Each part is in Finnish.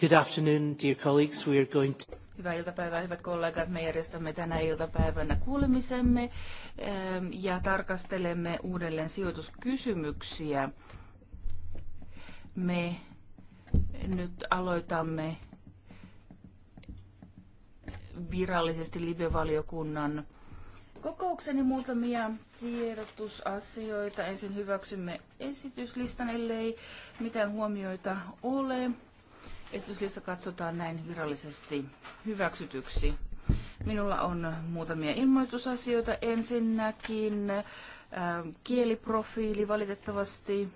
Good afternoon, dear colleagues. We are going to... Hyvää iltapäivää, hyvät kollegat. Me järjestämme tänä iltapäivänä kuulemisemme ähm, ja tarkastelemme uudelleen sijoituskysymyksiä. Me nyt aloitamme virallisesti live-valiokunnan kokoukseni muutamia tiedotusasioita. Ensin hyväksymme esityslistan, ellei mitään huomioita ole. Esityslista katsotaan näin virallisesti hyväksytyksi. Minulla on muutamia ilmoitusasioita. Ensinnäkin äh, kieliprofiili valitettavasti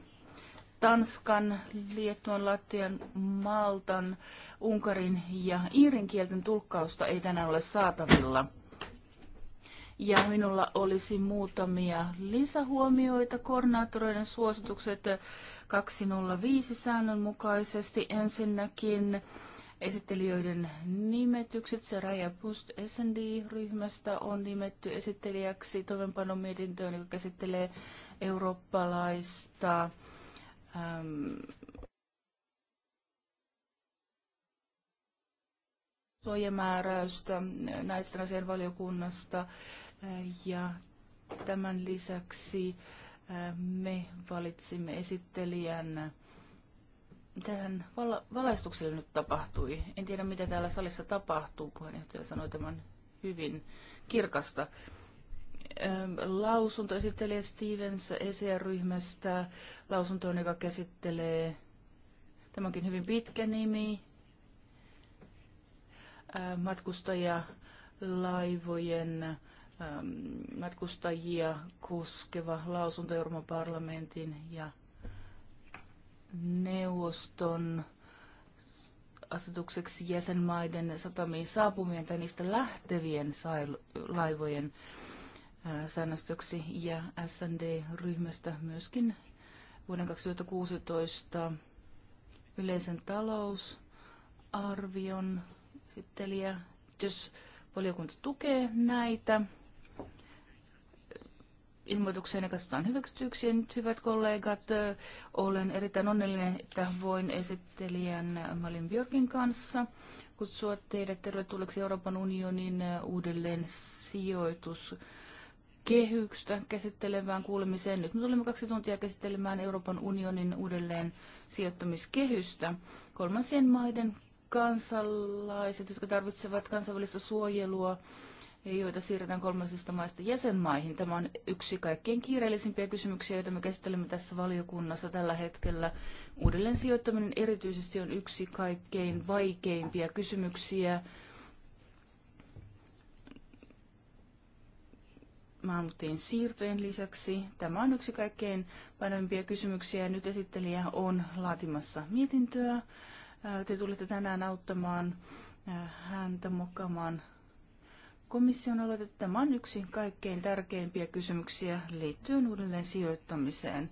Tanskan, Liettuan, Lattian, Maltan, Unkarin ja Iirin kielten tulkkausta ei tänään ole saatavilla. Ja minulla olisi muutamia lisähuomioita koordinaattoreiden suositukset 205 säännön mukaisesti. Ensinnäkin esittelijöiden nimetykset. Raja Pust SND-ryhmästä on nimetty esittelijäksi toimenpanomietintöön, joka käsittelee eurooppalaista äm, suojamääräystä naisten asian valiokunnasta ja tämän lisäksi me valitsimme esittelijän. Tähän vala- valaistukselle nyt tapahtui. En tiedä, mitä täällä salissa tapahtuu. Puheenjohtaja sanoi tämän hyvin kirkasta. Lausunto esittelee Stevens ECR-ryhmästä. Lausunto on, joka käsittelee, tämäkin hyvin pitkä nimi, matkustajalaivojen laivojen Ähm, matkustajia koskeva lausunto Euroopan parlamentin ja neuvoston asetukseksi jäsenmaiden satamiin saapumien tai niistä lähtevien laivojen äh, säännöstöksi ja SND-ryhmästä myöskin vuoden 2016 yleisen talousarvion esittelijä. Jos valiokunta tukee näitä ilmoitukseen katsotaan hyväksytyksiä Nyt, hyvät kollegat, olen erittäin onnellinen, että voin esittelijän Malin Björkin kanssa kutsua teidät tervetulleeksi Euroopan unionin uudelleen sijoitus kehyksestä käsittelevään kuulemiseen. Nyt me tulemme kaksi tuntia käsittelemään Euroopan unionin uudelleen sijoittamiskehystä. Kolmansien maiden kansalaiset, jotka tarvitsevat kansainvälistä suojelua, joita siirretään kolmansista maista jäsenmaihin. Tämä on yksi kaikkein kiireellisimpiä kysymyksiä, joita me käsittelemme tässä valiokunnassa tällä hetkellä. Uudelleen sijoittaminen erityisesti on yksi kaikkein vaikeimpia kysymyksiä. Maanmuuttajien siirtojen lisäksi. Tämä on yksi kaikkein painavimpia kysymyksiä. Nyt esittelijä on laatimassa mietintöä. Te tulette tänään auttamaan häntä mokkaamaan komission aloitetta. Tämä on yksi kaikkein tärkeimpiä kysymyksiä liittyen uudelleen sijoittamiseen.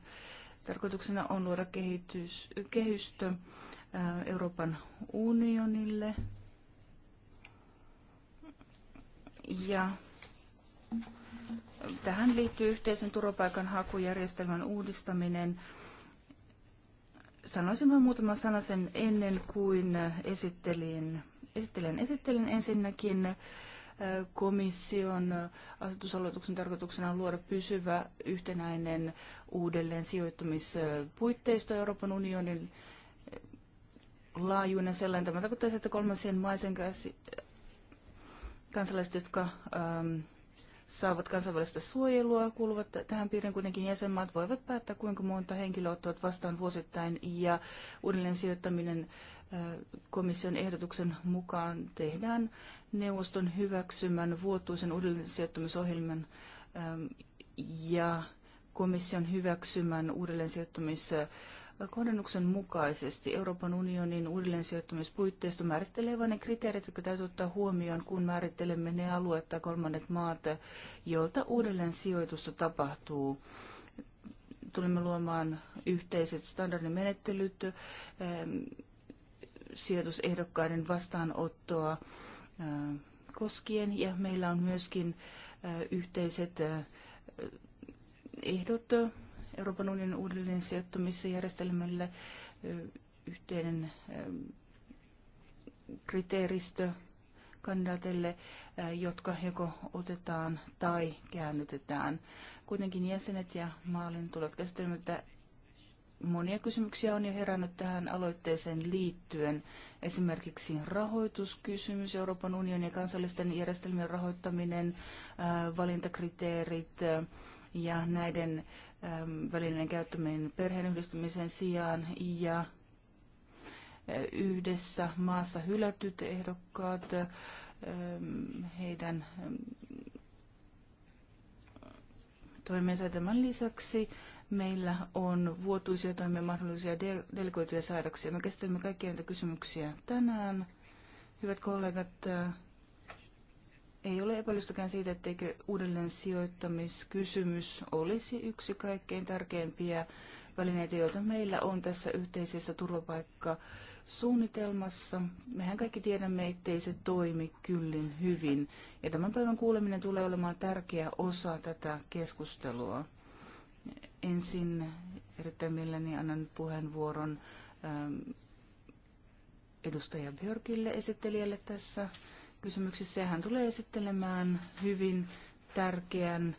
Tarkoituksena on luoda kehitys, kehystö äh, Euroopan unionille ja tähän liittyy yhteisen turvapaikanhakujärjestelmän uudistaminen. Sanoisin vain muutaman sanan sen ennen kuin esittelin. Esittelen, esittelen ensinnäkin Komission asetusaloituksen tarkoituksena on luoda pysyvä yhtenäinen uudelleen sijoittumispuitteisto Euroopan unionin laajuinen sellainen. Tämä tarkoittaa, että kolmansien maisen kansalaiset, jotka ähm, saavat kansainvälistä suojelua, kuuluvat tähän piirin kuitenkin jäsenmaat, voivat päättää, kuinka monta henkilöä ottavat vastaan vuosittain ja uudelleen sijoittaminen äh, komission ehdotuksen mukaan tehdään neuvoston hyväksymän vuotuisen uudelleensijoittamisohjelman ähm, ja komission hyväksymän uudelleensijoittamiskohdennuksen mukaisesti. Euroopan unionin uudelleensijoittamispuitteisto määrittelee vain ne kriteerit, jotka täytyy ottaa huomioon, kun määrittelemme ne alueet tai kolmannet maat, joilta uudelleensijoitusta tapahtuu tulemme luomaan yhteiset standardimenettelyt ähm, sijoitusehdokkaiden vastaanottoa äh, koskien ja meillä on myöskin äh, yhteiset äh, ehdot Euroopan unionin uudelleen sijoittamisjärjestelmälle, yhteinen kriteeristö kandidaatille, jotka joko otetaan tai käännytetään. Kuitenkin jäsenet ja maalin tulevat käsittelemään Monia kysymyksiä on jo herännyt tähän aloitteeseen liittyen. Esimerkiksi rahoituskysymys, Euroopan unionin ja kansallisten järjestelmien rahoittaminen, äh, valintakriteerit äh, ja näiden ähm, välinen käyttäminen perheenyhdistämisen sijaan ja äh, yhdessä maassa hylätyt ehdokkaat, heidän ähm, toimensa tämän lisäksi Meillä on vuotuisia tai mahdollisia delegoituja sairauksia. Me käsittelemme kaikkia näitä kysymyksiä tänään. Hyvät kollegat, äh, ei ole epäilystäkään siitä, etteikö uudelleen sijoittamiskysymys olisi yksi kaikkein tärkeimpiä välineitä, joita meillä on tässä yhteisessä turvapaikkasuunnitelmassa. Mehän kaikki tiedämme, ettei se toimi kyllin hyvin. Ja tämän päivän kuuleminen tulee olemaan tärkeä osa tätä keskustelua. Ensin erittäin mielelläni annan puheenvuoron ähm, edustaja Björkille esittelijälle tässä kysymyksessä. Ja hän tulee esittelemään hyvin tärkeän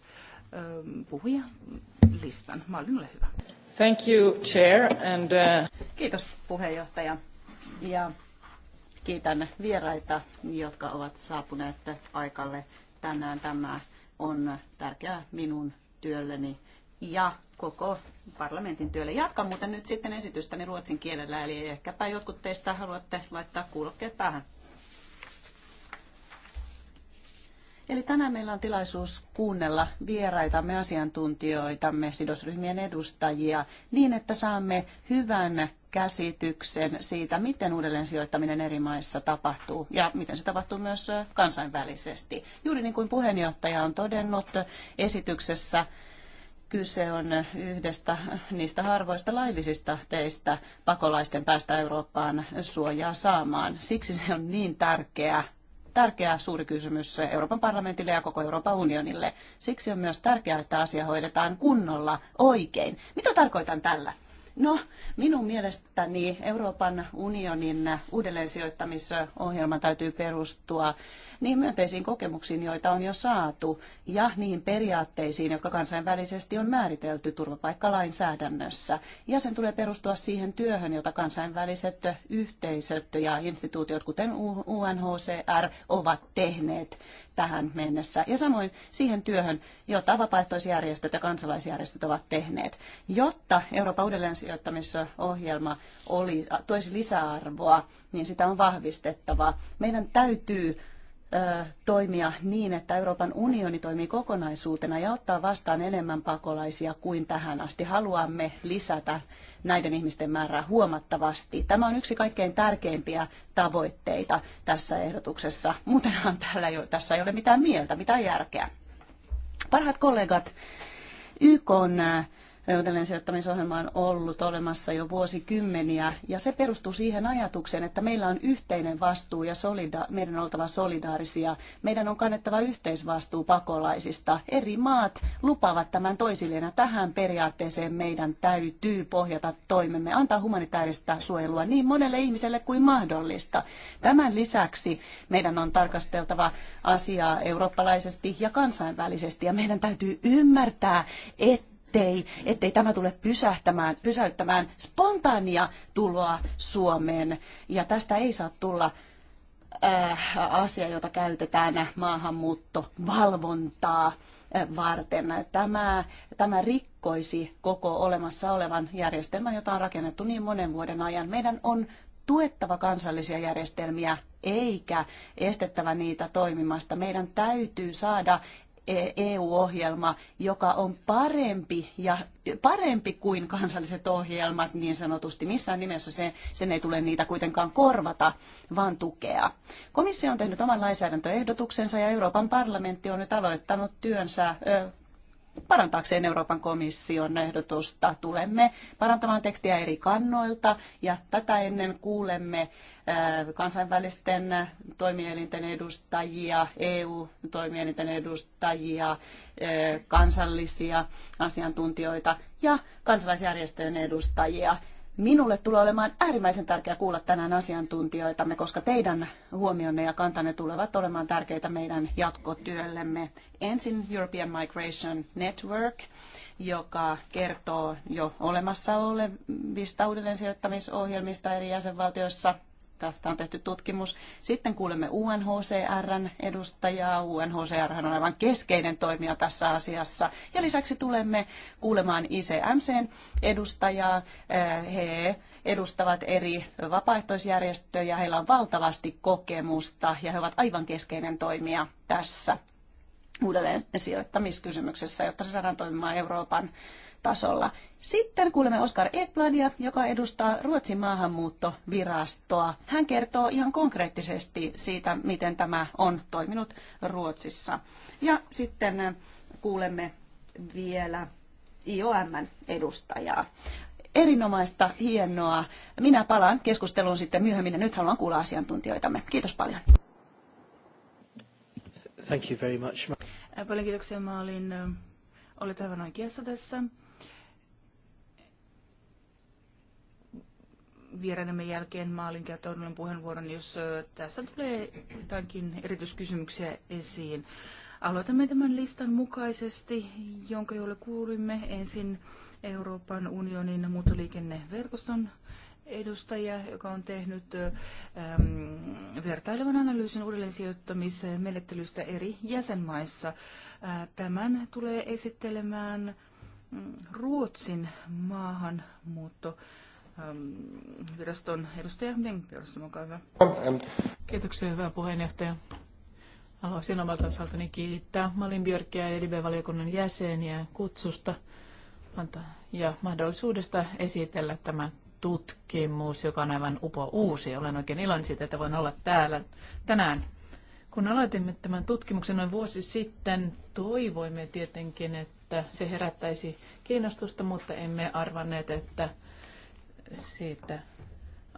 ähm, puhujalistan. Malin, ole hyvä. Thank you, Chair. And, uh... Kiitos puheenjohtaja. Ja kiitän vieraita, jotka ovat saapuneet paikalle tänään. Tämä on tärkeää minun työlleni ja koko parlamentin työlle. Jatkan muuten nyt sitten esitystäni ruotsin kielellä, eli ehkäpä jotkut teistä haluatte laittaa kuulokkeet päähän. Eli tänään meillä on tilaisuus kuunnella vieraitamme, asiantuntijoitamme, sidosryhmien edustajia niin, että saamme hyvän käsityksen siitä, miten uudelleen sijoittaminen eri maissa tapahtuu ja miten se tapahtuu myös kansainvälisesti. Juuri niin kuin puheenjohtaja on todennut, esityksessä kyse on yhdestä niistä harvoista laillisista teistä pakolaisten päästä Eurooppaan suojaa saamaan. Siksi se on niin tärkeä, tärkeä suuri kysymys Euroopan parlamentille ja koko Euroopan unionille. Siksi on myös tärkeää, että asia hoidetaan kunnolla oikein. Mitä tarkoitan tällä? No, minun mielestäni Euroopan unionin uudelleensijoittamisohjelman täytyy perustua niihin myönteisiin kokemuksiin, joita on jo saatu, ja niihin periaatteisiin, jotka kansainvälisesti on määritelty turvapaikkalainsäädännössä. Ja sen tulee perustua siihen työhön, jota kansainväliset yhteisöt ja instituutiot, kuten UNHCR, ovat tehneet tähän mennessä. Ja samoin siihen työhön, jota vapaaehtoisjärjestöt ja kansalaisjärjestöt ovat tehneet. Jotta Euroopan uudelleensijoittamisohjelma oli, toisi lisäarvoa, niin sitä on vahvistettava. Meidän täytyy toimia niin, että Euroopan unioni toimii kokonaisuutena ja ottaa vastaan enemmän pakolaisia kuin tähän asti. Haluamme lisätä näiden ihmisten määrää huomattavasti. Tämä on yksi kaikkein tärkeimpiä tavoitteita tässä ehdotuksessa. Muutenhan täällä ei tässä ei ole mitään mieltä, mitään järkeä. Parhaat kollegat, YK on uudelleen sijoittamisohjelma on ollut olemassa jo vuosikymmeniä ja se perustuu siihen ajatukseen, että meillä on yhteinen vastuu ja solida- meidän on oltava solidaarisia. Meidän on kannettava yhteisvastuu pakolaisista. Eri maat lupaavat tämän toisilleen ja tähän periaatteeseen meidän täytyy pohjata toimemme, antaa humanitaarista suojelua niin monelle ihmiselle kuin mahdollista. Tämän lisäksi meidän on tarkasteltava asiaa eurooppalaisesti ja kansainvälisesti ja meidän täytyy ymmärtää, että ettei, ettei tämä tule pysähtämään, pysäyttämään spontaania tuloa Suomeen. Ja tästä ei saa tulla äh, asia, jota käytetään maahanmuuttovalvontaa äh, varten. Tämä, tämä rikkoisi koko olemassa olevan järjestelmän, jota on rakennettu niin monen vuoden ajan. Meidän on tuettava kansallisia järjestelmiä eikä estettävä niitä toimimasta. Meidän täytyy saada EU-ohjelma, e joka on parempi, ja, parempi kuin kansalliset ohjelmat niin sanotusti. Missään nimessä se, sen ei tule niitä kuitenkaan korvata, vaan tukea. Komissio on tehnyt oman lainsäädäntöehdotuksensa ja Euroopan parlamentti on nyt aloittanut työnsä parantaakseen Euroopan komission ehdotusta. Tulemme parantamaan tekstiä eri kannoilta ja tätä ennen kuulemme äh, kansainvälisten toimielinten edustajia, EU-toimielinten edustajia, äh, kansallisia asiantuntijoita ja kansalaisjärjestöjen edustajia. Minulle tulee olemaan äärimmäisen tärkeää kuulla tänään asiantuntijoitamme, koska teidän huomionne ja kantanne tulevat olemaan tärkeitä meidän jatkotyöllemme. Ensin European Migration Network, joka kertoo jo olemassa olevista uudelleensijoittamisohjelmista eri jäsenvaltioissa – Tästä on tehty tutkimus. Sitten kuulemme UNHCRn edustajaa. UNHCR on aivan keskeinen toimija tässä asiassa. Ja lisäksi tulemme kuulemaan ICMCn edustajaa. Eh, he edustavat eri vapaaehtoisjärjestöjä. Heillä on valtavasti kokemusta ja he ovat aivan keskeinen toimija tässä uudelleen sijoittamiskysymyksessä, jotta se saadaan toimimaan Euroopan tasolla. Sitten kuulemme Oskar Ekbladia, joka edustaa Ruotsin maahanmuuttovirastoa. Hän kertoo ihan konkreettisesti siitä, miten tämä on toiminut Ruotsissa. Ja sitten äh, kuulemme vielä iom edustajaa. Erinomaista, hienoa. Minä palaan keskusteluun sitten myöhemmin ja nyt haluan kuulla asiantuntijoitamme. Kiitos paljon. Thank you very much. Äh, paljon kiitoksia. Mä olin, äh, olet aivan oikeassa tässä. vierailemme jälkeen maalin käyttöön puheenvuoron, jos tässä tulee jotakin erityiskysymyksiä esiin. Aloitamme tämän listan mukaisesti, jonka jolle kuulimme ensin Euroopan unionin muuttoliikenneverkoston edustaja, joka on tehnyt ähm, vertailevan analyysin uudelleensijoittamismenettelystä eri jäsenmaissa. Äh, tämän tulee esittelemään mm, Ruotsin maahanmuutto Ähm, viraston edustaja Meng Björnsson, olkaa hyvä. Kiitoksia, hyvä puheenjohtaja. Haluaisin omalta osaltani kiittää Malin Björkiä ja Libe-valiokunnan jäseniä kutsusta ja mahdollisuudesta esitellä tämä tutkimus, joka on aivan upo uusi. Olen oikein iloinen siitä, että voin olla täällä tänään. Kun aloitimme tämän tutkimuksen noin vuosi sitten, toivoimme tietenkin, että se herättäisi kiinnostusta, mutta emme arvanneet, että siitä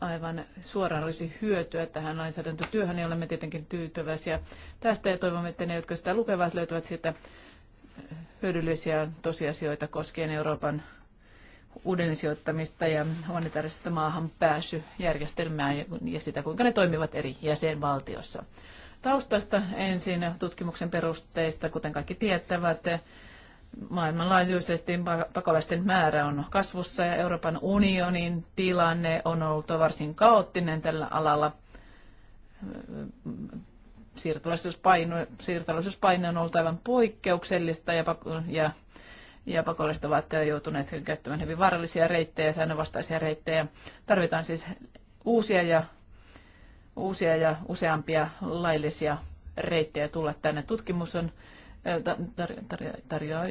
aivan suoraan olisi hyötyä tähän lainsäädäntötyöhön, niin olemme tietenkin tyytyväisiä tästä ja toivomme, että ne, jotka sitä lukevat, löytävät siitä hyödyllisiä tosiasioita koskien Euroopan uuden sijoittamista ja humanitaarisesta maahan pääsyjärjestelmää ja sitä, kuinka ne toimivat eri jäsenvaltiossa. Taustasta ensin tutkimuksen perusteista, kuten kaikki tietävät, Maailmanlaajuisesti pakolaisten määrä on kasvussa ja Euroopan unionin tilanne on ollut varsin kaoottinen tällä alalla. Siirtolaisuuspaino, siirtolaisuuspaino on ollut aivan poikkeuksellista ja, ja, ja pakolaiset ovat joutuneet käyttämään hyvin vaarallisia reittejä, säännönvastaisia reittejä. Tarvitaan siis uusia ja, uusia ja useampia laillisia reittejä tulla tänne. Tutkimus on tarjoaa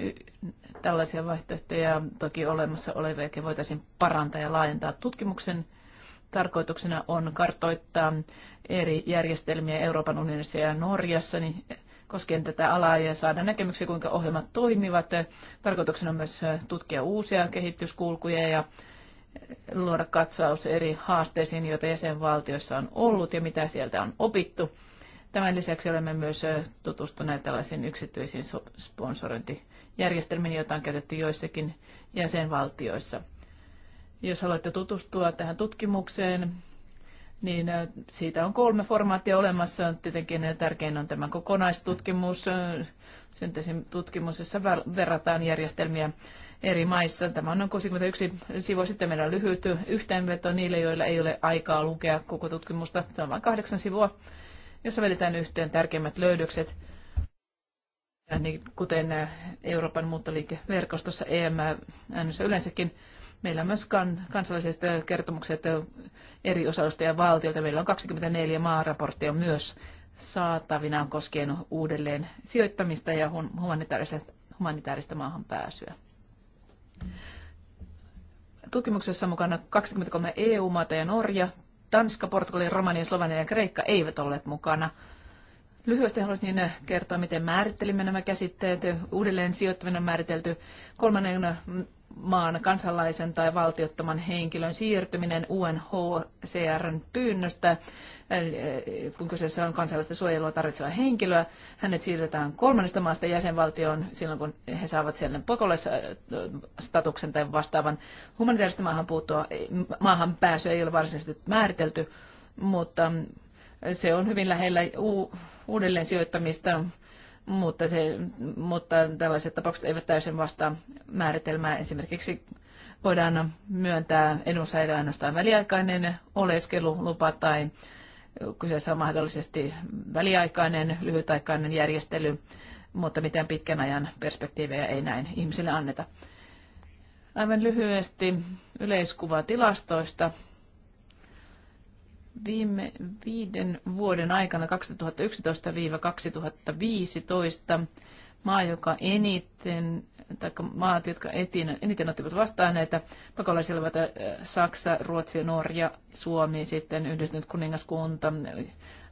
tällaisia vaihtoehtoja. Toki olemassa oleviakin voitaisiin parantaa ja laajentaa tutkimuksen tarkoituksena on kartoittaa eri järjestelmiä Euroopan unionissa ja Norjassa niin koskien tätä alaa ja saada näkemyksiä, kuinka ohjelmat toimivat. Tarkoituksena on myös tutkia uusia kehityskulkuja ja luoda katsaus eri haasteisiin, joita jäsenvaltioissa on ollut ja mitä sieltä on opittu. Tämän lisäksi olemme myös tutustuneet tällaisiin yksityisiin sponsorointijärjestelmiin, joita on käytetty joissakin jäsenvaltioissa. Jos haluatte tutustua tähän tutkimukseen, niin siitä on kolme formaattia olemassa. Tietenkin tärkein on tämä kokonaistutkimus, Syntesin tutkimus, jossa verrataan järjestelmiä eri maissa. Tämä on noin 61 sivu sitten meillä lyhyt yhteenveto niille, joilla ei ole aikaa lukea koko tutkimusta. Se on vain kahdeksan sivua jossa vedetään yhteen tärkeimmät löydökset, niin kuten eh, Euroopan muuttoliikeverkostossa EMÄ yleensäkin. Meillä on myös kan- kansalliset eh, kertomukset eh, eri osallista ja valtiolta. Meillä on 24 maaraporttia myös saatavina koskien uudelleen sijoittamista ja humanitaarista, humanitaarista maahan pääsyä. Tutkimuksessa mukana 23 EU-maata ja Norja. Tanska, Portugali, Romania, Slovenia ja Kreikka eivät olleet mukana. Lyhyesti haluaisin kertoa, miten määrittelimme nämä käsitteet. Uudelleen sijoittaminen on määritelty kolmannen maan kansalaisen tai valtiottoman henkilön siirtyminen UNHCRn pyynnöstä, eh, kun kyseessä on kansainvälistä suojelua tarvitseva henkilöä. Hänet siirretään kolmannesta maasta jäsenvaltioon silloin, kun he saavat siellä pakolaisstatuksen tai vastaavan. Humanitaarista maahan, puuttua, maahan pääsyä ei ole varsinaisesti määritelty, mutta se on hyvin lähellä uudelleen sijoittamista mutta, se, mutta tällaiset tapaukset eivät täysin vastaa määritelmää. Esimerkiksi voidaan myöntää edunsaajalle ainoastaan väliaikainen oleskelulupa tai kyseessä on mahdollisesti väliaikainen, lyhytaikainen järjestely, mutta mitään pitkän ajan perspektiivejä ei näin ihmisille anneta. Aivan lyhyesti yleiskuva tilastoista. Viime viiden vuoden aikana 2011-2015 maa, joka eniten, tai maat, jotka etin, eniten ottivat vastaan näitä pakolaisia, olivat äh, Saksa, Ruotsi, Norja, Suomi, sitten Yhdistynyt kuningaskunta,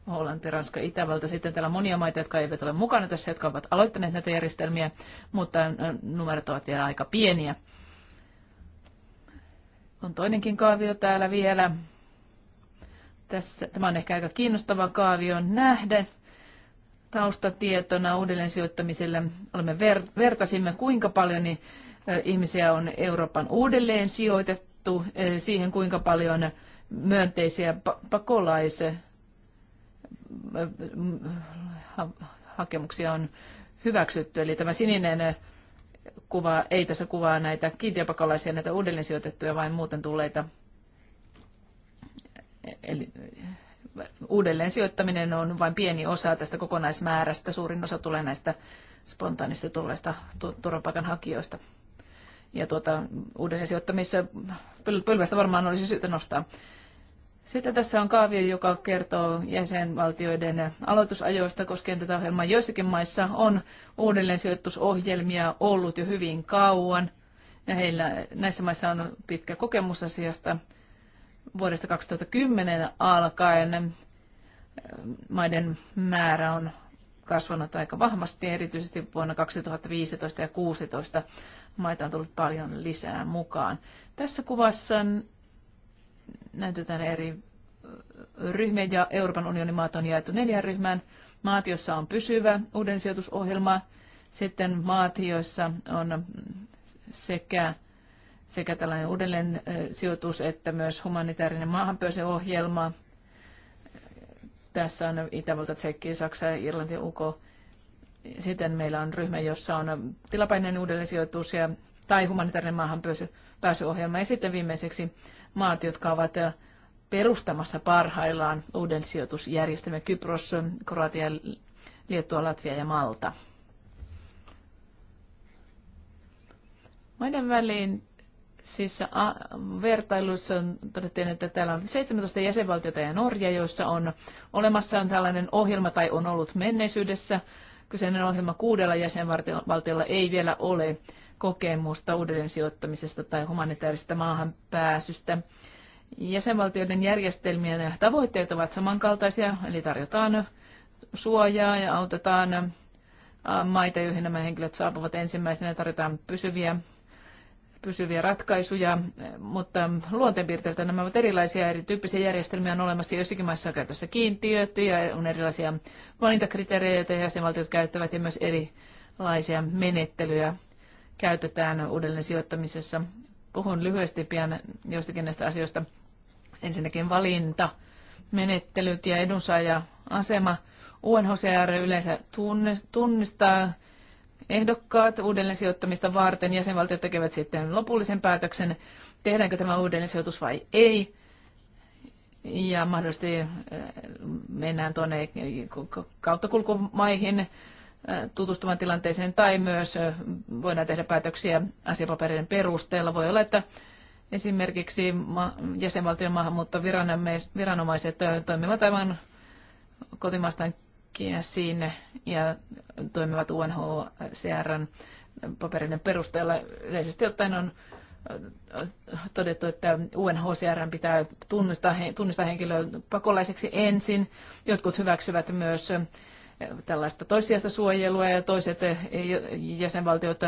Hollanti, Ranska, Itävalta. Sitten täällä on monia maita, jotka eivät ole mukana tässä, jotka ovat aloittaneet näitä järjestelmiä, mutta äh, numerot ovat vielä aika pieniä. On toinenkin kaavio täällä vielä. Tässä, tämä on ehkä aika kiinnostava kaavio nähden taustatietona uudelleen sijoittamiselle. Olemme ver, vertasimme, kuinka paljon niin, ihmisiä on Euroopan uudelleen sijoitettu siihen, kuinka paljon myönteisiä pakolaisia hakemuksia on hyväksytty. Eli tämä sininen kuva ei tässä kuvaa näitä kiintiöpakolaisia, näitä uudelleen sijoitettuja, vain muuten tulleita Eli eh, uudelleen sijoittaminen on vain pieni osa tästä kokonaismäärästä. Suurin osa tulee näistä spontaanista tulleista turvapaikanhakijoista. Ja tuota, uudelleen sijoittamissa pylvästä varmaan olisi syytä nostaa. Sitten tässä on kaavio, joka kertoo jäsenvaltioiden aloitusajoista koskien tätä ohjelmaa. Joissakin maissa on uudelleen sijoitusohjelmia ollut jo hyvin kauan. Ja heillä, näissä maissa on pitkä kokemus asiasta vuodesta 2010 alkaen eh, maiden määrä on kasvanut aika vahvasti, erityisesti vuonna 2015 ja 2016 maita on tullut paljon lisää mukaan. Tässä kuvassa näytetään eri eh, ryhmiä ja Euroopan unionin maat on jaettu neljään ryhmään. Maat, joissa on pysyvä uuden sijoitusohjelma, sitten maat, joissa on mm, sekä sekä tällainen uudelleen sijoitus että myös humanitaarinen maahanpyösyohjelma. Tässä on Itävalta, Tsekki, Saksa, Irlanti, UK. Sitten meillä on ryhmä, jossa on tilapäinen sijoitus ja, tai humanitaarinen maahanpöysyohjelma. Ja sitten viimeiseksi maat, jotka ovat perustamassa parhaillaan uuden sijoitusjärjestelmä Kypros, Kroatia, Liettua, Latvia ja Malta. Maiden väliin siis äh, on todettiin, että täällä on 17 jäsenvaltiota ja Norja, joissa on olemassaan tällainen ohjelma tai on ollut menneisyydessä. Kyseinen ohjelma kuudella jäsenvaltiolla ei vielä ole kokemusta uudelleen sijoittamisesta tai humanitaarisesta maahanpääsystä. Jäsenvaltioiden järjestelmien ja tavoitteet ovat samankaltaisia, eli tarjotaan suojaa ja autetaan äh, maita, joihin nämä henkilöt saapuvat ensimmäisenä, tarjotaan pysyviä pysyviä ratkaisuja, mutta luonteenpiirteiltä nämä ovat erilaisia. Erityyppisiä järjestelmiä on olemassa joissakin maissa on käytössä kiintiöt ja on erilaisia valintakriteerejä, joita jäsenvaltiot käyttävät ja myös erilaisia menettelyjä käytetään uudelleen sijoittamisessa. Puhun lyhyesti pian joistakin näistä asioista. Ensinnäkin valinta, menettelyt ja edunsaaja-asema. UNHCR yleensä tunnistaa ehdokkaat uudelleen sijoittamista varten. Jäsenvaltiot tekevät sitten lopullisen päätöksen, tehdäänkö tämä uudelleen sijoitus vai ei. Ja mahdollisesti äh, mennään tuonne äh, kauttakulkumaihin äh, tutustumaan tilanteeseen tai myös voidaan tehdä päätöksiä asiapapereiden perusteella. Voi olla, että esimerkiksi jäsenvaltion maahanmuuttoviranomaiset toimivat aivan kotimaastaan Kiesiin ja toimivat UNHCRn paperien perusteella. Yleisesti ottaen on äh, todettu, että UNHCR pitää tunnistaa, tunnistaa henkilö pakolaiseksi ensin. Jotkut hyväksyvät myös äh, tällaista toissijaista suojelua ja toiset äh, jäsenvaltiot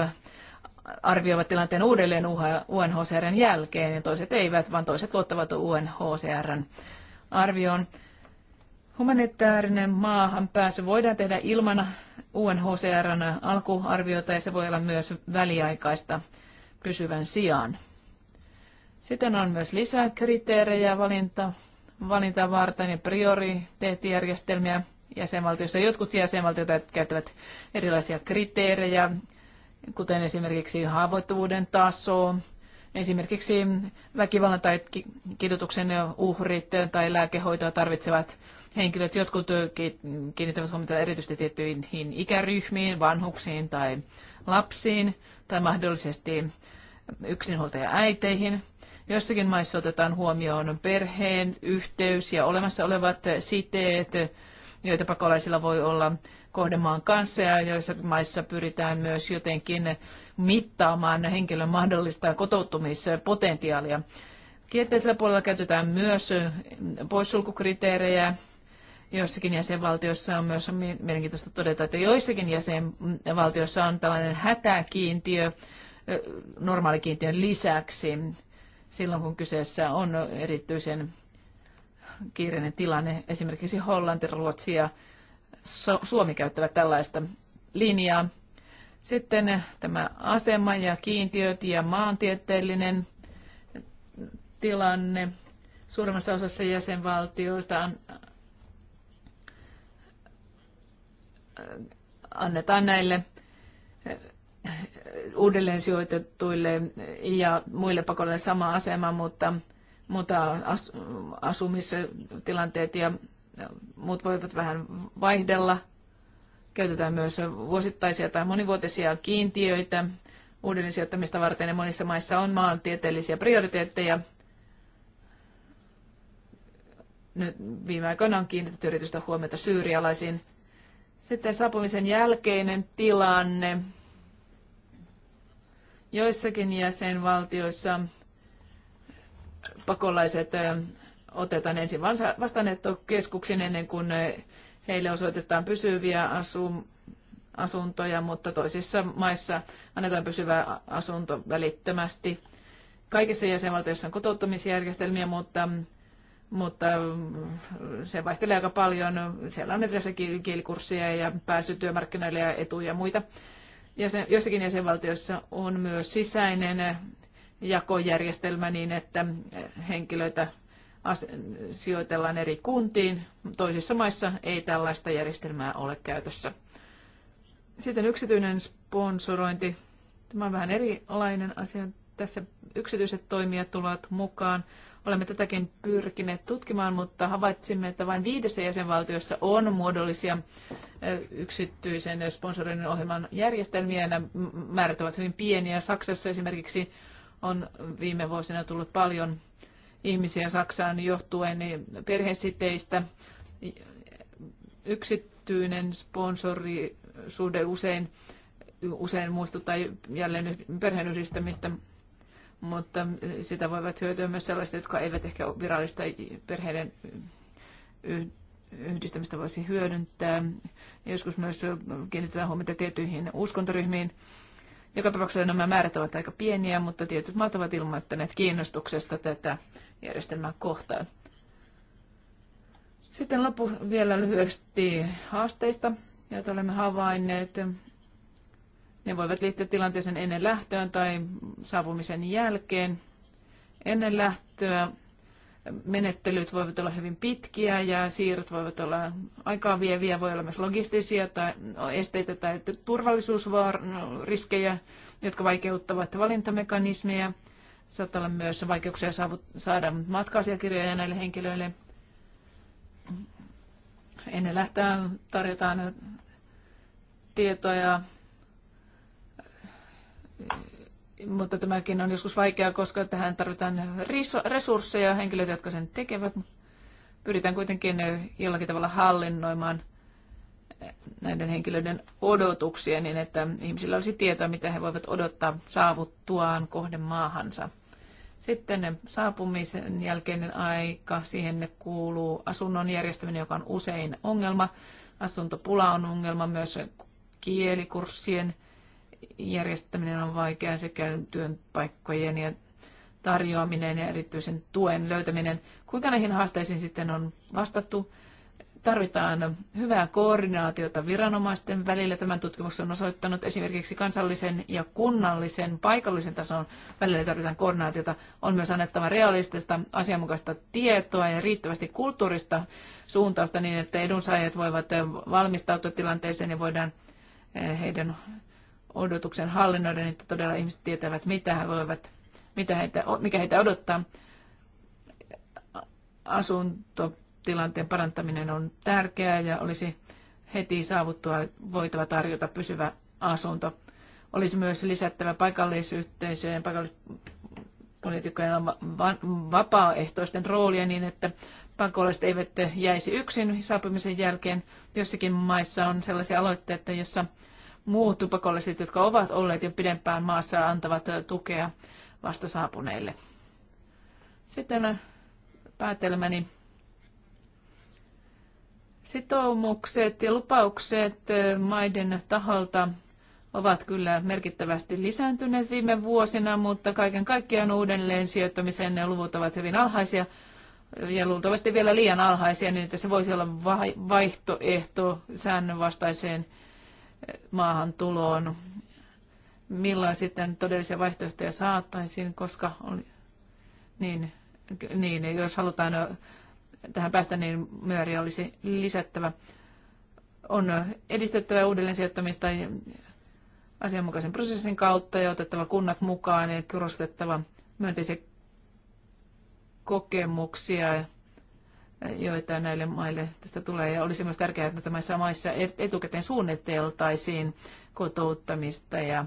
arvioivat tilanteen uudelleen UNHCRn jälkeen ja toiset eivät, vaan toiset luottavat UNHCRn arvioon. Humanitaarinen maahan pääsy voidaan tehdä ilman UNHCRn alkuarviota ja se voi olla myös väliaikaista pysyvän sijaan. Sitten on myös lisää kriteerejä valinta, valinta varten ja prioriteettijärjestelmiä jäsenvaltioissa. Jotkut jäsenvaltiot käyttävät erilaisia kriteerejä, kuten esimerkiksi haavoittuvuuden taso, esimerkiksi väkivallan tai kidutuksen uhrit tai lääkehoitoa tarvitsevat henkilöt. Jotkut kiinnittävät huomiota erityisesti tiettyihin ikäryhmiin, vanhuksiin tai lapsiin tai mahdollisesti yksinhuoltaja äiteihin. Jossakin maissa otetaan huomioon perheen yhteys ja olemassa olevat siteet, joita pakolaisilla voi olla kohdemaan kanssa ja joissa maissa pyritään myös jotenkin mittaamaan henkilön mahdollista kotoutumispotentiaalia. Kielteisellä puolella käytetään myös poissulkukriteerejä Joissakin jäsenvaltiossa on myös mielenkiintoista todeta, että joissakin jäsenvaltioissa on tällainen hätäkiintiö normaalikiintiön lisäksi silloin, kun kyseessä on erityisen kiireinen tilanne. Esimerkiksi Hollanti, Ruotsi ja Suomi käyttävät tällaista linjaa. Sitten tämä asema ja kiintiöt ja maantieteellinen tilanne. Suurimmassa osassa jäsenvaltioista annetaan näille eh, uudelleen sijoitettuille ja muille pakolle sama asema, mutta, mutta as, asumistilanteet ja muut voivat vähän vaihdella. Käytetään myös vuosittaisia tai monivuotisia kiintiöitä uudelleen sijoittamista varten ja monissa maissa on maantieteellisiä prioriteetteja. Nyt viime aikoina on kiinnitetty yritystä huomiota syyrialaisiin sitten saapumisen jälkeinen tilanne. Joissakin jäsenvaltioissa pakolaiset otetaan ensin vastaanottokeskuksiin ennen kuin heille osoitetaan pysyviä asuntoja, mutta toisissa maissa annetaan pysyvä asunto välittömästi. Kaikissa jäsenvaltioissa on kotouttamisjärjestelmiä, mutta mutta mm, se vaihtelee aika paljon. Siellä on erilaisia kielikursseja ja pääsy työmarkkinoille ja etuja ja muita. Ja se, jossakin jäsenvaltiossa on myös sisäinen jakojärjestelmä niin, että henkilöitä sijoitellaan eri kuntiin. Toisissa maissa ei tällaista järjestelmää ole käytössä. Sitten yksityinen sponsorointi. Tämä on vähän erilainen asia. Tässä yksityiset toimijat tulevat mukaan Olemme tätäkin pyrkineet tutkimaan, mutta havaitsimme, että vain viidessä jäsenvaltiossa on muodollisia yksityisen sponsorin ohjelman järjestelmiä. nämä määrät ovat hyvin pieniä. Saksassa esimerkiksi on viime vuosina tullut paljon ihmisiä Saksaan johtuen perhesiteistä. Yksityinen sponsorisuhde usein, usein muistuttaa jälleen perheenyhdistämistä, mutta sitä voivat hyötyä myös sellaiset, jotka eivät ehkä virallista perheiden yhdistämistä voisi hyödyntää. Joskus myös kiinnitetään huomiota tiettyihin uskontoryhmiin. Joka tapauksessa nämä määrät ovat aika pieniä, mutta tietyt maat ovat ilmoittaneet kiinnostuksesta tätä järjestelmää kohtaan. Sitten loppu vielä lyhyesti haasteista, joita olemme havainneet. Ne voivat liittyä tilanteeseen ennen lähtöön tai saapumisen jälkeen. Ennen lähtöä menettelyt voivat olla hyvin pitkiä ja siirrot voivat olla aikaa vieviä, voi olla myös logistisia tai esteitä tai turvallisuusriskejä, jotka vaikeuttavat valintamekanismeja. Saattaa olla myös vaikeuksia saada matka-asiakirjoja näille henkilöille. Ennen lähtöä tarjotaan tietoja mutta tämäkin on joskus vaikeaa, koska tähän tarvitaan resursseja, henkilöitä, jotka sen tekevät. Pyritään kuitenkin jollakin tavalla hallinnoimaan näiden henkilöiden odotuksia niin, että ihmisillä olisi tietoa, mitä he voivat odottaa saavuttuaan kohden maahansa. Sitten saapumisen jälkeinen aika, siihen kuuluu asunnon järjestäminen, joka on usein ongelma. Asuntopula on ongelma myös kielikurssien järjestäminen on vaikeaa sekä työpaikkojen ja tarjoaminen ja erityisen tuen löytäminen. Kuinka näihin haasteisiin sitten on vastattu? Tarvitaan hyvää koordinaatiota viranomaisten välillä. Tämän tutkimus on osoittanut esimerkiksi kansallisen ja kunnallisen paikallisen tason välillä tarvitaan koordinaatiota. On myös annettava realistista, asianmukaista tietoa ja riittävästi kulttuurista suuntausta niin, että edunsaajat voivat valmistautua tilanteeseen ja voidaan eh, heidän odotuksen hallinnoida, että todella ihmiset tietävät, mitä he voivat, mitä heitä, mikä heitä odottaa. Asuntotilanteen parantaminen on tärkeää ja olisi heti saavuttua voitava tarjota pysyvä asunto. Olisi myös lisättävä paikallisyhteisöjen, paikallispolitiikkojen vapaaehtoisten roolia niin, että pakolaiset eivät jäisi yksin saapumisen jälkeen. Jossakin maissa on sellaisia aloitteita, jossa muut tupakolliset, jotka ovat olleet jo pidempään maassa, antavat tukea vasta saapuneille. Sitten äh, päätelmäni. Sitoumukset ja lupaukset äh, maiden taholta ovat kyllä merkittävästi lisääntyneet viime vuosina, mutta kaiken kaikkiaan uudelleen sijoittamisen ne luvut ovat hyvin alhaisia ja luultavasti vielä liian alhaisia, niin että se voisi olla vaihtoehto säännönvastaiseen maahantuloon, milloin sitten todellisia vaihtoehtoja saattaisiin, koska oli, niin, niin, jos halutaan tähän päästä, niin myöriä olisi lisättävä. On edistettävä uudelleen sijoittamista asianmukaisen prosessin kautta ja otettava kunnat mukaan ja pyrostettava myönteisiä kokemuksia joita näille maille tästä tulee. Ja olisi myös tärkeää, että näissä maissa etukäteen suunniteltaisiin kotouttamista ja,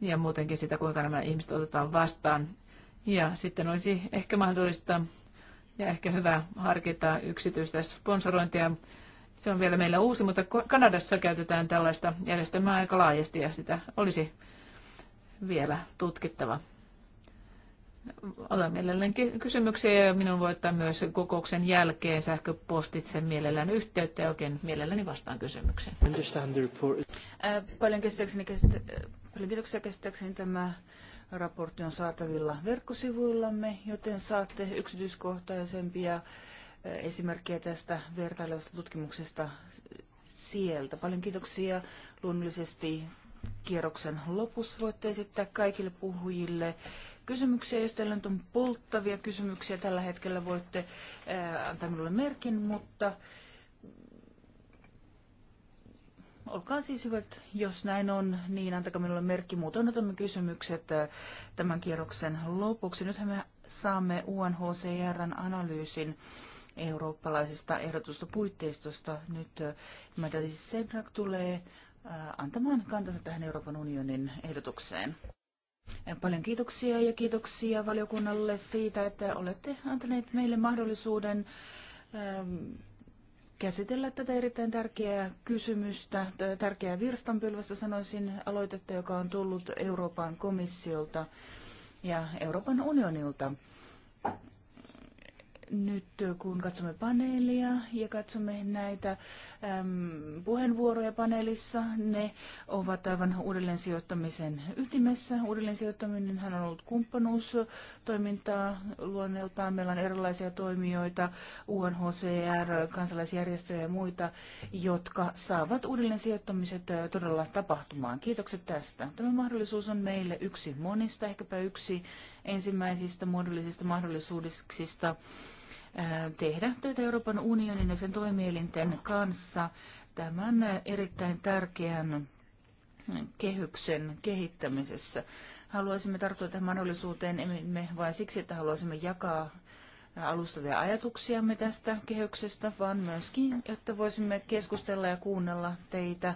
ja muutenkin sitä, kuinka nämä ihmiset otetaan vastaan. Ja sitten olisi ehkä mahdollista ja ehkä hyvä harkita yksityistä sponsorointia. Se on vielä meillä uusi, mutta Kanadassa käytetään tällaista järjestelmää aika laajasti ja sitä olisi vielä tutkittava. Otan mielelläni kysymyksiä ja minun voi ottaa myös kokouksen jälkeen sähköpostitse mielellään yhteyttä ja oikein mielelläni vastaan kysymykseen. Paljon, käsittääkseni, paljon kiitoksia käsittääkseni tämä raportti on saatavilla verkkosivuillamme, joten saatte yksityiskohtaisempia esimerkkejä tästä vertailevasta tutkimuksesta sieltä. Paljon kiitoksia. Luonnollisesti kierroksen lopussa voitte esittää kaikille puhujille kysymyksiä. Jos teillä on polttavia kysymyksiä tällä hetkellä, voitte antaa minulle merkin, mutta olkaa siis hyvät, jos näin on, niin antakaa minulle merkki. Muutoin otamme kysymykset tämän kierroksen lopuksi. Nythän me saamme UNHCRn analyysin eurooppalaisesta ehdotusta puitteistosta. Nyt Madalise Sebrak tulee antamaan kantansa tähän Euroopan unionin ehdotukseen. Paljon kiitoksia ja kiitoksia valiokunnalle siitä, että olette antaneet meille mahdollisuuden ähm, käsitellä tätä erittäin tärkeää kysymystä, tärkeää virstanpylvästä sanoisin aloitetta, joka on tullut Euroopan komissiolta ja Euroopan unionilta nyt kun katsomme paneelia ja katsomme näitä äm, puheenvuoroja paneelissa, ne ovat aivan uudelleen sijoittamisen ytimessä. Uudelleen sijoittaminen on ollut kumppanuustoimintaa luonneeltaan. Meillä on erilaisia toimijoita, UNHCR, kansalaisjärjestöjä ja muita, jotka saavat uudelleen sijoittamiset todella tapahtumaan. Kiitokset tästä. Tämä mahdollisuus on meille yksi monista, ehkäpä yksi ensimmäisistä muodollisista mahdollisuuksista tehdä töitä Euroopan unionin ja sen toimielinten kanssa tämän erittäin tärkeän kehyksen kehittämisessä. Haluaisimme tarttua tähän mahdollisuuteen emme vain siksi, että haluaisimme jakaa alustavia ajatuksiamme tästä kehyksestä, vaan myöskin, jotta voisimme keskustella ja kuunnella teitä,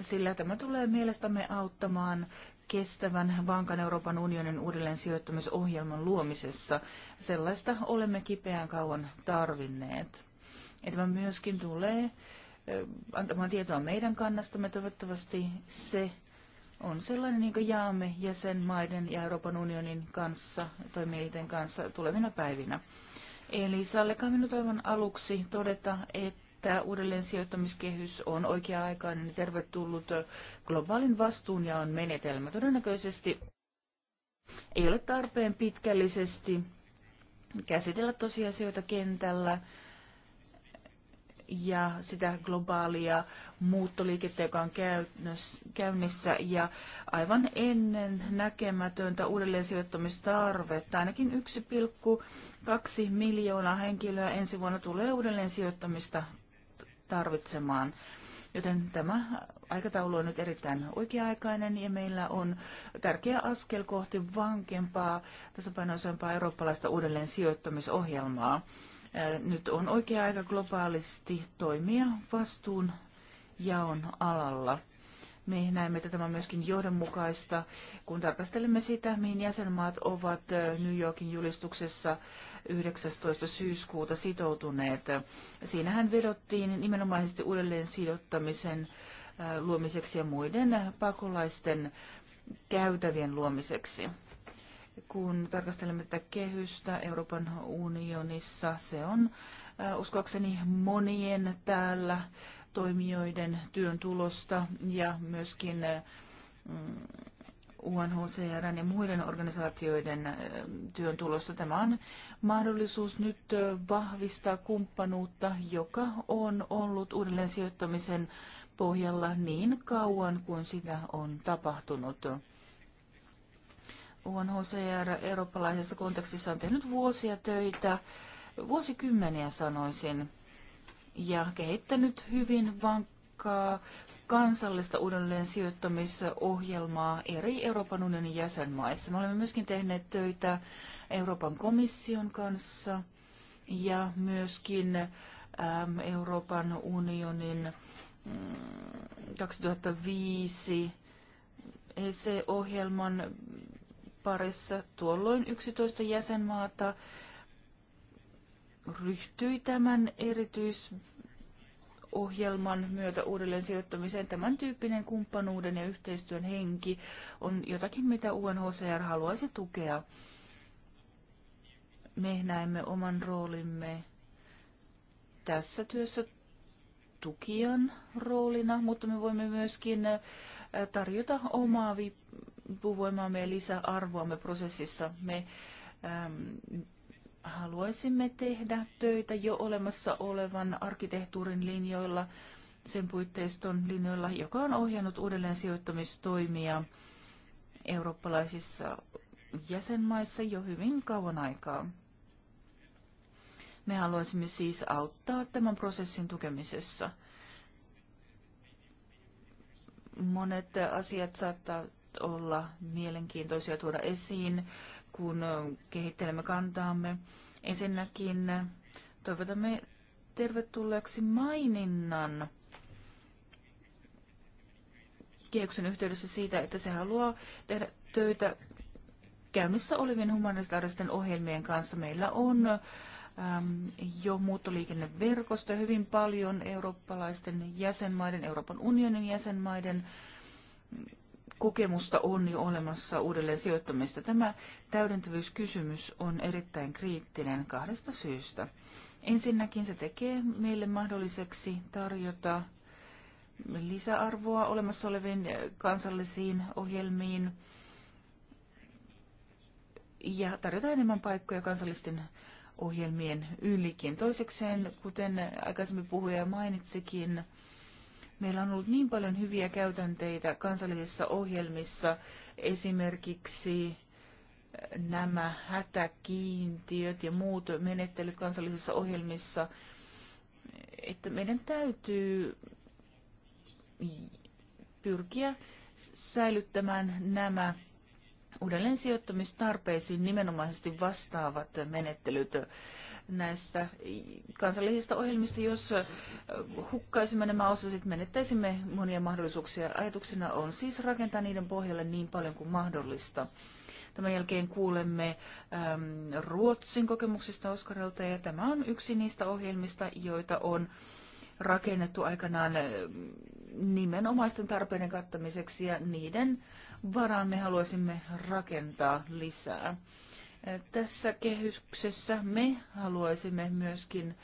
sillä tämä tulee mielestämme auttamaan kestävän vankan Euroopan unionin uudelleen sijoittamisohjelman luomisessa. Sellaista olemme kipeän kauan tarvinneet. tämä myöskin tulee eh, antamaan tietoa meidän kannastamme. Toivottavasti se on sellainen, jonka jaamme jäsenmaiden ja Euroopan unionin kanssa, toimielinten kanssa tulevina päivinä. Eli sallikaa minut aivan aluksi todeta, että Tämä uudelleen sijoittamiskehys on oikea-aikainen tervetullut globaalin vastuun ja on menetelmä. Todennäköisesti ei ole tarpeen pitkällisesti käsitellä tosiasioita kentällä ja sitä globaalia muuttoliikettä, joka on käynnissä ja aivan ennen näkemätöntä uudelleen sijoittamistarvetta. Ainakin 1,2 miljoonaa henkilöä ensi vuonna tulee uudelleen sijoittamista tarvitsemaan. Joten tämä aikataulu on nyt erittäin oikea-aikainen ja meillä on tärkeä askel kohti vankempaa, tasapainoisempaa eurooppalaista uudelleen sijoittamisohjelmaa. Nyt on oikea aika globaalisti toimia vastuun jaon alalla. Me näemme, että tämä on myöskin johdonmukaista, kun tarkastelemme sitä, mihin jäsenmaat ovat New Yorkin julistuksessa 19. syyskuuta sitoutuneet. Siinähän vedottiin nimenomaisesti uudelleen sidottamisen äh, luomiseksi ja muiden pakolaisten käytävien luomiseksi. Kun tarkastelemme tätä kehystä Euroopan unionissa, se on äh, uskoakseni monien täällä toimijoiden työn tulosta ja myöskin äh, mm, UNHCR ja muiden organisaatioiden työn tulosta. Tämä on mahdollisuus nyt vahvistaa kumppanuutta, joka on ollut uudelleen sijoittamisen pohjalla niin kauan kuin sitä on tapahtunut. UNHCR eurooppalaisessa kontekstissa on tehnyt vuosia töitä, vuosikymmeniä sanoisin, ja kehittänyt hyvin vankkaa kansallista uudelleen sijoittamisohjelmaa eri Euroopan unionin jäsenmaissa. Me olemme myöskin tehneet töitä Euroopan komission kanssa ja myöskin Euroopan unionin 2005 mm, EC-ohjelman parissa. Tuolloin 11 jäsenmaata ryhtyi tämän erityis ohjelman myötä uudelleen sijoittamiseen. Tämän tyyppinen kumppanuuden ja yhteistyön henki on jotakin, mitä UNHCR haluaisi tukea. Me näemme oman roolimme tässä työssä tukijan roolina, mutta me voimme myöskin äh, tarjota omaa vipuvoimaamme ja lisäarvoamme prosessissa. Me ähm, haluaisimme tehdä töitä jo olemassa olevan arkkitehtuurin linjoilla, sen puitteiston linjoilla, joka on ohjannut uudelleen sijoittamistoimia eurooppalaisissa jäsenmaissa jo hyvin kauan aikaa. Me haluaisimme siis auttaa tämän prosessin tukemisessa. Monet asiat saattavat olla mielenkiintoisia tuoda esiin kun kehittelemme kantaamme. Ensinnäkin toivotamme tervetulleeksi maininnan kehyksen yhteydessä siitä, että se haluaa tehdä töitä käynnissä olevien humanitaaristen ohjelmien kanssa. Meillä on äm, jo muuttoliikenneverkosto hyvin paljon eurooppalaisten jäsenmaiden, Euroopan unionin jäsenmaiden kokemusta on jo olemassa uudelleen sijoittamista. Tämä täydentävyyskysymys on erittäin kriittinen kahdesta syystä. Ensinnäkin se tekee meille mahdolliseksi tarjota lisäarvoa olemassa oleviin kansallisiin ohjelmiin ja tarjota enemmän paikkoja kansallisten ohjelmien ylikin. Toisekseen, kuten aikaisemmin puhuja mainitsikin, Meillä on ollut niin paljon hyviä käytänteitä kansallisissa ohjelmissa, esimerkiksi eh, nämä hätäkiintiöt ja muut menettelyt kansallisissa ohjelmissa, että meidän täytyy pyrkiä säilyttämään nämä uudelleen sijoittamistarpeisiin nimenomaisesti vastaavat menettelyt näistä kansallisista ohjelmista. Jos hukkaisimme nämä osasit, menettäisimme monia mahdollisuuksia. Ajatuksena on siis rakentaa niiden pohjalle niin paljon kuin mahdollista. Tämän jälkeen kuulemme äm, Ruotsin kokemuksista Oskarilta ja tämä on yksi niistä ohjelmista, joita on rakennettu aikanaan nimenomaisten tarpeiden kattamiseksi ja niiden varaan me haluaisimme rakentaa lisää. Tässä kehyksessä me haluaisimme myöskin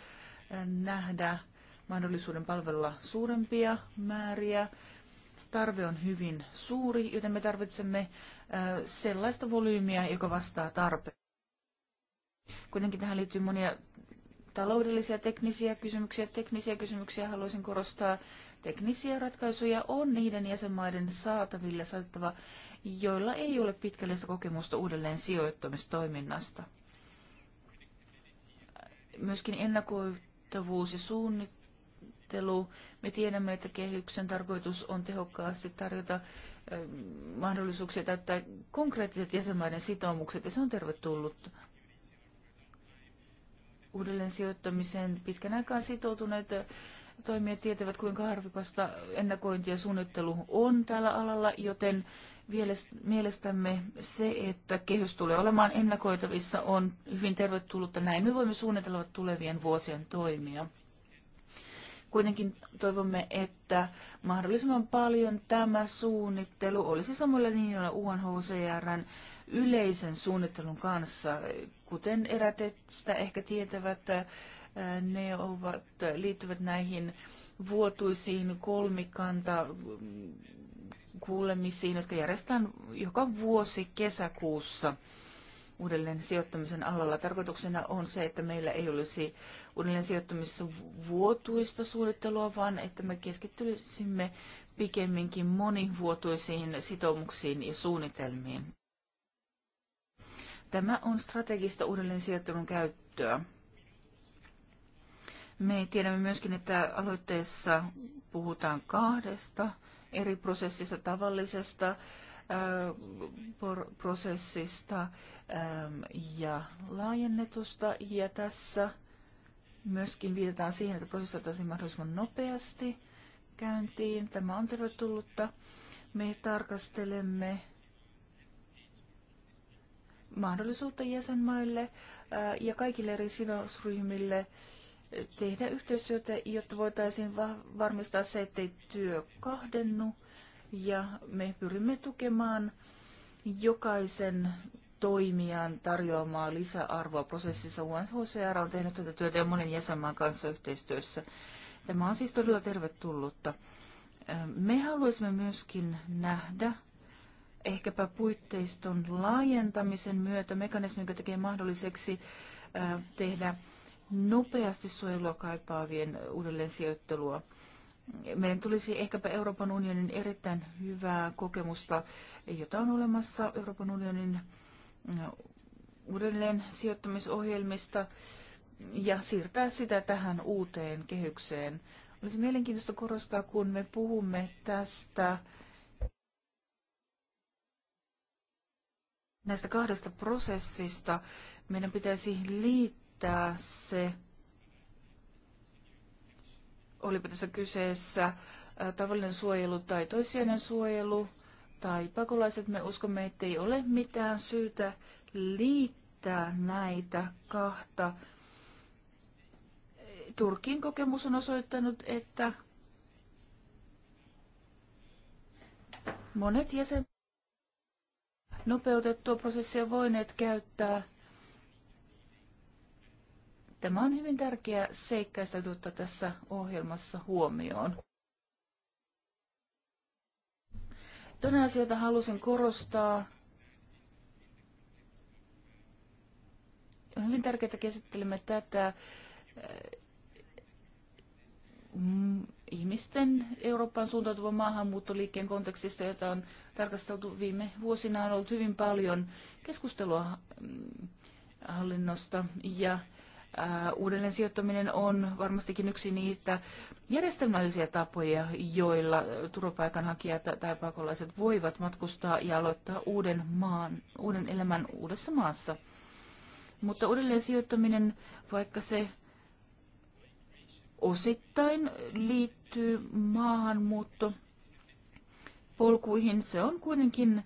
eh, nähdä mahdollisuuden palvella suurempia määriä. Tarve on hyvin suuri, joten me tarvitsemme eh, sellaista volyymiä, joka vastaa tarpeen. Kuitenkin tähän liittyy monia taloudellisia, teknisiä kysymyksiä. Teknisiä kysymyksiä haluaisin korostaa. Teknisiä ratkaisuja on niiden jäsenmaiden saatavilla saatettava joilla ei ole pitkällistä kokemusta uudelleen sijoittamistoiminnasta. Myöskin ennakoitavuus ja suunnittelu. Me tiedämme, että kehyksen tarkoitus on tehokkaasti tarjota mahdollisuuksia täyttää konkreettiset jäsenmaiden sitoumukset, ja se on tervetullut. Uudelleen sijoittamiseen pitkän aikaa sitoutuneet toimijat tietävät, kuinka harvikasta ennakointi ja suunnittelu on tällä alalla, joten Mielestämme se, että kehys tulee olemaan ennakoitavissa, on hyvin tervetullutta. Näin me voimme suunnitella tulevien vuosien toimia. Kuitenkin toivomme, että mahdollisimman paljon tämä suunnittelu olisi samoilla linjoilla UNHCRn yleisen suunnittelun kanssa. Kuten erät sitä ehkä tietävät, äh, ne ovat, liittyvät näihin vuotuisiin kolmikanta kuulemisiin, jotka järjestetään joka vuosi kesäkuussa uudelleen sijoittamisen alalla. Tarkoituksena on se, että meillä ei olisi uudelleen sijoittamisessa vuotuista suunnittelua, vaan että me keskittyisimme pikemminkin monivuotuisiin sitoumuksiin ja suunnitelmiin. Tämä on strategista uudelleen sijoittelun käyttöä. Me tiedämme myöskin, että aloitteessa puhutaan kahdesta eri prosessista, tavallisesta prosessista ja laajennetusta. Ja tässä myöskin viitataan siihen, että prosessi saataisiin mahdollisimman nopeasti käyntiin. Tämä on tervetullutta. Me tarkastelemme mahdollisuutta jäsenmaille ja kaikille eri sidosryhmille tehdä yhteistyötä, jotta voitaisiin varmistaa se, ettei työ kahdennu. Ja me pyrimme tukemaan jokaisen toimijan tarjoamaa lisäarvoa prosessissa. UNHCR on tehnyt tätä työtä ja monen jäsenmaan kanssa yhteistyössä. Tämä on siis todella tervetullutta. Me haluaisimme myöskin nähdä ehkäpä puitteiston laajentamisen myötä mekanismi, joka tekee mahdolliseksi tehdä nopeasti suojelua kaipaavien uudelleen sijoittelua. Meidän tulisi ehkäpä Euroopan unionin erittäin hyvää kokemusta, jota on olemassa Euroopan unionin äh, uudelleen sijoittamisohjelmista ja siirtää sitä tähän uuteen kehykseen. Olisi mielenkiintoista korostaa, kun me puhumme tästä näistä kahdesta prosessista, meidän pitäisi liittyä että se, olipa tässä kyseessä tavallinen suojelu tai toissijainen suojelu tai pakolaiset, me uskomme, että ei ole mitään syytä liittää näitä kahta. Turkin kokemus on osoittanut, että monet jäsenet nopeutettua prosessia voineet käyttää – Tämä on hyvin tärkeä seikka, jota tässä ohjelmassa huomioon. Toinen asia, jota halusin korostaa, on hyvin tärkeää, että käsittelemme tätä äh, mm, ihmisten Eurooppaan suuntautuvan maahanmuuttoliikkeen kontekstista, jota on tarkasteltu viime vuosina, on ollut hyvin paljon keskustelua mm, hallinnosta ja Äh, uudelleen sijoittaminen on varmastikin yksi niitä järjestelmällisiä tapoja, joilla turvapaikanhakijat tai pakolaiset voivat matkustaa ja aloittaa uuden, maan, uuden elämän uudessa maassa. Mutta uudelleen sijoittaminen, vaikka se osittain liittyy maahanmuutto polkuihin, se on kuitenkin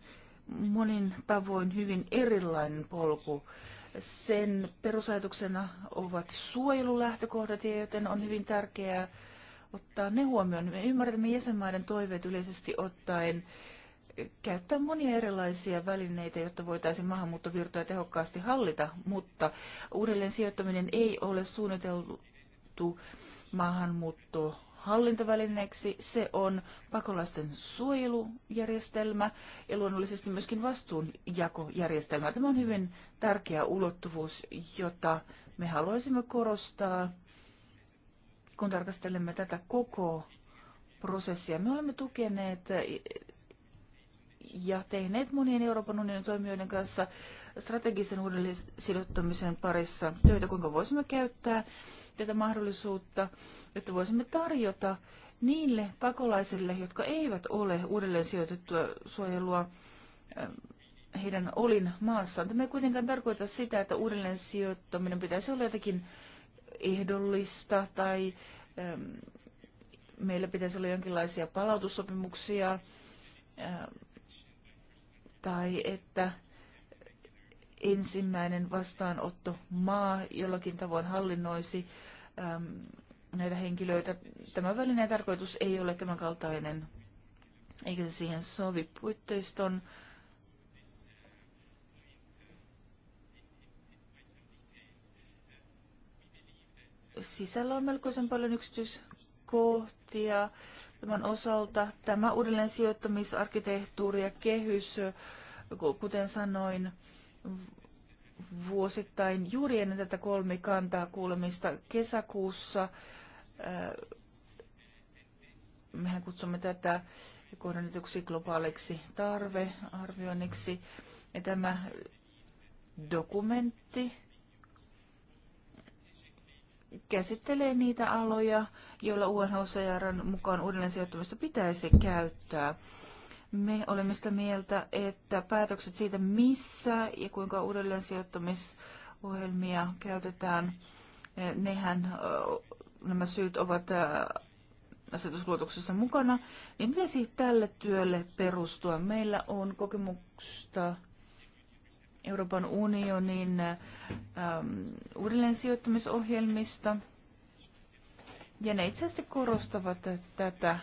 monin tavoin hyvin erilainen polku sen perusajatuksena ovat suojelulähtökohdat, joten on hyvin tärkeää ottaa ne huomioon. Me ymmärrämme jäsenmaiden toiveet yleisesti ottaen käyttää monia erilaisia välineitä, jotta voitaisiin maahanmuuttovirtoja tehokkaasti hallita, mutta uudelleen sijoittaminen ei ole suunniteltu maahanmuuttoa hallintovälineeksi, se on pakolaisten suojelujärjestelmä ja luonnollisesti myöskin vastuunjakojärjestelmä. Tämä on hyvin tärkeä ulottuvuus, jota me haluaisimme korostaa, kun tarkastelemme tätä koko prosessia. Me olemme tukeneet ja tehneet monien Euroopan unionin toimijoiden kanssa strategisen uudelleen parissa töitä, kuinka voisimme käyttää tätä mahdollisuutta, jotta voisimme tarjota niille pakolaisille, jotka eivät ole uudelleen sijoitettua suojelua ähm, heidän olin maassaan. Tämä ei kuitenkaan tarkoita sitä, että uudelleen sijoittaminen pitäisi olla jotakin ehdollista tai ähm, meillä pitäisi olla jonkinlaisia palautussopimuksia ähm, tai että ensimmäinen vastaanotto maa jollakin tavoin hallinnoisi äm, näitä henkilöitä. Tämä välineen tarkoitus ei ole tämän kaltainen, eikä se siihen sovi puitteiston. Sisällä on melkoisen paljon yksityiskohtia tämän osalta. Tämä uudelleen sijoittamisarkkitehtuuri ja kehys Kuten sanoin, vuosittain juuri ennen tätä kolmikantaa kuulemista kesäkuussa, äh, mehän kutsumme tätä kohdennetuksi globaaliksi tarvearvioinniksi, ja tämä dokumentti käsittelee niitä aloja, joilla UNHCRn mukaan uudelleen sijoittamista pitäisi käyttää. Me olemme sitä mieltä, että päätökset siitä, missä ja kuinka uudelleen sijoittamisohjelmia käytetään, eh, nehän eh, nämä syyt ovat eh, asetusluotuksessa mukana, niin mitä tälle työlle perustua? Meillä on kokemusta Euroopan unionin äm, ehm, uudelleen sijoittamisohjelmista, ja ne itse asiassa korostavat tätä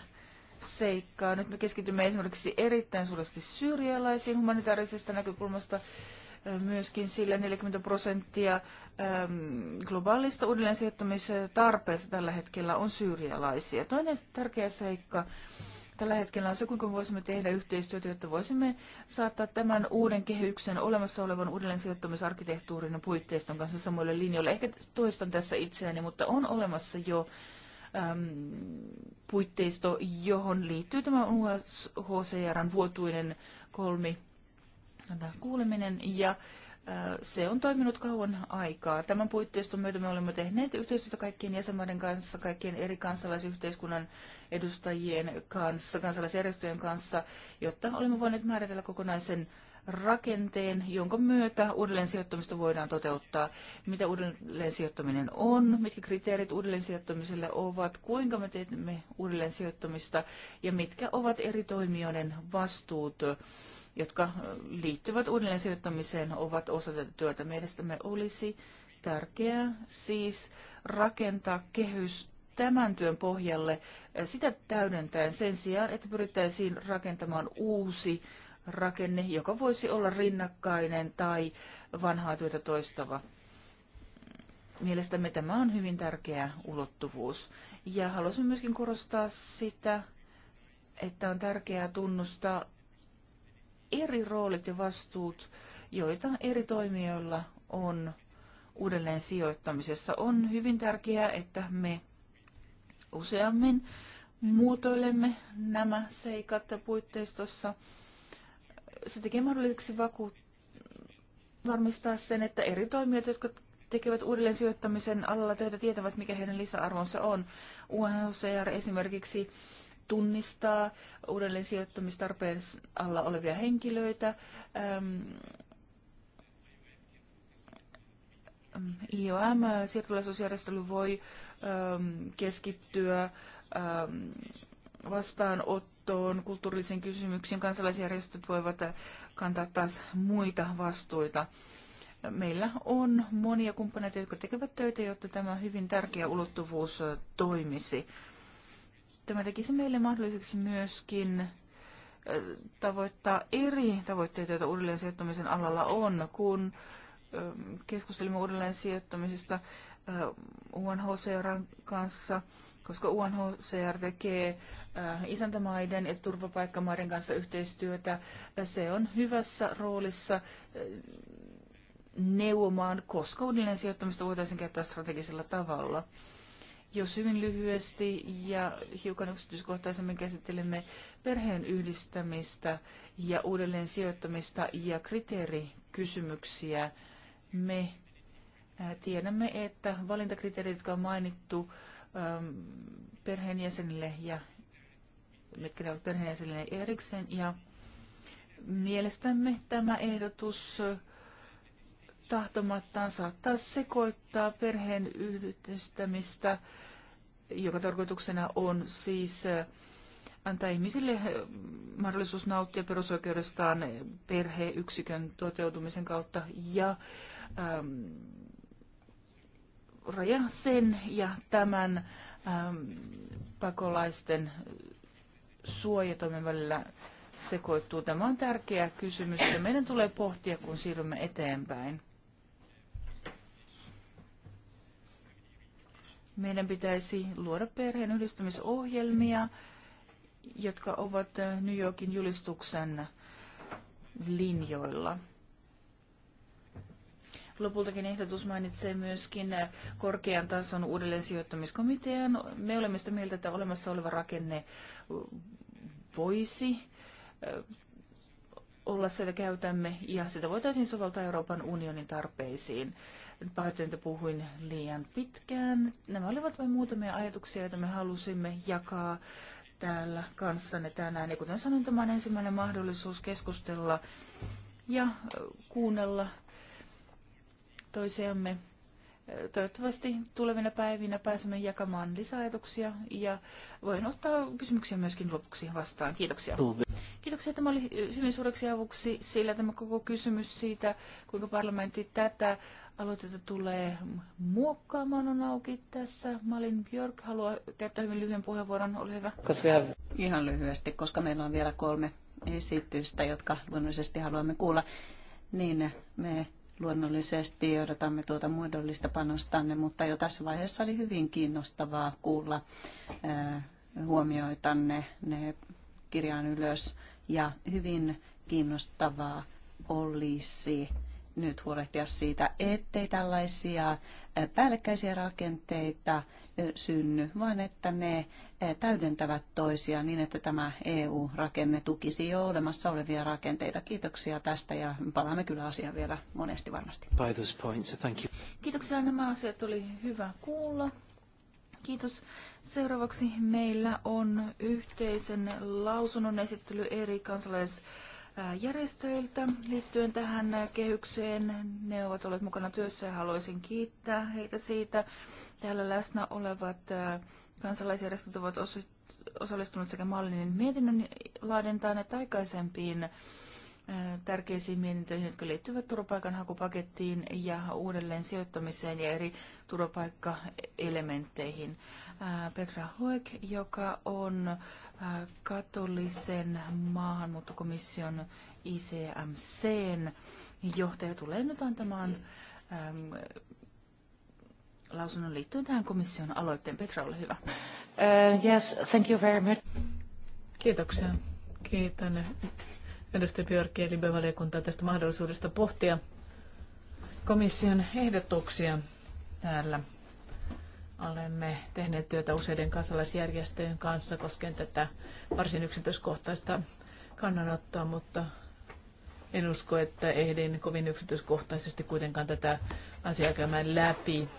seikkaa. Nyt me keskitymme esimerkiksi erittäin suuresti syyrialaisiin humanitaarisesta näkökulmasta myöskin sillä 40 prosenttia globaalista uudelleen tarpeesta tällä hetkellä on syyrialaisia. Toinen tärkeä seikka tällä hetkellä on se, kuinka voisimme tehdä yhteistyötä, jotta voisimme saattaa tämän uuden kehyksen olemassa olevan uudelleen sijoittamisarkkitehtuurin ja puitteiston kanssa samoille linjoille. Ehkä toistan tässä itseäni, mutta on olemassa jo äm, puitteisto, johon liittyy tämä USHCRn vuotuinen kolmi kuuleminen ja äh, se on toiminut kauan aikaa. Tämän puitteiston myötä me olemme tehneet yhteistyötä kaikkien jäsenmaiden kanssa, kaikkien eri kansalaisyhteiskunnan edustajien kanssa, kansalaisjärjestöjen kanssa, jotta olemme voineet määritellä kokonaisen rakenteen, jonka myötä uudelleensijoittamista voidaan toteuttaa. Mitä uudelleensijoittaminen on, mitkä kriteerit uudelleensijoittamiselle ovat, kuinka me teemme uudelleensijoittamista ja mitkä ovat eri toimijoiden vastuut, jotka liittyvät uudelleensijoittamiseen, ovat osa tätä työtä. Mielestämme olisi tärkeää siis rakentaa kehys tämän työn pohjalle sitä täydentäen sen sijaan, että pyrittäisiin rakentamaan uusi rakenne, joka voisi olla rinnakkainen tai vanhaa työtä toistava. Mielestämme tämä on hyvin tärkeä ulottuvuus. Ja haluaisin myöskin korostaa sitä, että on tärkeää tunnustaa eri roolit ja vastuut, joita eri toimijoilla on uudelleen sijoittamisessa. On hyvin tärkeää, että me useammin muotoilemme nämä seikat puitteistossa se tekee mahdolliseksi vakuuttaa varmistaa sen, että eri toimijat, jotka tekevät uudelleen sijoittamisen alalla töitä, tietävät, mikä heidän lisäarvonsa on. UNHCR esimerkiksi tunnistaa uudelleen sijoittamistarpeen alla olevia henkilöitä. Ähm, IOM, ähm, siirtolaisuusjärjestely, voi ähm, keskittyä ähm, vastaanottoon, kulttuurisiin kysymyksiin. Kansalaisjärjestöt voivat kantaa taas muita vastuita. Meillä on monia kumppaneita, jotka tekevät töitä, jotta tämä hyvin tärkeä ulottuvuus toimisi. Tämä tekisi meille mahdolliseksi myöskin tavoittaa eri tavoitteita, joita uudelleen sijoittamisen alalla on. Kun keskustelimme uudelleen sijoittamisesta UNHCRn kanssa, koska UNHCR tekee äh, isäntämaiden ja turvapaikkamaiden kanssa yhteistyötä. Äh, se on hyvässä roolissa äh, neuvomaan, koska uudelleen sijoittamista voitaisiin käyttää strategisella tavalla. Jos hyvin lyhyesti ja hiukan yksityiskohtaisemmin käsittelemme perheen yhdistämistä ja uudelleen sijoittamista ja kriteerikysymyksiä, me tiedämme, että valintakriteerit, jotka on mainittu, Ähm, perheenjäsenille ja mitkä ovat perheenjäsenille erikseen. Ja mielestämme tämä ehdotus tahtomattaan saattaa sekoittaa perheen yhdistämistä, joka tarkoituksena on siis äh, antaa ihmisille äh, mahdollisuus nauttia perusoikeudestaan perheyksikön toteutumisen kautta ja ähm, raja sen ja tämän ähm, pakolaisten suojatoimen välillä sekoittuu. Tämä on tärkeä kysymys ja meidän tulee pohtia, kun siirrymme eteenpäin. Meidän pitäisi luoda perheen yhdistymisohjelmia, jotka ovat New Yorkin julistuksen linjoilla. Lopultakin ehdotus mainitsee myöskin korkean tason uudelleen sijoittamiskomitean. Me olemme sitä mieltä, että olemassa oleva rakenne voisi olla siellä käytämme ja sitä voitaisiin soveltaa Euroopan unionin tarpeisiin. Pahoittelen, että puhuin liian pitkään. Nämä olivat vain muutamia ajatuksia, joita me halusimme jakaa täällä kanssanne tänään. Ja kuten sanoin, tämä on ensimmäinen mahdollisuus keskustella ja kuunnella toisiamme. Toivottavasti tulevina päivinä pääsemme jakamaan lisäajatuksia ja voin ottaa kysymyksiä myöskin lopuksi vastaan. Kiitoksia. Kiitoksia. Tämä oli hyvin suureksi avuksi, sillä tämä koko kysymys siitä, kuinka parlamentti tätä aloitetta tulee muokkaamaan on auki tässä. Malin Björk haluaa käyttää hyvin lyhyen puheenvuoron. Ole hyvä. Ihan lyhyesti, koska meillä on vielä kolme esitystä, jotka luonnollisesti haluamme kuulla. Niin me Luonnollisesti odotamme tuota muodollista panostanne, mutta jo tässä vaiheessa oli hyvin kiinnostavaa kuulla huomioitanne ne kirjaan ylös ja hyvin kiinnostavaa olisi nyt huolehtia siitä, ettei tällaisia päällekkäisiä rakenteita synny, vaan että ne täydentävät toisiaan niin, että tämä EU-rakenne tukisi jo olemassa olevia rakenteita. Kiitoksia tästä ja palaamme kyllä asiaan vielä monesti varmasti. you. Kiitoksia, nämä asiat oli hyvä kuulla. Kiitos. Seuraavaksi meillä on yhteisen lausunnon esittely eri kansalais- Äh, järjestöiltä liittyen tähän kehykseen. Ne ovat olleet mukana työssä ja haluaisin kiittää heitä siitä. Täällä läsnä olevat äh, kansalaisjärjestöt ovat osallistuneet sekä mallinen mietinnön laadintaan että aikaisempiin tärkeisiin mietintöihin, jotka liittyvät turvapaikanhakupakettiin ja uudelleen sijoittamiseen ja eri turvapaikkaelementteihin. Petra Hoek, joka on katolisen maahanmuuttokomission ICMCn johtaja, tulee nyt antamaan lausunnon liittyen tähän komission aloitteen. Petra, ole hyvä. Uh, yes, thank you very much. Kiitoksia. Kiitän edustaja Björk ja Libe-valiokuntaa tästä mahdollisuudesta pohtia komission ehdotuksia täällä. Olemme tehneet työtä useiden kansalaisjärjestöjen kanssa koskien tätä varsin yksityiskohtaista kannanottoa, mutta en usko, että ehdin kovin yksityiskohtaisesti kuitenkaan tätä asiaa käymään läpi.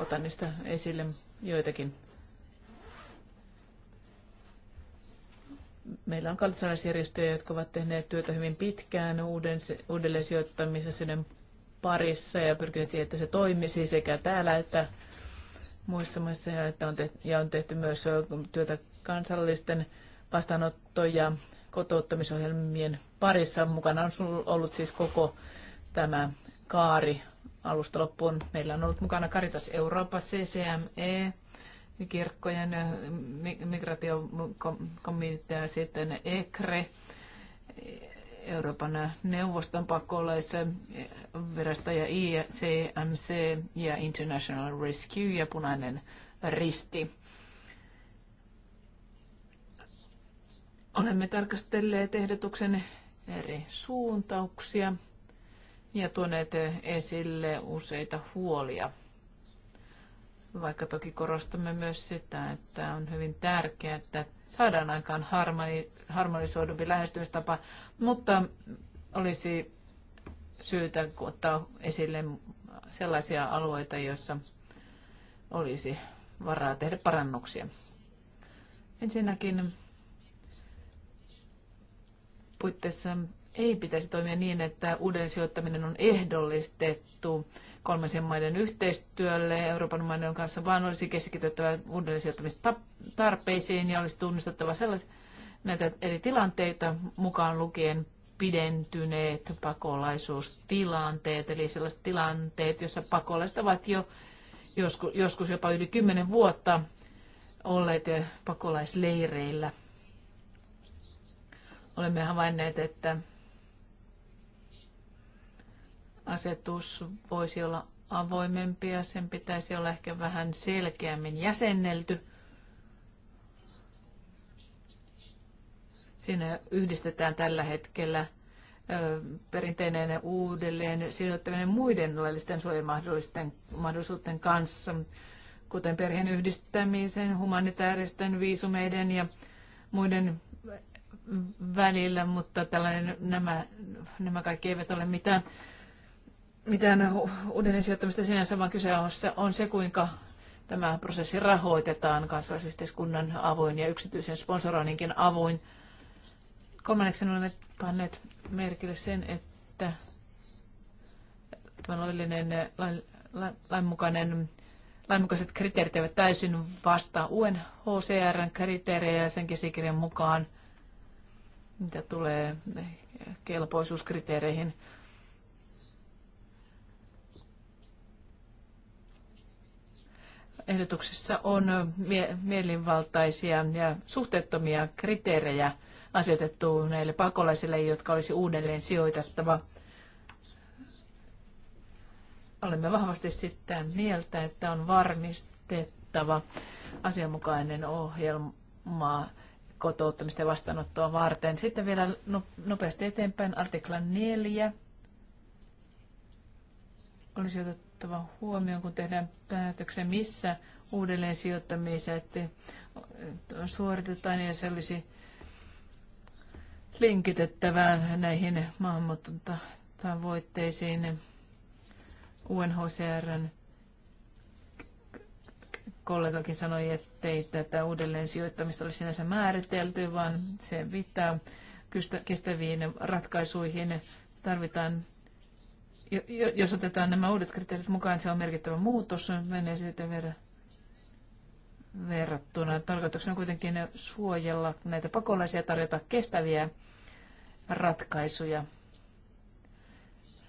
Otan niistä esille joitakin Meillä on kansalaisjärjestöjä, jotka ovat tehneet työtä hyvin pitkään uuden, uudelleen sijoittamisasioiden parissa ja pyrkineet siihen, että se toimisi sekä täällä että muissa maissa ja, että on tehty, ja on tehty myös työtä kansallisten vastaanotto- ja kotouttamisohjelmien parissa. Mukana on ollut siis koko tämä kaari alusta loppuun. Meillä on ollut mukana Caritas Euroopassa CCME, kirkkojen äh, migraatiokomitea, sitten ECRE, e, Euroopan neuvoston pakolaisvirasto ja ICMC ja International Rescue ja Punainen Risti. Olemme tarkastelleet ehdotuksen eri suuntauksia ja tuoneet esille useita huolia vaikka toki korostamme myös sitä, että on hyvin tärkeää, että saadaan aikaan harmonisoidumpi lähestymistapa, mutta olisi syytä ottaa esille sellaisia alueita, joissa olisi varaa tehdä parannuksia. Ensinnäkin puitteissa ei pitäisi toimia niin, että uuden sijoittaminen on ehdollistettu kolmansien maiden yhteistyölle Euroopan maiden kanssa, vaan olisi keskityttävä uudelleen tarpeisiin ja olisi tunnistettava sellaisia näitä eri tilanteita mukaan lukien pidentyneet pakolaisuustilanteet, eli sellaiset tilanteet, joissa pakolaiset ovat jo joskus, joskus jopa yli kymmenen vuotta olleet pakolaisleireillä. Olemme havainneet, että asetus voisi olla avoimempi ja sen pitäisi olla ehkä vähän selkeämmin jäsennelty. Siinä yhdistetään tällä hetkellä perinteinen ja uudelleen sijoittaminen muiden laillisten suojamahdollisuuden kanssa, kuten perheen yhdistämisen, humanitaaristen viisumeiden ja muiden välillä, mutta tällainen, nämä, nämä kaikki eivät ole mitään mitään uuden sijoittamista sinänsä, vaan kyse on se, on se kuinka tämä prosessi rahoitetaan kansalaisyhteiskunnan avoin ja yksityisen sponsoroinninkin avoin. Kolmanneksi olemme panneet merkille sen, että tämä laillinen, lainmukainen, lainmukaiset kriteerit eivät täysin vastaa UNHCRn kriteerejä sen käsikirjan mukaan, mitä tulee kelpoisuuskriteereihin ehdotuksessa on mie- mielivaltaisia ja suhteettomia kriteerejä asetettu näille pakolaisille, jotka olisi uudelleen sijoitettava. Olemme vahvasti sitä mieltä, että on varmistettava asianmukainen ohjelma kotouttamista ja vastaanottoa varten. Sitten vielä no-, nopeasti eteenpäin artikla 4. Olisi otettu otettava huomioon, kun tehdään päätöksen, missä uudelleen että suoritetaan, ja se olisi linkitettävää näihin maahanmuuttotavoitteisiin UNHCRn kollegakin sanoi, ettei tätä uudelleen sijoittamista ole sinänsä määritelty, vaan se viittaa kestäviin ratkaisuihin. Tarvitaan jos otetaan nämä uudet kriteerit mukaan, se on merkittävä muutos, menee siitä ver- verrattuna. Tarkoituksena on kuitenkin suojella näitä pakolaisia, tarjota kestäviä ratkaisuja.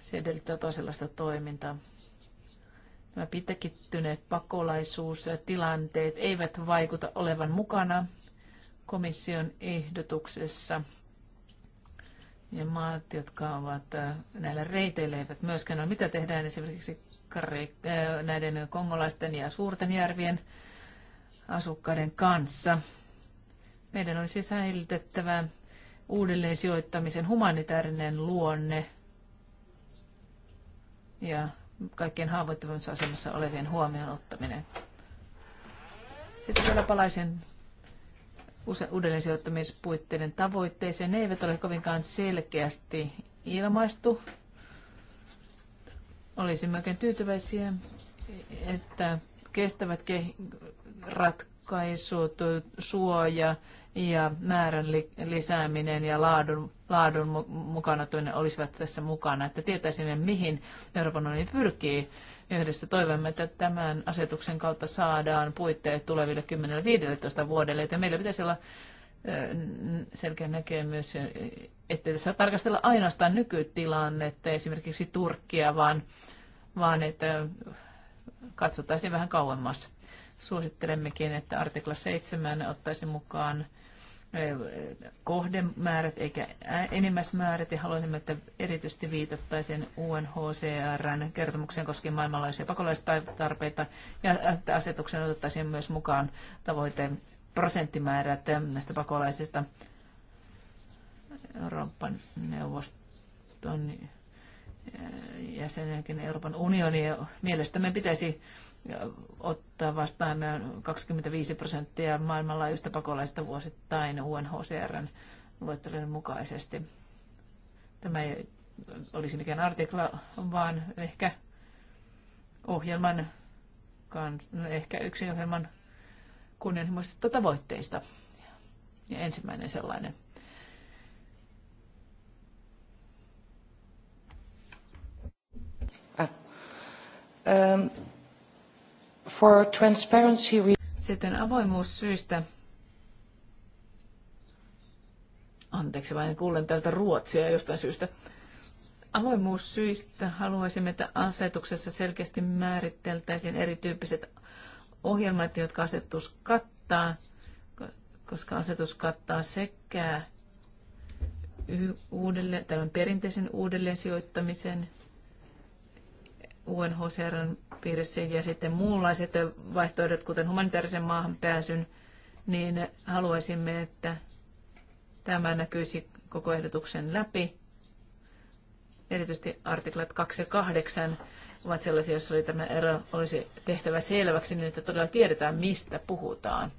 Se edellyttää toisenlaista toimintaa. Nämä pitäkittyneet tilanteet eivät vaikuta olevan mukana komission ehdotuksessa ja maat, jotka ovat äh, näillä reiteillä, eivät myöskään ole. Mitä tehdään esimerkiksi äh, näiden kongolaisten ja suurten järvien asukkaiden kanssa? Meidän olisi säilytettävä uudelleen sijoittamisen humanitaarinen luonne ja kaikkien haavoittuvassa asemassa olevien huomioon ottaminen. Sitten vielä palaisin uudelleensijoittamispuitteiden tavoitteeseen. Ne eivät ole kovinkaan selkeästi ilmaistu. Olisimme oikein tyytyväisiä, että kestävät ratkaisut, suoja ja määrän lisääminen ja laadun, laadun mukana olisivat tässä mukana, että tietäisimme mihin Euroopan unioni pyrkii Yhdessä toivomme, että tämän asetuksen kautta saadaan puitteet tuleville 10-15 vuodelle, että meillä pitäisi olla selkeä näkemys, että saa tarkastella ainoastaan nykytilannetta, esimerkiksi Turkkia, vaan, vaan että katsotaan vähän kauemmas. Suosittelemmekin, että artikla 7 ottaisi mukaan kohdemäärät eikä enimmäismäärät ja haluaisimme, että erityisesti viitattaisiin UNHCRn kertomukseen koskien maailmanlaisia pakolaistarpeita ja että asetuksen otettaisiin myös mukaan tavoite prosenttimäärät näistä pakolaisista Euroopan neuvoston jäsenenkin Euroopan unionin. me pitäisi ottaa vastaan 25 prosenttia maailmanlaajuista pakolaista vuosittain UNHCRn luettelun mukaisesti. Tämä ei olisi mikään artikla, vaan ehkä ohjelman, kans, no ehkä yksi ohjelman kunnianhimoisista tavoitteista. Ja ensimmäinen sellainen. Ah. Ähm. For transparency Sitten avoimuussyistä. Anteeksi, vain kuulen täältä ruotsia jostain syystä. Avoimuussyistä haluaisimme, että asetuksessa selkeästi määriteltäisiin erityyppiset ohjelmat, jotka asetus kattaa, koska asetus kattaa sekä uudelleen tämän perinteisen uudelleen sijoittamisen UNHCRn piirissä ja sitten muunlaiset vaihtoehdot, kuten humanitaarisen maahan pääsyn, niin haluaisimme, että tämä näkyisi koko ehdotuksen läpi. Erityisesti artiklat 2 ja 8 ovat sellaisia, joissa oli tämä ero olisi tehtävä selväksi, niin että todella tiedetään, mistä puhutaan.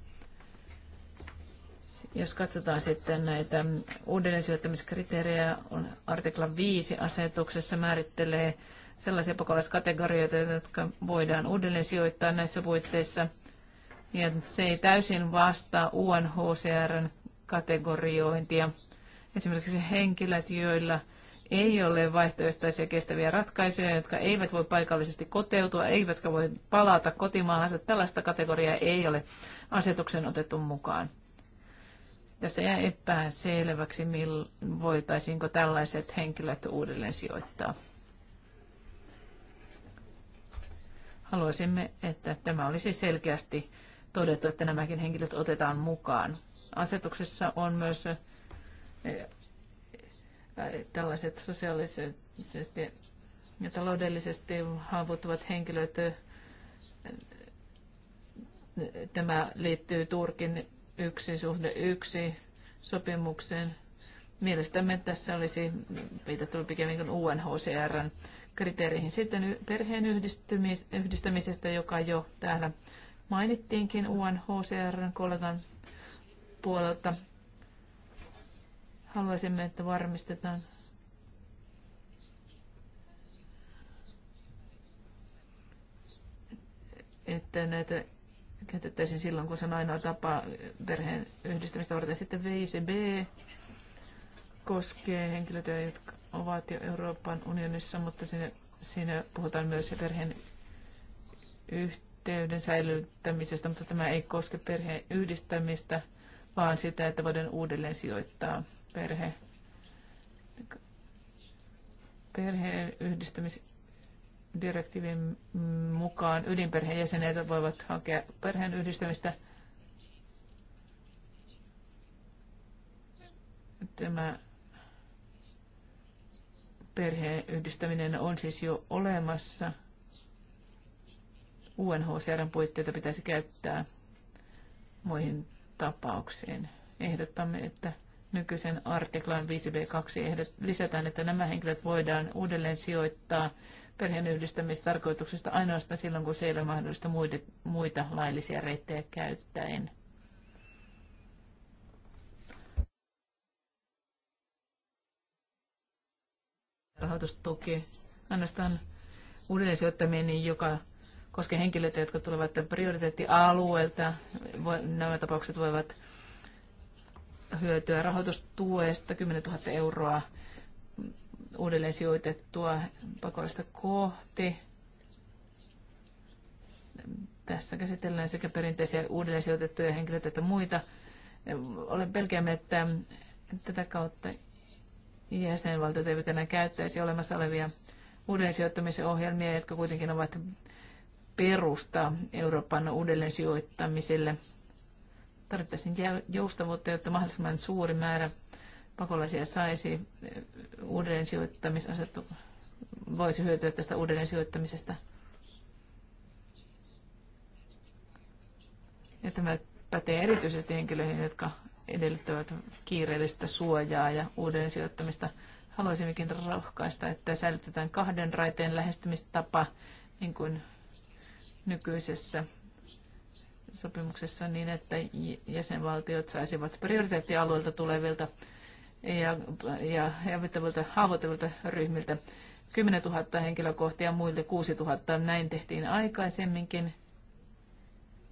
Jos katsotaan sitten näitä uudelleen on artikla 5 asetuksessa määrittelee sellaisia pakolaiskategorioita, jotka voidaan uudelleen sijoittaa näissä puitteissa. Ja se ei täysin vastaa UNHCRn kategoriointia. Esimerkiksi henkilöt, joilla ei ole vaihtoehtoisia kestäviä ratkaisuja, jotka eivät voi paikallisesti koteutua, eivätkä voi palata kotimaahansa. Tällaista kategoriaa ei ole asetuksen otettu mukaan. Tässä jää epäselväksi, voitaisiinko tällaiset henkilöt uudelleen sijoittaa. Haluaisimme, että tämä olisi selkeästi todettu, että nämäkin henkilöt otetaan mukaan. Asetuksessa on myös eh, eh, tällaiset sosiaalisesti ja taloudellisesti haavoittuvat henkilöt. Eh, tämä liittyy Turkin yksi suhde yksi sopimukseen. Mielestämme tässä olisi viitattu pikemminkin UNHCRn kriteereihin. Sitten perheen yhdistämisestä, joka jo täällä mainittiinkin UNHCRn kollegan puolelta. Haluaisimme, että varmistetaan että näitä käytettäisiin silloin, kun se on ainoa tapa perheen yhdistämistä varten. Sitten VICB koskee henkilöitä, jotka ovat jo Euroopan unionissa, mutta siinä, siinä puhutaan myös perheen yhteyden säilyttämisestä, mutta tämä ei koske perheen yhdistämistä, vaan sitä, että voidaan uudelleen sijoittaa perhe. Perheen yhdistämis direktiivin mukaan ydinperheen jäsenet voivat hakea perheen yhdistämistä. Tämä yhdistäminen on siis jo olemassa. UNHCRn puitteita pitäisi käyttää muihin tapauksiin. Ehdottamme, että nykyisen artiklan 5b2 ehdot, lisätään, että nämä henkilöt voidaan uudelleen sijoittaa yhdistämistarkoituksesta ainoastaan silloin, kun se ei ole mahdollista muita laillisia reittejä käyttäen. rahoitustuki, ainoastaan uudelleen sijoittaminen, joka koskee henkilöitä, jotka tulevat prioriteettialueelta. Nämä tapaukset voivat hyötyä rahoitustuesta 10 000 euroa uudelleen sijoitettua pakollista kohti. Tässä käsitellään sekä perinteisiä uudelleen sijoitettuja henkilöitä että muita. Olen pelkäämme, että tätä kautta jäsenvaltiot eivät enää käyttäisi olemassa olevia uuden ohjelmia, jotka kuitenkin ovat perusta Euroopan uudelleen sijoittamiselle. Tarvittaisiin joustavuutta, jotta mahdollisimman suuri määrä pakolaisia saisi eh, uudelleen voisi hyötyä tästä uudelleen sijoittamisesta. Ja tämä pätee erityisesti henkilöihin, jotka edellyttävät kiireellistä suojaa ja uuden sijoittamista. Haluaisimmekin rohkaista, että säilytetään kahden raiteen lähestymistapa, niin kuin nykyisessä sopimuksessa niin, että jäsenvaltiot saisivat prioriteettialueelta tulevilta ja, ja haavoittavilta ryhmiltä 10 000 henkilökohtia muille 6 000. Näin tehtiin aikaisemminkin.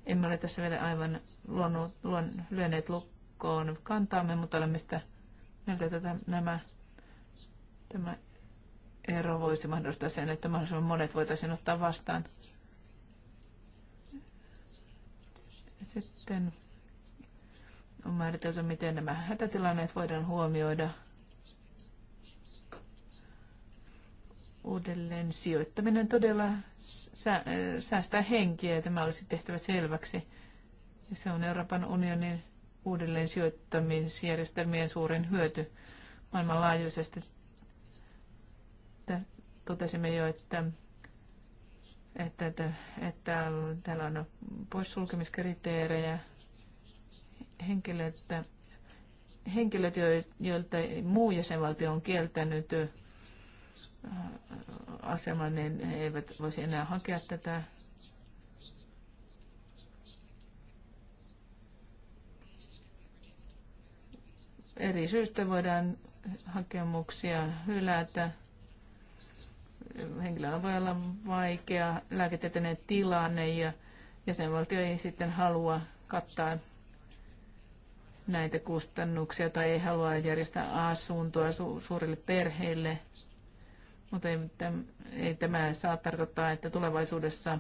Emme ole tässä vielä aivan luonut, luon, lyöneet lukkoa joukkoon kantaamme, mutta olemme sitä mieltä, että nämä, tämä ero voisi mahdollistaa sen, että mahdollisimman monet voitaisiin ottaa vastaan. Sitten on määritelty, miten nämä hätätilanneet voidaan huomioida. Uudelleen sijoittaminen todella säästää henkiä ja tämä olisi tehtävä selväksi. Ja se on Euroopan unionin uudelleen sijoittamisjärjestelmien suurin hyöty maailmanlaajuisesti. Totesimme jo, että, että, että, että täällä on poissulkemiskriteerejä henkilöt, henkilöt joilta muu jäsenvaltio on kieltänyt äh, aseman, niin he eivät voisi enää hakea tätä eri syystä voidaan hakemuksia hylätä. Henkilöllä voi olla vaikea lääketieteellinen tilanne ja jäsenvaltio ei sitten halua kattaa näitä kustannuksia tai ei halua järjestää asuntoa su- suurille perheille. Mutta ei, ei tämä saa tarkoittaa, että tulevaisuudessa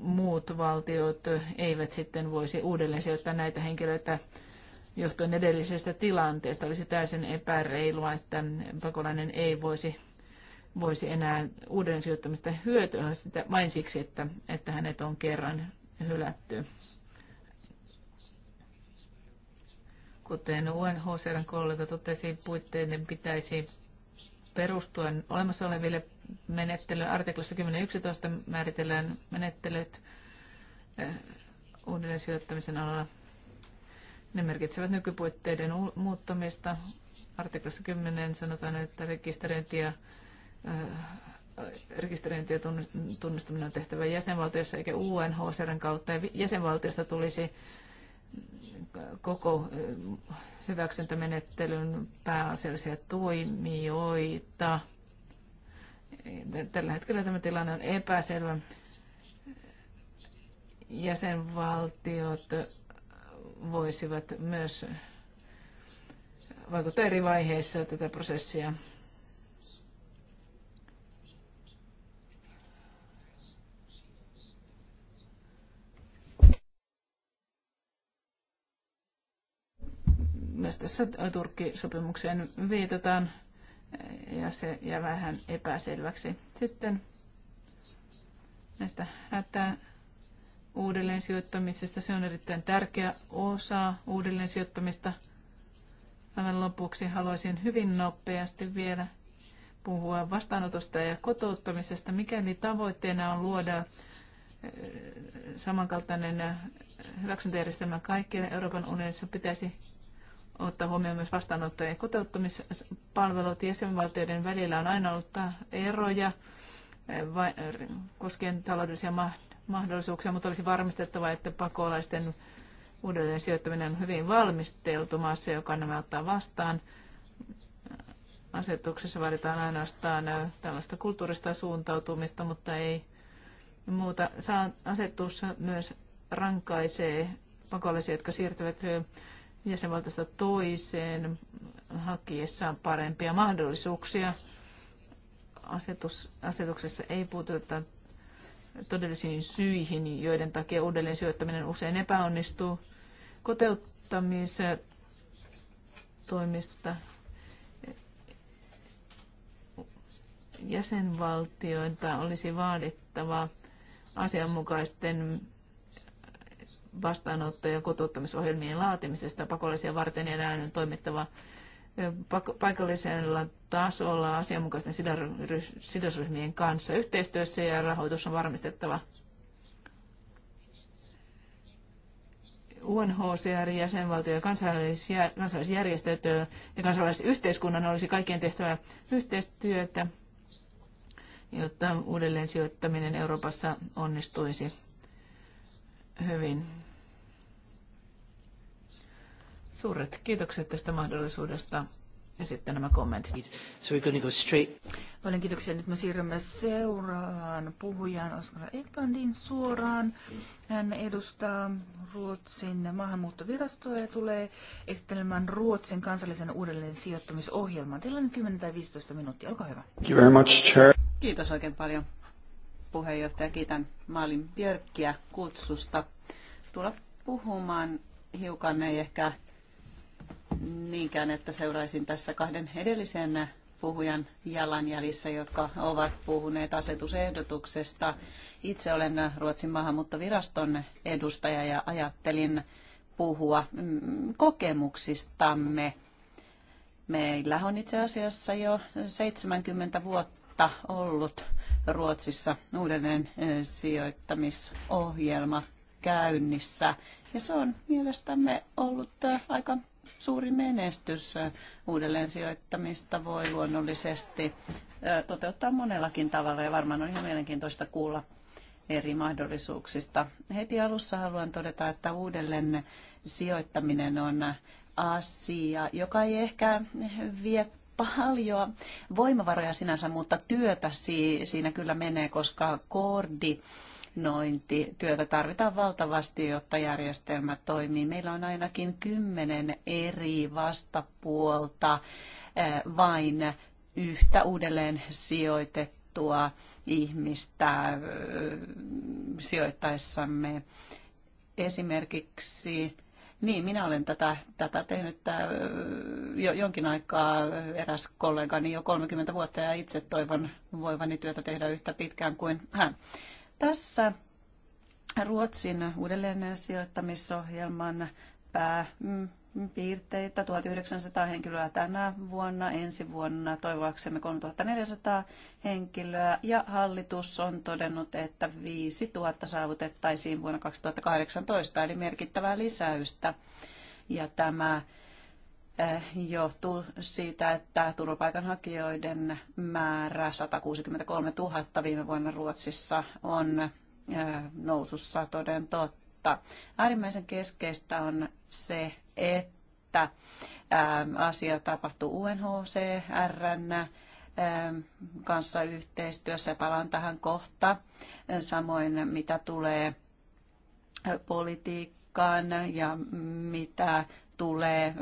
muut valtiot eivät sitten voisi uudelleen sijoittaa näitä henkilöitä johtuen edellisestä tilanteesta. Olisi täysin epäreilua, että pakolainen ei voisi, voisi enää uuden sijoittamista hyötyä sitä vain siksi, että, että hänet on kerran hylätty. Kuten UNHCRn kollega totesi, puitteiden pitäisi perustua olemassa oleville menettelyille. Artiklassa 10.11 määritellään menettelyt eh, uudelleen sijoittamisen alalla ne merkitsevät nykypuitteiden muuttamista. Artiklassa 10 sanotaan, että rekisteröinti ja äh, rekisteröinti ja tunnistaminen on tehtävä jäsenvaltiossa eikä UNHCRn kautta. Ja jäsenvaltiosta tulisi koko äh, hyväksyntämenettelyn pääasiallisia toimijoita. Tällä hetkellä tämä tilanne on epäselvä. Jäsenvaltiot voisivat myös vaikuttaa eri vaiheissa tätä prosessia. Myös tässä Turkki-sopimukseen viitataan ja se jää vähän epäselväksi. Sitten näistä hätää uudelleen sijoittamisesta. Se on erittäin tärkeä osa uudelleen sijoittamista. Aivan lopuksi haluaisin hyvin nopeasti vielä puhua vastaanotosta ja kotouttamisesta, mikäli tavoitteena on luoda eh, samankaltainen eh, hyväksyntäjärjestelmä kaikille Euroopan unionissa pitäisi ottaa huomioon myös vastaanottojen ja kotouttamispalvelut. Jäsenvaltioiden välillä on aina ollut eroja eh, koskien taloudellisia mahdollisuuksia, mutta olisi varmistettava, että pakolaisten uudelleen sijoittaminen on hyvin valmisteltu maassa, joka nämä ottaa vastaan. Asetuksessa vaaditaan ainoastaan tällaista kulttuurista suuntautumista, mutta ei muuta. Asetus myös rankaisee pakolaisia, jotka siirtyvät jäsenvaltaista toiseen hakiessaan parempia mahdollisuuksia. Asetus, asetuksessa ei puututa todellisiin syihin, joiden takia uudelleen sijoittaminen usein epäonnistuu. Koteuttamistoimista jäsenvaltioita olisi vaadittava asianmukaisten vastaanotto- ja kotouttamisohjelmien laatimisesta pakollisia varten ja näin on toimittava paikallisella tasolla asianmukaisten sidosryhmien kanssa yhteistyössä ja rahoitus on varmistettava. UNHCR, jäsenvaltio ja kansalaisjärjestöt ja kansalaisyhteiskunnan olisi kaikkien tehtävä yhteistyötä, jotta uudelleen sijoittaminen Euroopassa onnistuisi hyvin. Suuret kiitokset tästä mahdollisuudesta ja sitten nämä kommentit. So we're going to go straight. Paljon kiitoksia. Nyt me siirrymme seuraavaan puhujaan Oskar Eklandin suoraan. Hän edustaa Ruotsin maahanmuuttovirastoa ja tulee esittelemään Ruotsin kansallisen uudelleen sijoittamisohjelman. Teillä on 10 tai 15 minuuttia. Olkaa hyvä. Thank you very much, chair. Kiitos oikein paljon puheenjohtaja. Kiitän Maalin Björkkiä kutsusta tulla puhumaan hiukan, ei ehkä niinkään, että seuraisin tässä kahden edellisen puhujan jalanjäljissä, jotka ovat puhuneet asetusehdotuksesta. Itse olen Ruotsin maahanmuuttoviraston edustaja ja ajattelin puhua mm, kokemuksistamme. Meillä on itse asiassa jo 70 vuotta ollut Ruotsissa uudelleen sijoittamisohjelma käynnissä. Ja se on mielestämme ollut aika suuri menestys. Uudelleen sijoittamista voi luonnollisesti toteuttaa monellakin tavalla ja varmaan on ihan mielenkiintoista kuulla eri mahdollisuuksista. Heti alussa haluan todeta, että uudelleen sijoittaminen on asia, joka ei ehkä vie paljon voimavaroja sinänsä, mutta työtä siinä kyllä menee, koska koordi Työtä tarvitaan valtavasti, jotta järjestelmä toimii. Meillä on ainakin kymmenen eri vastapuolta eh, vain yhtä uudelleen sijoitettua ihmistä eh, sijoittaessamme. Esimerkiksi niin, minä olen tätä, tätä tehnyt tää, eh, jo, jonkin aikaa eräs kollegani jo 30 vuotta ja itse toivon voivani työtä tehdä yhtä pitkään kuin hän. Tässä Ruotsin uudelleen sijoittamisohjelman pääpiirteitä 1900 henkilöä tänä vuonna, ensi vuonna toivoaksemme 3400 henkilöä ja hallitus on todennut, että 5000 saavutettaisiin vuonna 2018 eli merkittävää lisäystä. Ja tämä Eh, johtuu siitä, että turvapaikanhakijoiden määrä 163 000 viime vuonna Ruotsissa on eh, nousussa toden totta. Äärimmäisen keskeistä on se, että eh, asia tapahtuu UNHCRn kanssa yhteistyössä. Palaan tähän kohta. Samoin mitä tulee politiikkaan ja mitä tulee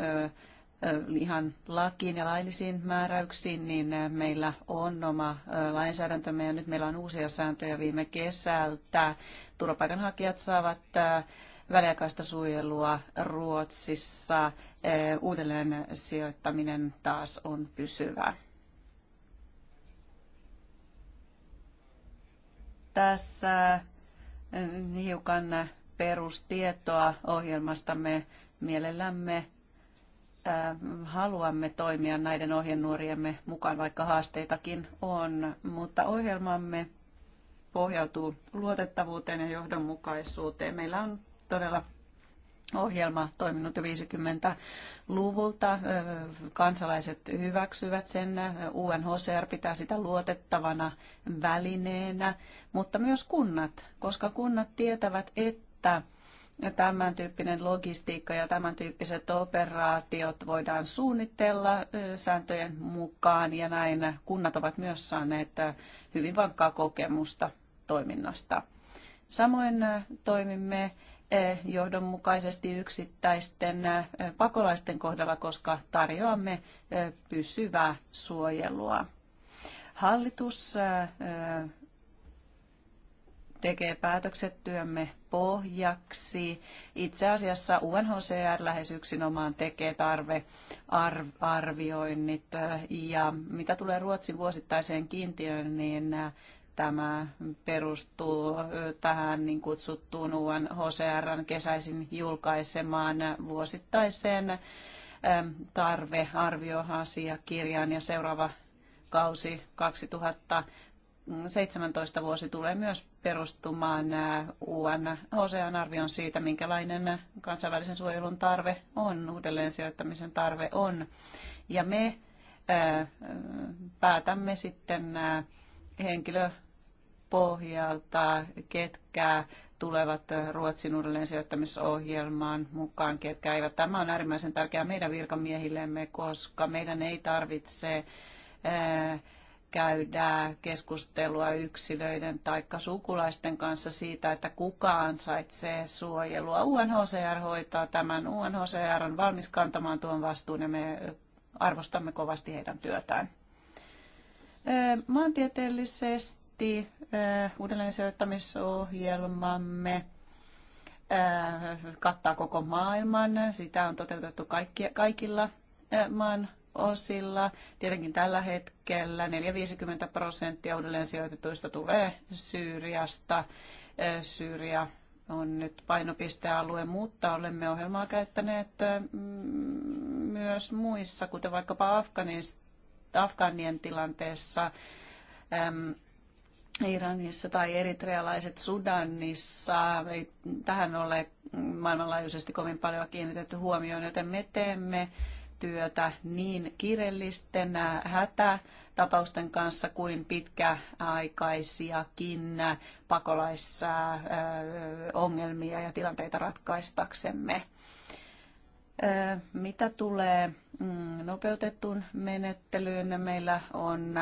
ihan lakiin ja laillisiin määräyksiin, niin meillä on oma lainsäädäntömme ja nyt meillä on uusia sääntöjä viime kesältä. Turvapaikanhakijat saavat väliaikaista suojelua Ruotsissa. Uudelleen sijoittaminen taas on pysyvää. Tässä hiukan perustietoa ohjelmastamme mielellämme Ähm, haluamme toimia näiden ohjenuoriemme mukaan, vaikka haasteitakin on, mutta ohjelmamme pohjautuu luotettavuuteen ja johdonmukaisuuteen. Meillä on todella ohjelma toiminut jo 50-luvulta. Kansalaiset hyväksyvät sen. UNHCR pitää sitä luotettavana välineenä, mutta myös kunnat, koska kunnat tietävät, että tämän tyyppinen logistiikka ja tämän tyyppiset operaatiot voidaan suunnitella sääntöjen mukaan ja näin kunnat ovat myös saaneet hyvin vankkaa kokemusta toiminnasta. Samoin toimimme johdonmukaisesti yksittäisten pakolaisten kohdalla, koska tarjoamme pysyvää suojelua. Hallitus tekee päätökset työmme pohjaksi. Itse asiassa UNHCR lähes yksinomaan tekee tarvearvioinnit. Ja mitä tulee Ruotsin vuosittaiseen kiintiöön, niin tämä perustuu tähän niin kutsuttuun UNHCRn kesäisin julkaisemaan vuosittaiseen tarvearvioasiakirjaan ja seuraava kausi 2000 2017 vuosi tulee myös perustumaan UNHCRn arvion siitä, minkälainen kansainvälisen suojelun tarve on, uudelleen sijoittamisen tarve on. Ja me päätämme sitten henkilöpohjalta, ketkä tulevat Ruotsin uudelleen sijoittamisohjelmaan mukaan, ketkä eivät. Tämä on äärimmäisen tärkeää meidän virkamiehillemme, koska meidän ei tarvitse käydään keskustelua yksilöiden tai sukulaisten kanssa siitä, että kuka ansaitsee suojelua. UNHCR hoitaa tämän. UNHCR on valmis kantamaan tuon vastuun ja me arvostamme kovasti heidän työtään. Maantieteellisesti uudelleen sijoittamisohjelmamme kattaa koko maailman. Sitä on toteutettu kaikki, kaikilla maan osilla. Tietenkin tällä hetkellä 4-50 prosenttia uudelleen sijoitetuista tulee Syyriasta. Syyria on nyt painopistealue, mutta olemme ohjelmaa käyttäneet myös muissa, kuten vaikkapa Afganien tilanteessa, Iranissa tai eritrealaiset Sudanissa. Ei tähän ole maailmanlaajuisesti kovin paljon kiinnitetty huomioon, joten me teemme työtä niin kiireellisten äh, hätätapausten kanssa kuin pitkäaikaisiakin äh, pakolaisongelmia äh, ja tilanteita ratkaistaksemme. Mitä tulee mm, nopeutettuun menettelyyn, meillä on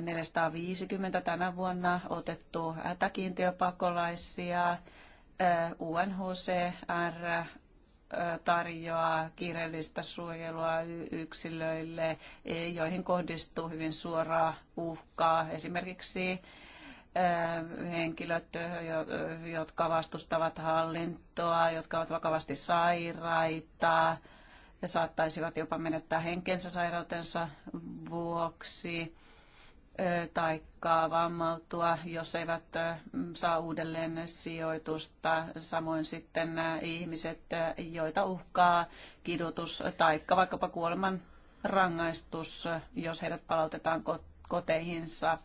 450 tänä vuonna otettu hätäkiintiöpakolaisia. UNHCR tarjoaa kiireellistä suojelua yksilöille, e, joihin kohdistuu hyvin suoraa uhkaa. Esimerkiksi e, henkilöt, jotka vastustavat hallintoa, jotka ovat vakavasti sairaita ja saattaisivat jopa menettää henkensä sairautensa vuoksi taikka vammautua, jos eivät saa uudelleen sijoitusta. Samoin sitten nämä ihmiset, joita uhkaa kidutus taikka vaikkapa kuoleman rangaistus, jos heidät palautetaan koteihinsa.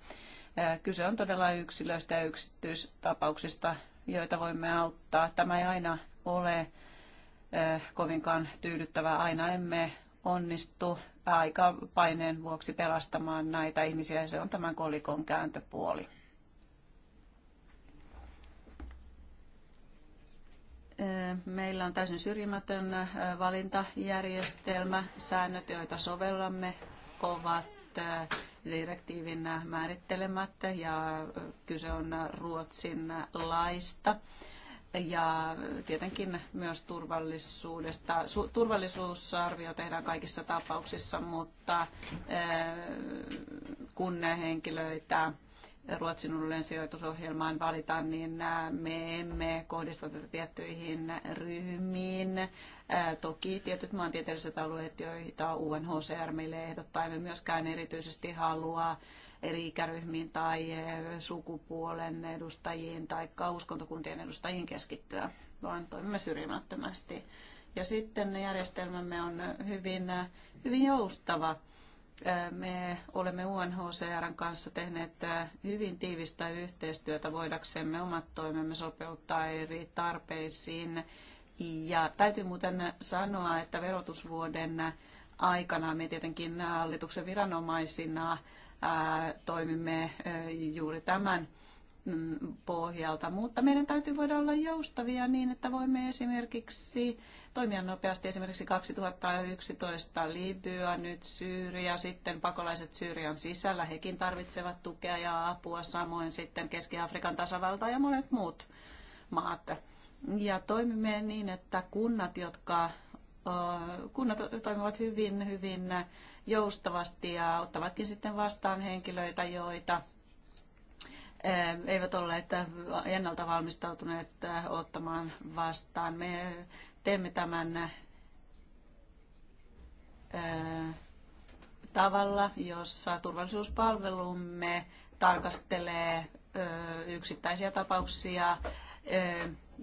Kyse on todella yksilöistä ja yksityistapauksista, joita voimme auttaa. Tämä ei aina ole kovinkaan tyydyttävää. Aina emme onnistu aikapaineen vuoksi pelastamaan näitä ihmisiä. Se on tämän kolikon kääntöpuoli. Meillä on täysin syrjimätön valintajärjestelmä. Säännöt, joita sovellamme, ovat direktiivin määrittelemät ja kyse on Ruotsin laista ja tietenkin myös turvallisuudesta. turvallisuusarvio tehdään kaikissa tapauksissa, mutta eh, kun henkilöitä Ruotsin uudelleen sijoitusohjelmaan valitaan, niin eh, me emme kohdista tätä tiettyihin ryhmiin. Eh, toki tietyt maantieteelliset alueet, joita UNHCR meille ehdottaa, emme myöskään erityisesti halua eri ikäryhmiin tai eh, sukupuolen edustajiin tai uskontokuntien edustajiin keskittyä, vaan toimimme syrjimättömästi. Ja sitten järjestelmämme on hyvin, eh, hyvin joustava. Eh, me olemme UNHCRn kanssa tehneet hyvin tiivistä yhteistyötä voidaksemme omat toimemme sopeuttaa eri tarpeisiin. Ja täytyy muuten sanoa, että verotusvuoden aikana me tietenkin hallituksen viranomaisina toimimme juuri tämän mm, pohjalta, mutta meidän täytyy voida olla joustavia niin, että voimme esimerkiksi toimia nopeasti. Esimerkiksi 2011 Libya, nyt Syyria, sitten pakolaiset Syyrian sisällä, hekin tarvitsevat tukea ja apua, samoin sitten Keski-Afrikan tasavalta ja monet muut maat. Ja toimimme niin, että kunnat, jotka kunnat toimivat hyvin, hyvin joustavasti ja ottavatkin sitten vastaan henkilöitä, joita eh, eivät olleet ennalta valmistautuneet eh, ottamaan vastaan. Me teemme tämän eh, tavalla, jossa turvallisuuspalvelumme tarkastelee yksittäisiä tapauksia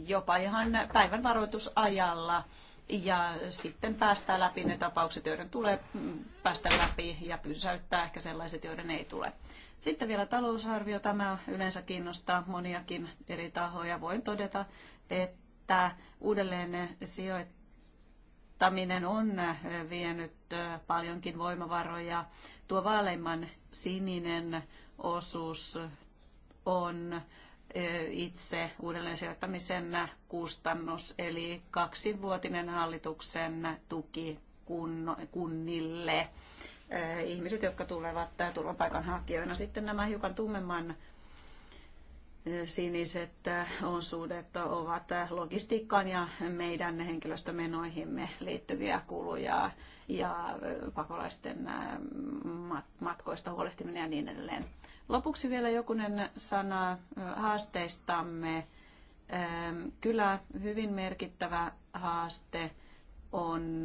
jopa ihan päivän varoitusajalla ja sitten päästää läpi ne tapaukset, joiden tulee päästä läpi ja pysäyttää ehkä sellaiset, joiden ei tule. Sitten vielä talousarvio. Tämä yleensä kiinnostaa moniakin eri tahoja. Voin todeta, että uudelleen sijoittaminen on vienyt paljonkin voimavaroja. Tuo vaaleimman sininen osuus on itse uudelleen sijoittamisen kustannus, eli kaksivuotinen hallituksen tuki kunnille. Ihmiset, jotka tulevat turvapaikanhakijoina, sitten nämä hiukan tummemman siniset osuudet ovat logistiikkaan ja meidän henkilöstömenoihimme liittyviä kuluja ja pakolaisten matkoista huolehtiminen ja niin edelleen. Lopuksi vielä jokunen sana haasteistamme. Kyllä hyvin merkittävä haaste on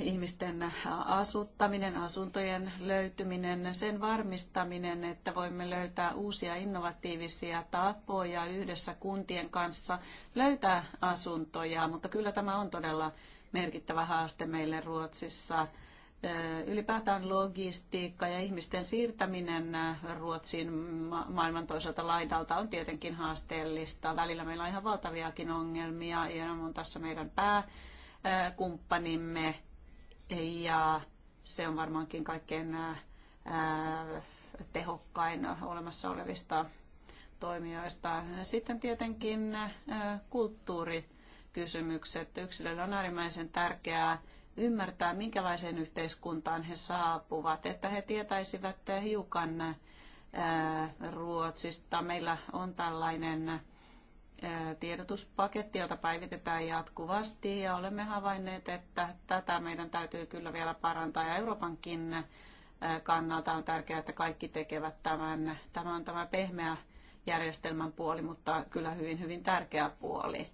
ihmisten asuttaminen, asuntojen löytyminen, sen varmistaminen, että voimme löytää uusia innovatiivisia tapoja yhdessä kuntien kanssa löytää asuntoja, mutta kyllä tämä on todella merkittävä haaste meille Ruotsissa ylipäätään logistiikka ja ihmisten siirtäminen Ruotsin maailman toiselta laidalta on tietenkin haasteellista. Välillä meillä on ihan valtaviakin ongelmia. ja on tässä meidän pääkumppanimme ja se on varmaankin kaikkein tehokkain olemassa olevista toimijoista. Sitten tietenkin kulttuurikysymykset. Yksilölle on äärimmäisen tärkeää ymmärtää, minkälaiseen yhteiskuntaan he saapuvat, että he tietäisivät hiukan Ruotsista. Meillä on tällainen tiedotuspaketti, jota päivitetään jatkuvasti ja olemme havainneet, että tätä meidän täytyy kyllä vielä parantaa ja Euroopankin kannalta on tärkeää, että kaikki tekevät tämän. Tämä on tämä pehmeä järjestelmän puoli, mutta kyllä hyvin, hyvin tärkeä puoli.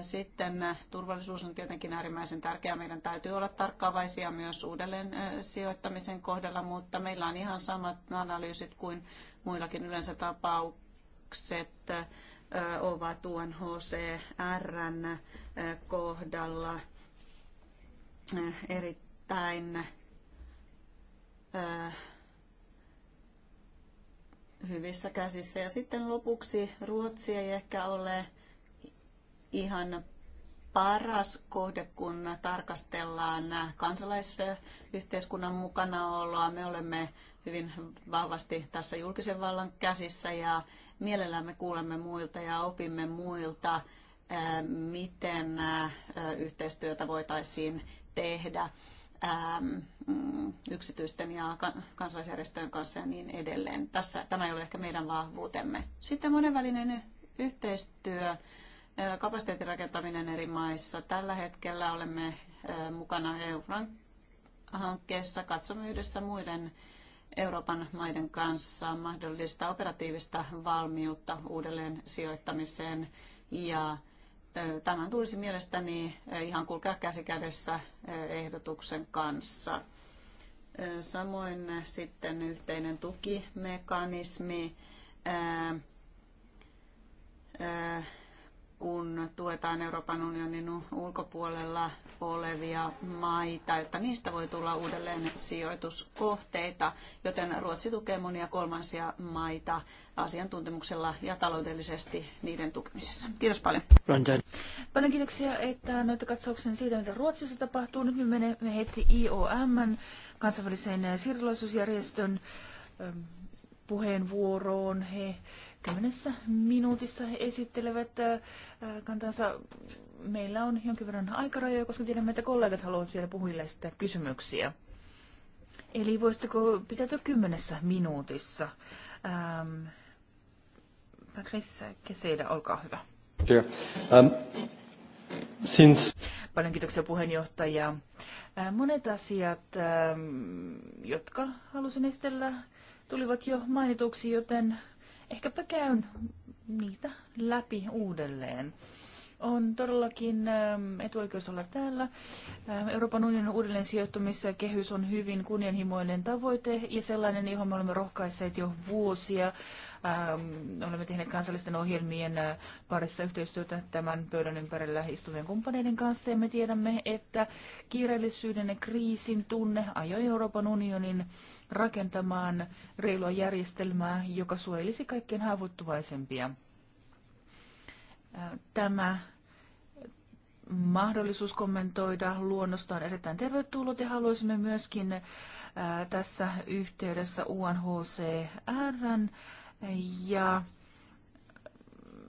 Sitten turvallisuus on tietenkin äärimmäisen tärkeää. Meidän täytyy olla tarkkaavaisia myös uudelleen sijoittamisen kohdalla, mutta meillä on ihan samat analyysit kuin muillakin yleensä tapaukset ovat UNHCRn kohdalla erittäin hyvissä käsissä. Ja sitten lopuksi Ruotsi ei ehkä ole ihan paras kohde, kun tarkastellaan kansalaisyhteiskunnan mukanaoloa. Me olemme hyvin vahvasti tässä julkisen vallan käsissä ja mielellämme kuulemme muilta ja opimme muilta, miten yhteistyötä voitaisiin tehdä mm, yksityisten ja kansalaisjärjestöjen kanssa ja niin edelleen. Tässä, tämä ei ole ehkä meidän vahvuutemme. Sitten monenvälinen yhteistyö kapasiteetin rakentaminen eri maissa. Tällä hetkellä olemme mukana EU-hankkeessa. Katsomme yhdessä muiden Euroopan maiden kanssa mahdollista operatiivista valmiutta uudelleen sijoittamiseen ja Tämän tulisi mielestäni ihan kulkea käsi kädessä ehdotuksen kanssa. Samoin sitten yhteinen tukimekanismi kun tuetaan Euroopan unionin ulkopuolella olevia maita, että niistä voi tulla uudelleen sijoituskohteita, joten Ruotsi tukee monia kolmansia maita asiantuntemuksella ja taloudellisesti niiden tukemisessa. Kiitos paljon. Ranjan. Paljon kiitoksia, että noita katsauksen siitä, mitä Ruotsissa tapahtuu. Nyt me menemme heti IOM, kansainvälisen siirtolaisuusjärjestön puheenvuoroon. He kymmenessä minuutissa esittelevät äh, kantansa. Meillä on jonkin verran aikarajoja, koska tiedämme, että kollegat haluavat vielä puhujille esittää kysymyksiä. Eli voisitteko pitäytyä kymmenessä minuutissa? Ähm, Patrice Keseida, olkaa hyvä. Yeah. Um, since... Paljon kiitoksia puheenjohtaja. Äh, monet asiat, ähm, jotka halusin esitellä, tulivat jo mainituksi, joten Ehkäpä käyn niitä läpi uudelleen. On todellakin ähm, etuoikeus olla täällä. Äh, Euroopan unionin uudelleen sijoittumissa kehys on hyvin kunnianhimoinen tavoite ja sellainen, johon me olemme rohkaisseet jo vuosia. Ähm, olemme tehneet kansallisten ohjelmien äh, parissa yhteistyötä tämän pöydän ympärillä istuvien kumppaneiden kanssa ja me tiedämme, että kiireellisyyden ja kriisin tunne ajoi Euroopan unionin rakentamaan reilua järjestelmää, joka suojelisi kaikkein haavoittuvaisempia. Äh, tämä mahdollisuus kommentoida luonnosta on erittäin tervetullut ja haluaisimme myöskin äh, tässä yhteydessä UNHCRn ja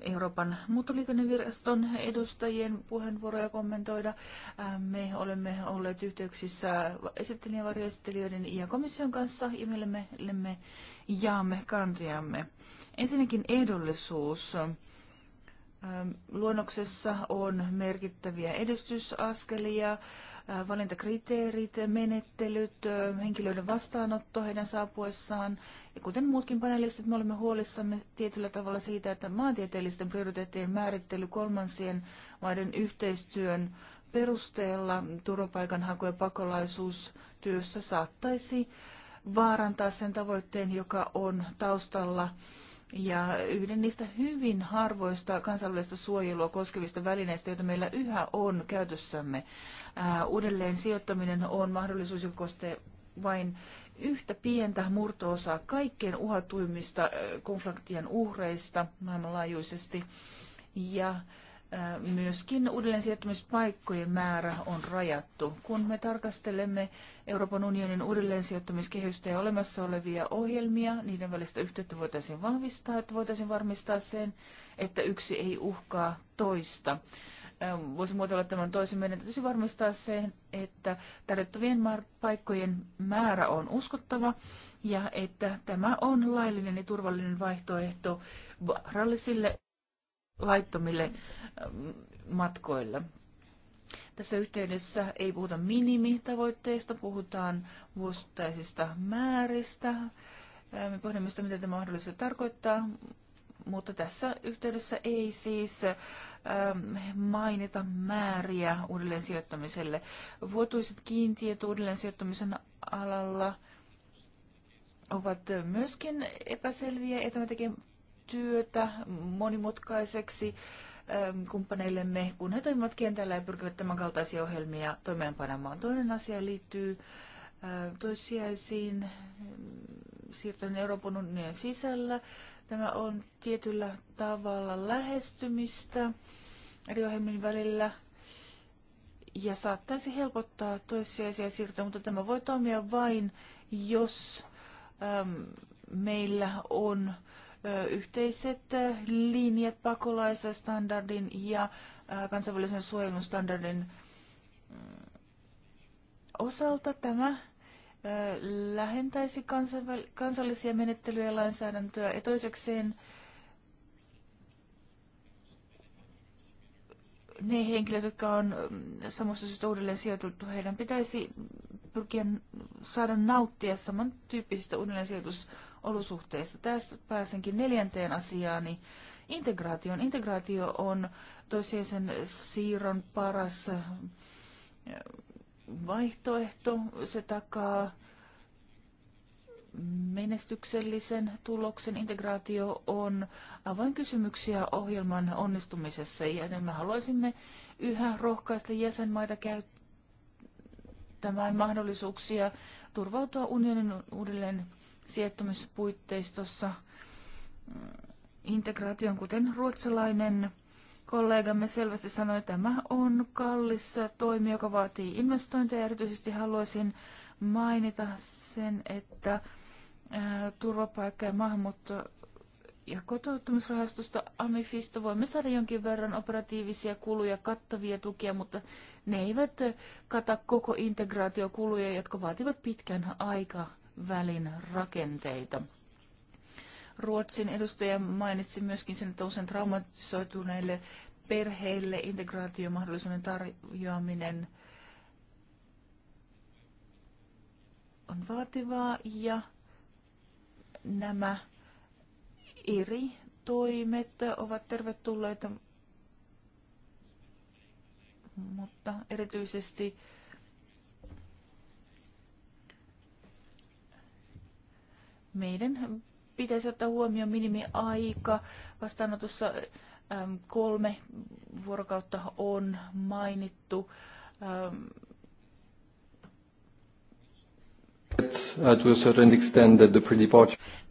Euroopan muuttoliikenneviraston edustajien puheenvuoroja kommentoida. Ähm, me olemme olleet yhteyksissä esittelijävarjoistelijoiden ja komission kanssa ja meillä me, me jaamme kantojamme. Ensinnäkin ehdollisuus. Ähm, luonnoksessa on merkittäviä edistysaskelia, äh, valintakriteerit, menettelyt, äh, henkilöiden vastaanotto heidän saapuessaan ja kuten muutkin panelistit, me olemme huolissamme tietyllä tavalla siitä, että maantieteellisten prioriteettien määrittely kolmansien maiden yhteistyön perusteella turvapaikanhaku ja pakolaisuustyössä saattaisi vaarantaa sen tavoitteen, joka on taustalla ja yhden niistä hyvin harvoista kansainvälistä suojelua koskevista välineistä, joita meillä yhä on käytössämme. Uudelleen sijoittaminen on mahdollisuus, joka koskee vain yhtä pientä murtoosaa kaikkein uhatuimmista konfliktien uhreista maailmanlaajuisesti. Ja myöskin uudelleen sijoittamispaikkojen määrä on rajattu. Kun me tarkastelemme Euroopan unionin uudelleen sijoittamiskehystä ja olemassa olevia ohjelmia, niiden välistä yhteyttä voitaisiin vahvistaa, että voitaisiin varmistaa sen, että yksi ei uhkaa toista. Ähm, voisi muotoilla tämän toisen Meidän täytyisi varmistaa se, että tarjottavien paikkojen määrä on uskottava ja että tämä on laillinen ja turvallinen vaihtoehto vaarallisille laittomille ähm, matkoille. Tässä yhteydessä ei puhuta minimitavoitteista, puhutaan vuosittaisista määristä. Me pohdimme sitä, mitä tämä mahdollisesti tarkoittaa, mutta tässä yhteydessä ei siis ähm, mainita määriä uudelleen sijoittamiselle. Vuotuiset kiintiöt uudelleen sijoittamisen alalla ovat myöskin epäselviä, että me tekee työtä monimutkaiseksi ähm, kumppaneillemme, kun he toimivat kentällä ja pyrkivät tämänkaltaisia ohjelmia toimeenpanemaan. Toinen asia liittyy äh, toissijaisiin siirtojen Euroopan unionin sisällä. Tämä on tietyllä tavalla lähestymistä eri ohjelmien välillä ja saattaisi helpottaa toissijaisia siirtoja, mutta tämä voi toimia vain, jos äm, meillä on ö, yhteiset linjat pakolaisen standardin ja ö, kansainvälisen suojelun standardin mm, osalta. Tämä lähentäisi kansallisia menettelyjä ja lainsäädäntöä. Ja toisekseen ne henkilöt, jotka on mm, samassa syystä uudelleen sijoitettu, heidän pitäisi pyrkiä saada nauttia samantyyppisistä uudelleen sijoitusolosuhteista. Tästä pääsenkin neljänteen asiaani, integraation. Integraatio on toisiaisen siirron paras vaihtoehto. Se takaa menestyksellisen tuloksen. Integraatio on avainkysymyksiä ohjelman onnistumisessa ja me haluaisimme yhä rohkaista jäsenmaita käyttämään mahdollisuuksia turvautua unionin uudelleen sijoittumispuitteistossa integraation, kuten ruotsalainen kollegamme selvästi sanoi, että tämä on kallis toimi, joka vaatii investointeja. Erityisesti haluaisin mainita sen, että turvapaikka- ja maahanmuutto- ja kotouttamisrahastosta AMIFista voimme saada jonkin verran operatiivisia kuluja, kattavia tukia, mutta ne eivät kata koko integraatiokuluja, jotka vaativat pitkän aikavälin rakenteita. Ruotsin edustaja mainitsi myöskin sen, että usein traumatisoituneille perheille integraatiomahdollisuuden tarjoaminen on vaativaa ja nämä eri toimet ovat tervetulleita, mutta erityisesti meidän pitäisi ottaa huomioon minimiaika. Vastaanotossa kolme vuorokautta on mainittu. Äm, uh,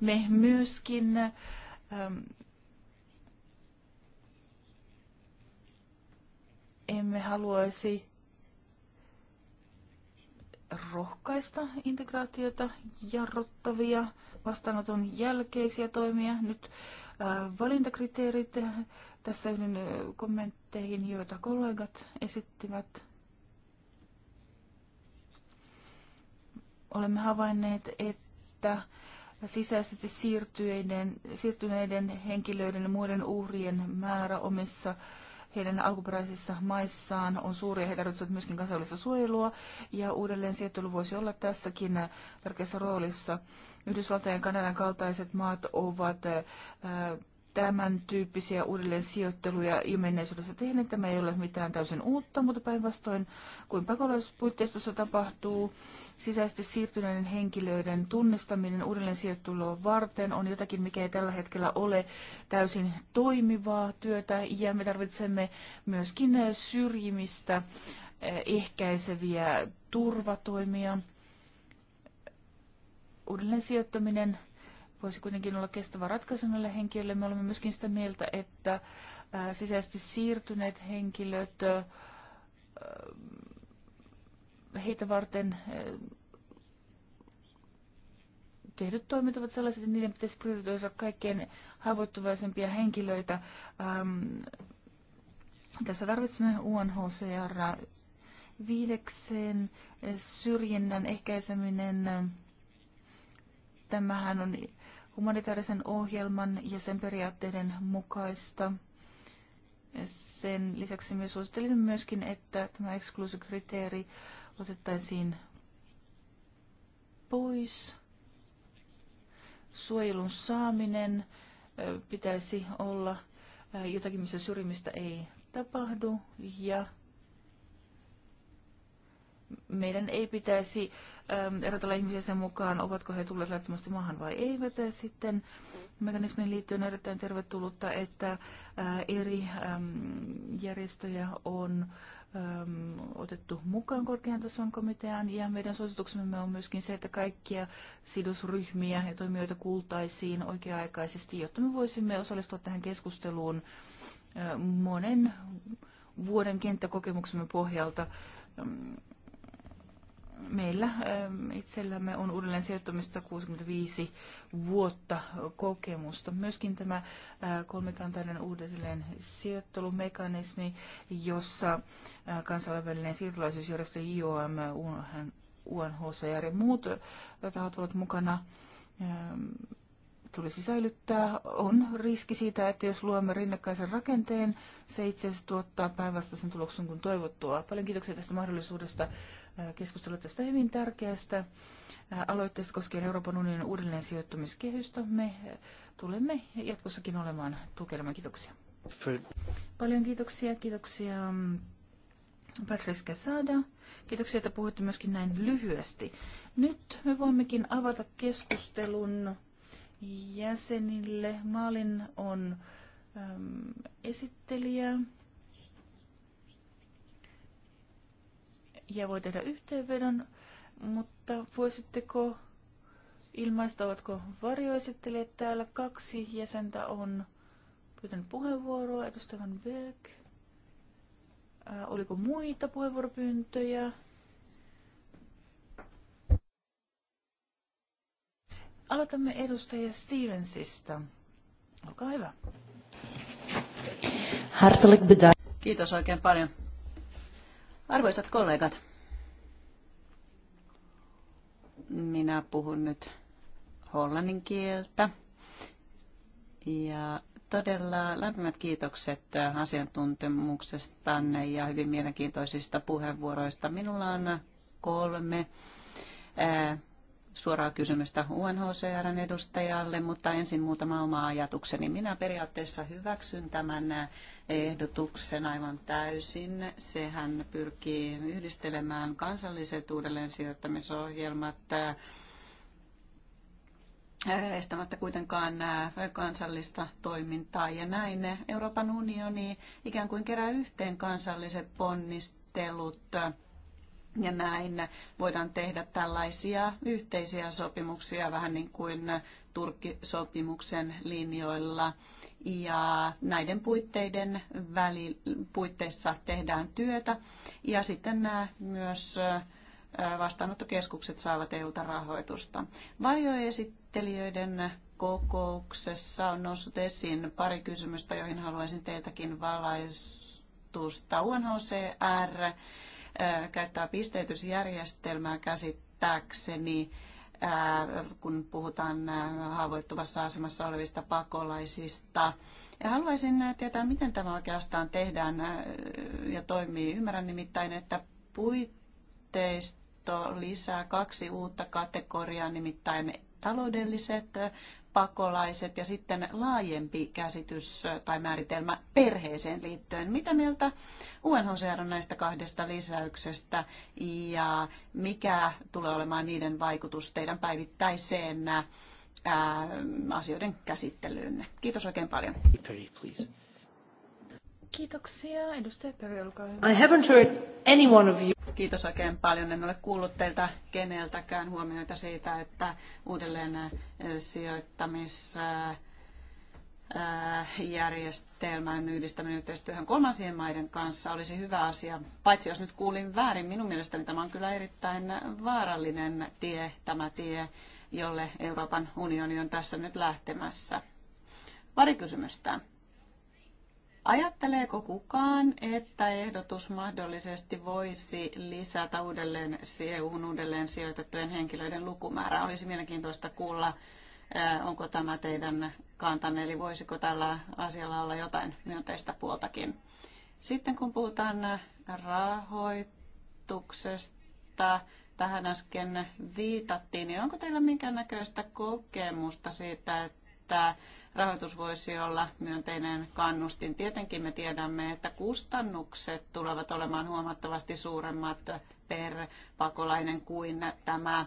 Me myöskin äm, emme haluaisi rohkaista integraatiota jarruttavia vastaanoton jälkeisiä toimia. Nyt äh, valintakriteerit. Äh, tässä yhden äh, kommentteihin, joita kollegat esittivät. Olemme havainneet, että sisäisesti siirtyneiden, siirtyneiden henkilöiden ja muiden uhrien määrä omissa äh, heidän alkuperäisissä maissaan on suuri ja he tarvitsevat myöskin kansainvälistä suojelua. Ja uudelleen sijoittelu voisi olla tässäkin tärkeässä roolissa. Yhdysvaltain ja Kanadan kaltaiset maat ovat eh, tämän tyyppisiä uudelleen sijoitteluja jo menneisyydessä tehneet. Niin tämä ei ole mitään täysin uutta, mutta päinvastoin kuin pakolaispuitteistossa tapahtuu, sisäisesti siirtyneiden henkilöiden tunnistaminen uudelleen sijoittelua varten on jotakin, mikä ei tällä hetkellä ole täysin toimivaa työtä ja me tarvitsemme myöskin syrjimistä eh, ehkäiseviä turvatoimia. Uudelleen sijoittaminen voisi kuitenkin olla kestävä ratkaisu näille henkilöille. Me olemme myöskin sitä mieltä, että sisäisesti siirtyneet henkilöt, heitä varten tehdyt toimet ovat sellaiset, että niiden pitäisi priorisoida kaikkein haavoittuvaisempia henkilöitä. tässä tarvitsemme UNHCR viidekseen syrjinnän ehkäiseminen. Tämähän on humanitaarisen ohjelman ja sen periaatteiden mukaista. Sen lisäksi me suosittelisimme myöskin, että tämä exclusive-kriteeri otettaisiin pois. Suojelun saaminen pitäisi olla jotakin, missä syrjimistä ei tapahdu ja meidän ei pitäisi ähm, erotella ihmisiä sen mukaan, ovatko he tulleet laittomasti maahan vai eivät. Sitten mekanismiin liittyen on erittäin tervetullutta, että äh, eri ähm, järjestöjä on ähm, otettu mukaan korkean tason komiteaan ja meidän suosituksemme on myöskin se, että kaikkia sidosryhmiä ja toimijoita kuultaisiin oikea-aikaisesti, jotta me voisimme osallistua tähän keskusteluun äh, monen vuoden kenttäkokemuksemme pohjalta meillä ähm, itsellämme on uudelleen sijoittamista 65 vuotta kokemusta. Myöskin tämä äh, kolmikantainen uudelleen sijoittelumekanismi, jossa äh, kansainvälinen siirtolaisuusjärjestö IOM, UNHCR ja muut äh, tahot ovat mukana ähm, tulisi säilyttää, on riski siitä, että jos luomme rinnakkaisen rakenteen, se itse asiassa tuottaa päinvastaisen tuloksen kuin toivottua. Paljon kiitoksia tästä mahdollisuudesta keskustella tästä hyvin tärkeästä aloitteesta koskien Euroopan unionin uudelleen sijoittumiskehystä. Me tulemme jatkossakin olemaan tukelemaan. Kiitoksia. Paljon kiitoksia. Kiitoksia mm, Patrice Casada. Kiitoksia, että puhuitte myöskin näin lyhyesti. Nyt me voimmekin avata keskustelun jäsenille. Maalin on äm, mm, esittelijä. ja voi tehdä yhteenvedon, mutta voisitteko ilmaista, ovatko varjoesittelijät täällä? Kaksi jäsentä on pyytänyt puheenvuoroa, edustavan Berg. Ää, äh, oliko muita puheenvuoropyyntöjä? Aloitamme edustaja Stevensista. Olkaa hyvä. Kiitos oikein paljon. Arvoisat kollegat, minä puhun nyt hollannin kieltä. Ja todella lämpimät kiitokset asiantuntemuksestanne ja hyvin mielenkiintoisista puheenvuoroista. Minulla on kolme suoraa kysymystä UNHCRn edustajalle, mutta ensin muutama oma ajatukseni. Minä periaatteessa hyväksyn tämän ehdotuksen aivan täysin. Sehän pyrkii yhdistelemään kansalliset uudelleensijoittamisohjelmat estämättä kuitenkaan kansallista toimintaa. Ja näin Euroopan unioni ikään kuin kerää yhteen kansalliset ponnistelut ja näin voidaan tehdä tällaisia yhteisiä sopimuksia vähän niin kuin Turkkisopimuksen linjoilla. Ja näiden puitteiden väli, puitteissa tehdään työtä. Ja sitten nämä äh, myös äh, vastaanottokeskukset saavat EU-ta rahoitusta. Varjoesittelijöiden kokouksessa on noussut esiin pari kysymystä, joihin haluaisin teiltäkin valaistusta. UNHCR käyttää pisteytysjärjestelmää käsittääkseni, kun puhutaan haavoittuvassa asemassa olevista pakolaisista. Ja haluaisin tietää, miten tämä oikeastaan tehdään ja toimii. Ymmärrän nimittäin, että puitteista lisää kaksi uutta kategoriaa, nimittäin taloudelliset pakolaiset ja sitten laajempi käsitys tai määritelmä perheeseen liittyen. Mitä mieltä UNHCR on näistä kahdesta lisäyksestä ja mikä tulee olemaan niiden vaikutus teidän päivittäiseen ää, asioiden käsittelyynne? Kiitos oikein paljon. please. Kiitoksia. Edustaja Peri, olkaa hyvä. I haven't heard any one of you. Kiitos oikein paljon. En ole kuullut teiltä keneltäkään huomioita siitä, että uudelleen äh, sijoittamis järjestelmän yhdistäminen yhteistyöhön kolmansien maiden kanssa olisi hyvä asia. Paitsi jos nyt kuulin väärin, minun mielestäni tämä on kyllä erittäin vaarallinen tie, tämä tie, jolle Euroopan unioni on tässä nyt lähtemässä. Pari kysymystä. Ajatteleeko kukaan, että ehdotus mahdollisesti voisi lisätä uudelleen EU-hun uudelleen sijoitettujen henkilöiden lukumäärää? Olisi mielenkiintoista kuulla, onko tämä teidän kantanne, eli voisiko tällä asialla olla jotain myönteistä puoltakin. Sitten kun puhutaan rahoituksesta, tähän äsken viitattiin, niin onko teillä minkäännäköistä kokemusta siitä, että rahoitus voisi olla myönteinen kannustin. Tietenkin me tiedämme, että kustannukset tulevat olemaan huomattavasti suuremmat per pakolainen kuin tämä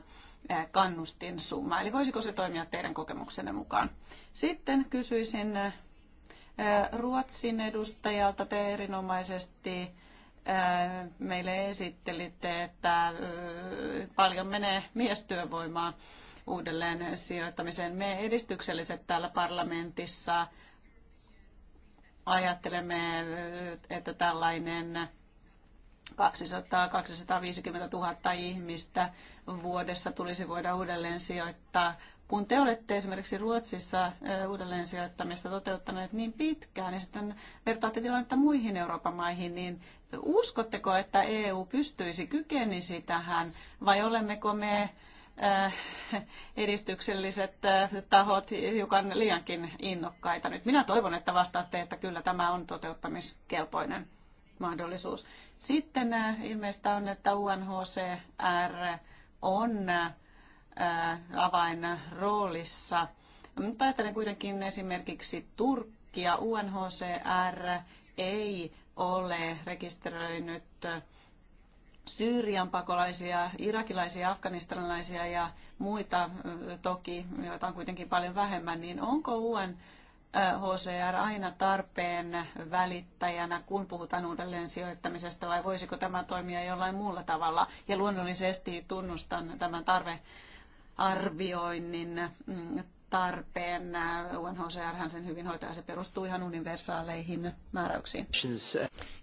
kannustin summa. Eli voisiko se toimia teidän kokemuksenne mukaan? Sitten kysyisin Ruotsin edustajalta. Te erinomaisesti meille esittelitte, että paljon menee miestyövoimaa uudelleen sijoittamiseen. Me edistykselliset täällä parlamentissa ajattelemme, että tällainen 200-250 000 ihmistä vuodessa tulisi voida uudelleen sijoittaa. Kun te olette esimerkiksi Ruotsissa uudelleen sijoittamista toteuttaneet niin pitkään ja sitten vertaatte tilannetta muihin Euroopan maihin, niin uskotteko, että EU pystyisi, kykenisi tähän vai olemmeko me Äh, edistykselliset äh, tahot hiukan liiankin innokkaita nyt. Minä toivon, että vastaatte, että kyllä tämä on toteuttamiskelpoinen mahdollisuus. Sitten äh, ilmeistä on, että UNHCR on avainroolissa, mutta ajattelen kuitenkin esimerkiksi Turkkia. UNHCR ei ole rekisteröinyt Syyrian pakolaisia, irakilaisia, afganistanilaisia ja muita toki, joita on kuitenkin paljon vähemmän, niin onko UNHCR aina tarpeen välittäjänä, kun puhutaan uudelleen sijoittamisesta, vai voisiko tämä toimia jollain muulla tavalla? Ja luonnollisesti tunnustan tämän tarvearvioinnin mm, tarpeen. UNHCR sen hyvin hoitaa, se perustuu ihan universaaleihin määräyksiin.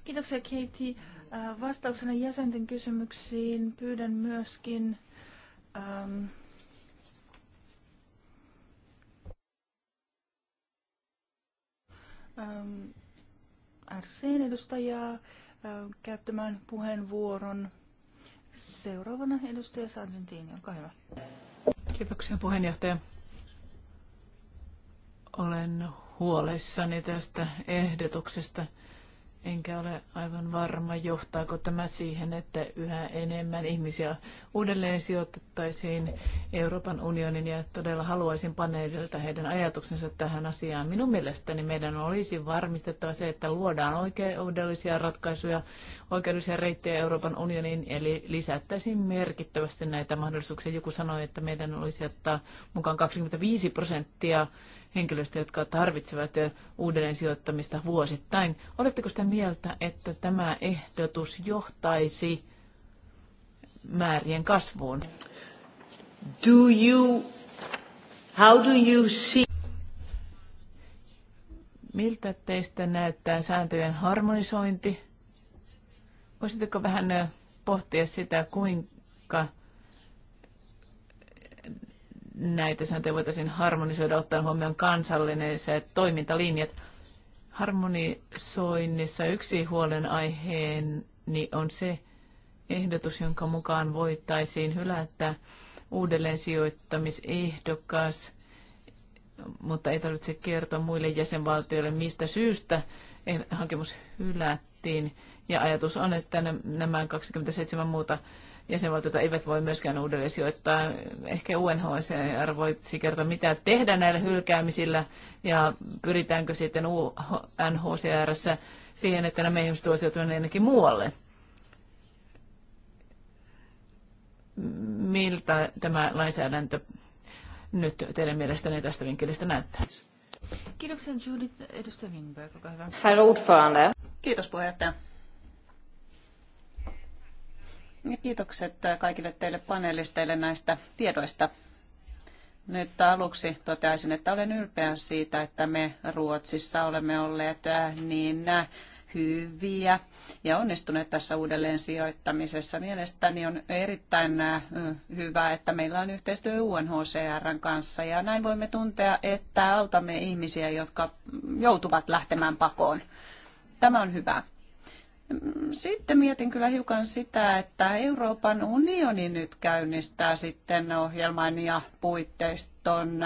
Kiitoksia Katie. Äh, vastauksena jäsenten kysymyksiin pyydän myöskin ähm, ähm, RCn edustajaa äh, käyttämään puheenvuoron. Seuraavana edustaja Sargentini, olkaa hyvä. Kiitoksia puheenjohtaja. Olen huolissani tästä ehdotuksesta enkä ole aivan varma, johtaako tämä siihen, että yhä enemmän ihmisiä uudelleen sijoitettaisiin Euroopan unionin ja todella haluaisin paneelilta heidän ajatuksensa tähän asiaan. Minun mielestäni meidän olisi varmistettava se, että luodaan oikeudellisia ratkaisuja, oikeudellisia reittejä Euroopan unioniin, eli lisättäisiin merkittävästi näitä mahdollisuuksia. Joku sanoi, että meidän olisi ottaa mukaan 25 prosenttia henkilöistä, jotka tarvitsevat uudelleen sijoittamista vuosittain. Oletteko sitä mieltä, että tämä ehdotus johtaisi määrien kasvuun? Do you, how do you see? Miltä teistä näyttää sääntöjen harmonisointi? Voisitteko vähän eh, pohtia sitä, kuinka näitä sääntöjä voitaisiin harmonisoida ottaen huomioon kansalliset toimintalinjat. Harmonisoinnissa yksi huolenaiheeni on se ehdotus, jonka mukaan voitaisiin hylätä uudelleen sijoittamisehdokas, mutta ei tarvitse kertoa muille jäsenvaltioille, mistä syystä eh, hakemus hylättiin. Ja ajatus on, että nämä 27 muuta jäsenvaltiota eivät voi myöskään uudelleen sijoittaa. Ehkä UNHCR voisi kertoa, mitä tehdään näillä hylkäämisillä ja pyritäänkö sitten UNHCR siihen, että nämä ihmiset suosiutuvat ennenkin muualle. Miltä tämä lainsäädäntö nyt teidän mielestänne tästä vinkkelistä näyttäisi? Kiitoksia Judith. Edustaja Winberg, olkaa hyvä. Kiitos puheenjohtaja. Ja kiitokset kaikille teille panelisteille näistä tiedoista. Nyt aluksi toteaisin, että olen ylpeä siitä, että me Ruotsissa olemme olleet äh, niin äh, hyviä ja onnistuneet tässä uudelleen sijoittamisessa. Mielestäni on erittäin äh, hyvä, että meillä on yhteistyö UNHCR kanssa ja näin voimme tuntea, että autamme ihmisiä, jotka joutuvat lähtemään pakoon. Tämä on hyvä. Sitten mietin kyllä hiukan sitä, että Euroopan unioni nyt käynnistää sitten ohjelman ja puitteiston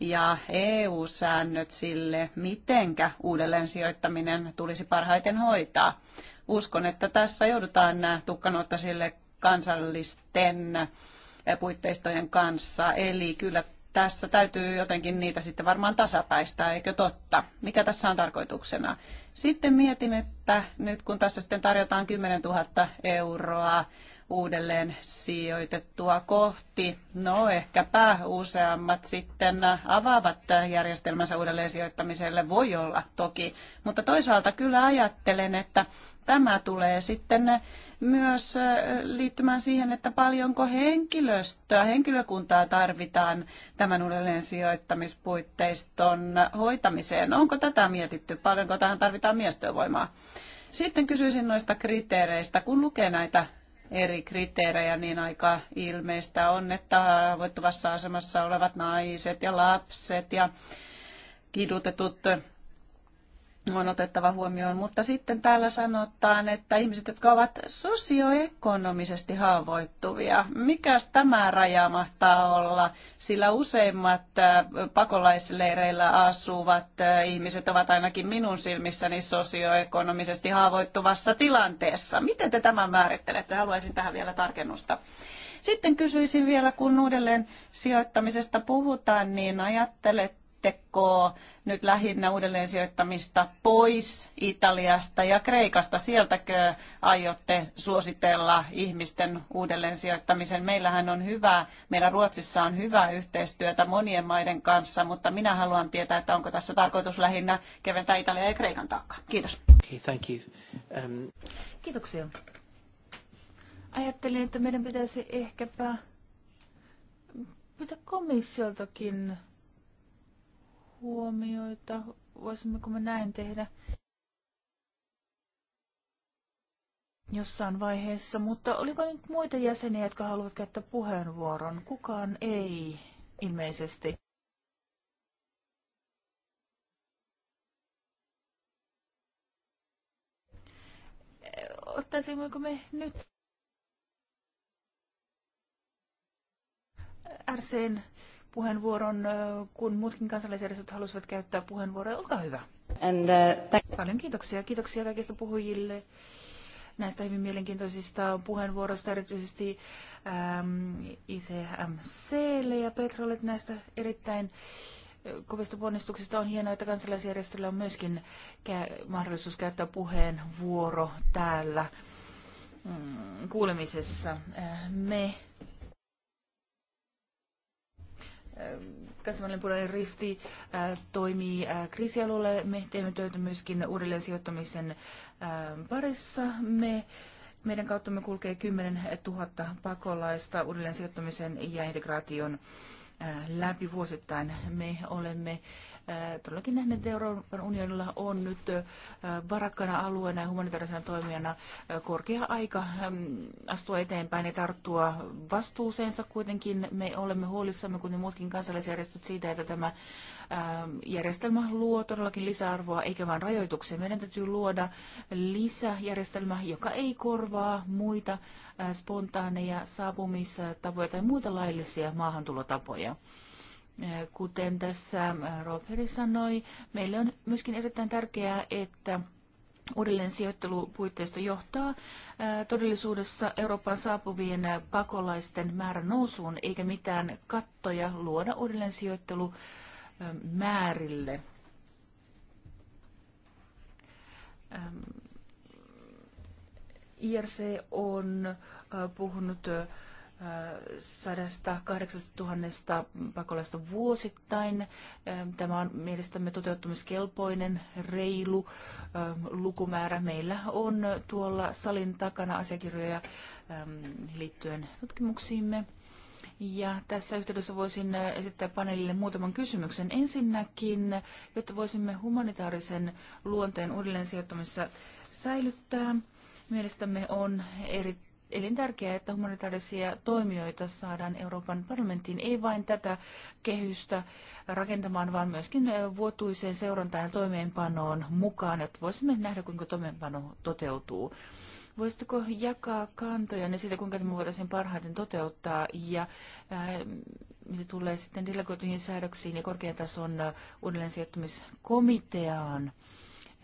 ja EU-säännöt sille, mitenkä uudelleen sijoittaminen tulisi parhaiten hoitaa. Uskon, että tässä joudutaan tukkanuotta sille kansallisten puitteistojen kanssa. Eli kyllä tässä täytyy jotenkin niitä sitten varmaan tasapäistää, eikö totta? Mikä tässä on tarkoituksena? Sitten mietin, että nyt kun tässä sitten tarjotaan 10 000 euroa uudelleen sijoitettua kohti, no ehkäpä useammat sitten avaavat järjestelmänsä uudelleen sijoittamiselle, voi olla toki, mutta toisaalta kyllä ajattelen, että tämä tulee sitten myös liittymään siihen, että paljonko henkilöstöä, henkilökuntaa tarvitaan tämän uudelleen sijoittamispuitteiston hoitamiseen. Onko tätä mietitty? Paljonko tähän tarvitaan miestyövoimaa? Sitten kysyisin noista kriteereistä. Kun lukee näitä eri kriteerejä, niin aika ilmeistä on, että haavoittuvassa asemassa olevat naiset ja lapset ja kidutetut on otettava huomioon. Mutta sitten täällä sanotaan, että ihmiset, jotka ovat sosioekonomisesti haavoittuvia, mikäs tämä raja mahtaa olla? Sillä useimmat äh, pakolaisleireillä asuvat äh, ihmiset ovat ainakin minun silmissäni sosioekonomisesti haavoittuvassa tilanteessa. Miten te tämän määrittelette? Haluaisin tähän vielä tarkennusta. Sitten kysyisin vielä, kun uudelleen sijoittamisesta puhutaan, niin ajattelet harkitteko nyt lähinnä uudelleensijoittamista pois Italiasta ja Kreikasta? Sieltäkö aiotte suositella ihmisten uudelleen Meillähän on hyvä, meillä Ruotsissa on hyvää yhteistyötä monien maiden kanssa, mutta minä haluan tietää, että onko tässä tarkoitus lähinnä keventää Italia ja Kreikan taakkaa. Kiitos. Okay, thank you. Um... Kiitoksia. Ajattelin, että meidän pitäisi ehkäpä pyytää komissioltakin huomioita? Voisimmeko me näin tehdä jossain vaiheessa? Mutta oliko nyt muita jäseniä, jotka haluavat käyttää puheenvuoron? Kukaan ei ilmeisesti. Ottaisimmeko me nyt RCn puheenvuoron, kun muutkin kansalaisjärjestöt halusivat käyttää puheenvuoroja. Olkaa hyvä. And, uh, Paljon kiitoksia. Kiitoksia kaikista puhujille näistä hyvin mielenkiintoisista puheenvuoroista, erityisesti äm, ICMClle ja Petrolle näistä erittäin kovista ponnistuksista. On hienoa, että kansalaisjärjestöllä on myöskin kä- mahdollisuus käyttää puheenvuoro täällä mm, kuulemisessa. Äh, me Kansainvälinen punainen risti toimii kriisialueelle. Me teemme töitä myöskin uudelleen sijoittamisen parissa. Me meidän kauttamme kulkee 10 000 pakolaista uudelleen sijoittamisen ja integraation läpi vuosittain. Me olemme todellakin nähneet, että Euroopan unionilla on nyt varakkana alueena ja humanitaarisena toimijana korkea aika astua eteenpäin ja tarttua vastuuseensa. Kuitenkin me olemme huolissamme, kuten muutkin kansallisjärjestöt, siitä, että tämä järjestelmä luo todellakin lisäarvoa, eikä vain rajoituksia. Meidän täytyy luoda lisäjärjestelmä, joka ei korvaa muita spontaaneja saapumistapoja tai muita laillisia maahantulotapoja. Kuten tässä äh, Roperi sanoi, meille on myöskin erittäin tärkeää, että uudelleen sijoittelupuitteisto johtaa äh, todellisuudessa Euroopan saapuvien äh, pakolaisten määrän nousuun, eikä mitään kattoja luoda uudelleen sijoittelumäärille. Ähm, IRC on puhunut 108 000 pakolaista vuosittain. Tämä on mielestämme toteuttamiskelpoinen, reilu lukumäärä. Meillä on tuolla salin takana asiakirjoja liittyen tutkimuksiimme. Ja tässä yhteydessä voisin esittää paneelille muutaman kysymyksen. Ensinnäkin, jotta voisimme humanitaarisen luonteen uudelleen sijoittamisessa säilyttää, mielestämme on erittäin elintärkeää, että humanitaarisia toimijoita saadaan Euroopan parlamenttiin, ei vain tätä kehystä rakentamaan, vaan myöskin vuotuiseen seurantaan ja toimeenpanoon mukaan, että voisimme nähdä, kuinka toimeenpano toteutuu. voisitko jakaa kantoja niin siitä, kuinka tämä voitaisiin parhaiten toteuttaa ja ää, mitä tulee sitten delegoituihin säädöksiin ja korkean tason uudelleen sijoittumiskomiteaan?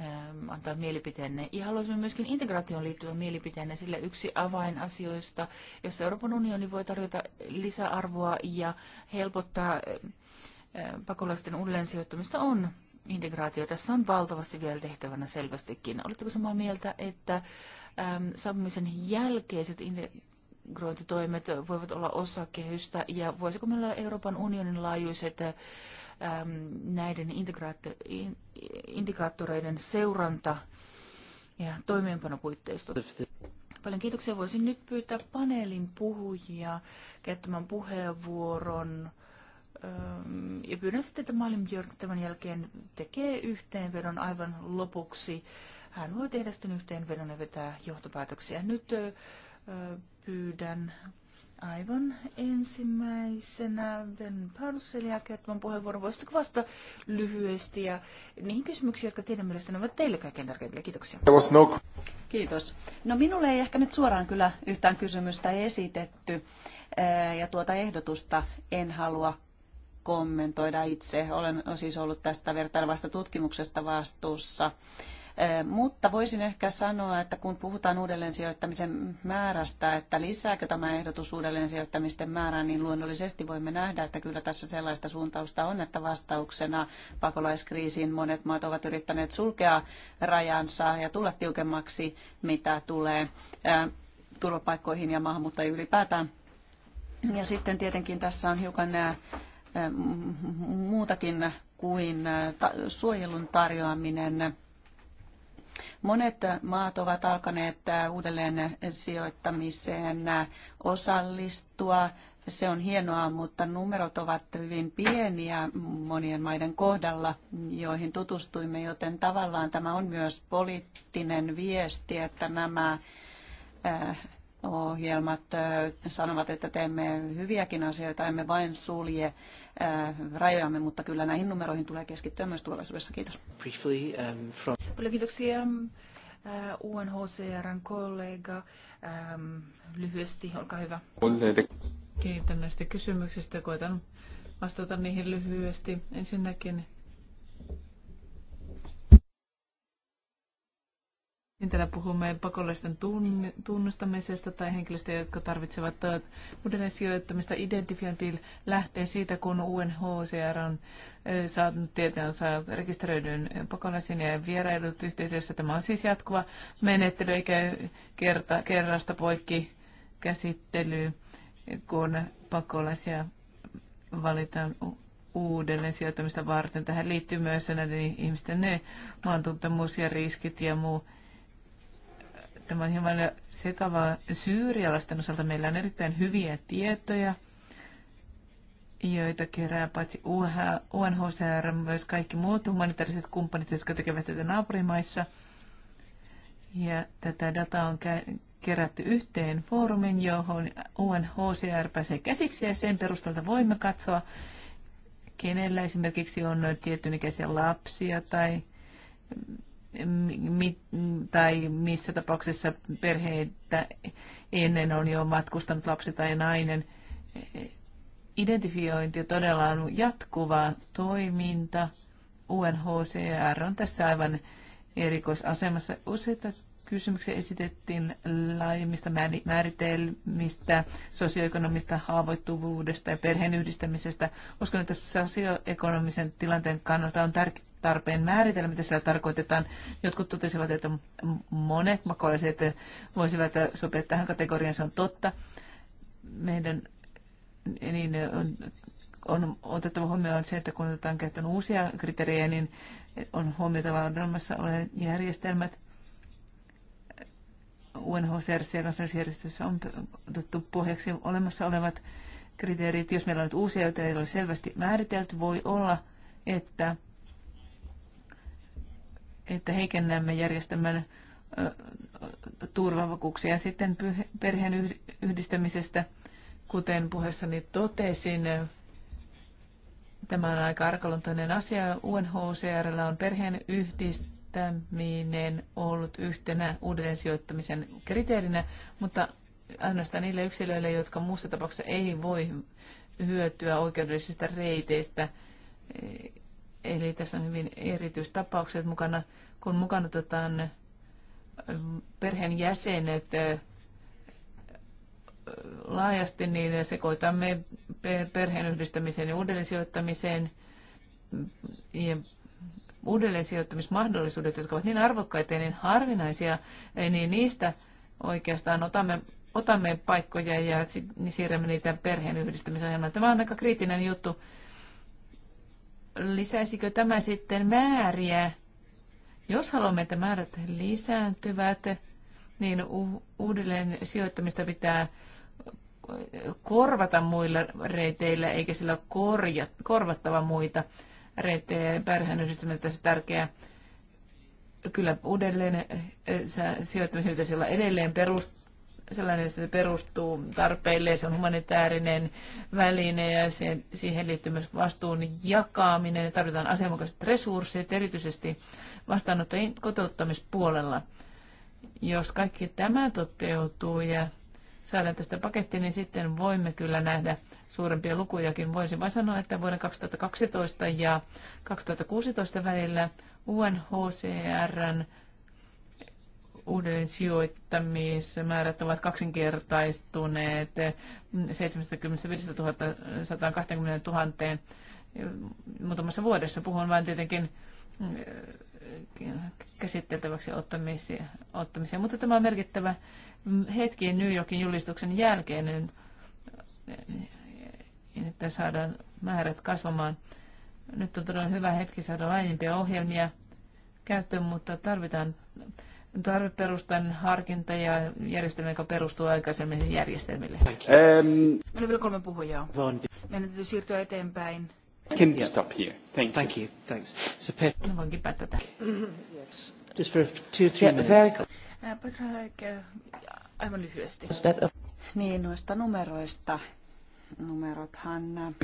Ähm, antaa mielipiteenne. Ja haluaisimme myöskin integraation liittyvän mielipiteenne, sillä yksi avainasioista, jossa Euroopan unioni voi tarjota lisäarvoa ja helpottaa äh, äh, pakolaisten uudelleen sijoittamista on integraatio. Tässä on valtavasti vielä tehtävänä selvästikin. Oletteko samaa mieltä, että ähm, saapumisen jälkeiset integrointitoimet voivat olla osa kehystä ja voisiko meillä Euroopan unionin laajuiset äh, Ähm, näiden indikaattoreiden seuranta ja toimeenpanopuitteisto. Paljon kiitoksia. Voisin nyt pyytää paneelin puhujia käyttämään puheenvuoron. Ähm, ja pyydän sitten, että Malin Björk tämän jälkeen tekee yhteenvedon aivan lopuksi. Hän voi tehdä sitten yhteenvedon ja vetää johtopäätöksiä. Nyt äh, pyydän Aivan ensimmäisenä Ben Parselin jälkeen tämän puheenvuoron. Voisitko vastata lyhyesti ja niihin kysymyksiin, jotka teidän mielestänne ovat teille kaikkein tärkeimpiä? Kiitoksia. No- Kiitos. No minulle ei ehkä nyt suoraan kyllä yhtään kysymystä esitetty eh, ja tuota ehdotusta en halua kommentoida itse. Olen siis ollut tästä vertailevasta tutkimuksesta vastuussa. Mutta voisin ehkä sanoa, että kun puhutaan uudelleen sijoittamisen määrästä, että lisääkö tämä ehdotus uudelleen sijoittamisten määrää, niin luonnollisesti voimme nähdä, että kyllä tässä sellaista suuntausta on, että vastauksena pakolaiskriisiin monet maat ovat yrittäneet sulkea rajansa ja tulla tiukemmaksi, mitä tulee turvapaikkoihin ja maahanmuuttajiin ylipäätään. Ja sitten tietenkin tässä on hiukan nämä muutakin kuin suojelun tarjoaminen Monet maat ovat alkaneet uudelleen sijoittamiseen osallistua. Se on hienoa, mutta numerot ovat hyvin pieniä monien maiden kohdalla, joihin tutustuimme, joten tavallaan tämä on myös poliittinen viesti, että nämä äh, ohjelmat äh, sanovat, että teemme hyviäkin asioita, emme vain sulje äh, rajojamme, mutta kyllä näihin numeroihin tulee keskittyä myös tulevaisuudessa. Kiitos. Briefly, um, from Paljon kiitoksia äh, UNHCRn kollega. Ähm, lyhyesti, olkaa hyvä. Kiitän näistä kysymyksistä. Koitan vastata niihin lyhyesti. Ensinnäkin Niin täällä puhumme pakolaisten tunnustamisesta tai henkilöistä, jotka tarvitsevat uudelleen sijoittamista. Identifiointi lähtee siitä, kun UNHCR on saanut saa rekisteröidyn pakolaisen ja vierailut yhteisössä. Tämä on siis jatkuva menettely eikä kerta, kerrasta poikki käsittely, kun pakolaisia valitaan uudelleen sijoittamista varten. Tähän liittyy myös näiden ihmisten ne maantuntemus ja riskit ja muu Tämä on hieman sekavaa. Syyrialaisten osalta meillä on erittäin hyviä tietoja, joita kerää paitsi UNHCR, myös kaikki muut humanitaariset kumppanit, jotka tekevät työtä naapurimaissa. Ja tätä dataa on kerätty yhteen foorumin, johon UNHCR pääsee käsiksi ja sen perustalta voimme katsoa, kenellä esimerkiksi on tietyn ikäisiä lapsia tai mi, tai missä tapauksessa perheitä ennen on jo matkustanut lapsi tai nainen. Identifiointi todella on jatkuva toiminta. UNHCR on tässä aivan erikoisasemassa. Useita kysymyksiä esitettiin laajemmista määritelmistä, sosioekonomista haavoittuvuudesta ja perheen yhdistämisestä. Uskon, että sosioekonomisen tilanteen kannalta on tärkeää tarpeen määritellä, mitä siellä tarkoitetaan. Jotkut totesivat, että monet makolaiset voisivat sopia tähän kategoriaan, se on totta. Meidän niin on, on otettava huomioon se, että kun otetaan käyttöön uusia kriteerejä, niin on huomioitava olemassa olevat järjestelmät. UNHCR ja kansallisjärjestössä on otettu pohjaksi olemassa olevat kriteerit. Jos meillä on nyt uusia, joita ei ole selvästi määritelty, voi olla, että että heikennämme järjestelmän turvavakuuksia. Sitten perheen yhdistämisestä, kuten puheessani totesin, tämä on aika arkaluntainen asia. UNHCRllä on perheen yhdistäminen ollut yhtenä uudelleen sijoittamisen kriteerinä, mutta ainoastaan niille yksilöille, jotka muussa tapauksessa ei voi hyötyä oikeudellisista reiteistä Eli tässä on hyvin erityistapaukset mukana, kun mukana otetaan perheen jäsenet laajasti, niin sekoitamme perheen yhdistämiseen ja uudelleensijoittamiseen ja uudelleensijoittamismahdollisuudet, jotka ovat niin arvokkaita ja niin harvinaisia, niin niistä oikeastaan otamme, otamme paikkoja ja niin siirrämme niitä perheen yhdistämisasemaan. Tämä on aika kriittinen juttu lisäisikö tämä sitten määriä? Jos haluamme, että määrät lisääntyvät, niin uudelleen sijoittamista pitää korvata muilla reiteillä, eikä sillä ole korja, korvattava muita reittejä. Pärhän yhdistäminen tässä tärkeä, Kyllä uudelleen sijoittamisen pitäisi olla edelleen perust, sellainen, että se perustuu tarpeille, se on humanitaarinen väline ja se, siihen liittyy myös vastuun jakaminen. Tarvitaan asianmukaiset resurssit, erityisesti vastaanottojen kotouttamispuolella. Jos kaikki tämä toteutuu ja saadaan tästä pakettia, niin sitten voimme kyllä nähdä suurempia lukujakin. Voisin vain sanoa, että vuoden 2012 ja 2016 välillä UNHCRn uudelleen sijoittamismäärät ovat kaksinkertaistuneet 75 000 120 000 muutamassa vuodessa. Puhun vain tietenkin äh, käsiteltäväksi ottamisia, ottamisia. Mutta tämä on merkittävä hetki New Yorkin julistuksen jälkeen, niin, niin että saadaan määrät kasvamaan. Nyt on todella hyvä hetki saada laajempia ohjelmia käyttöön, mutta tarvitaan tarveperustan harkinta ja järjestelmä, joka perustuu aikaisemmin järjestelmille. Um, Meillä on vielä kolme puhujaa. Meidän täytyy siirtyä eteenpäin. Can stop here. Thank, Thank you. Thanks. So Pet... No, voinkin päättää tätä. yes. Just for two, three yeah, minutes. Very... Aivan lyhyesti. Niin, noista numeroista. Numerothan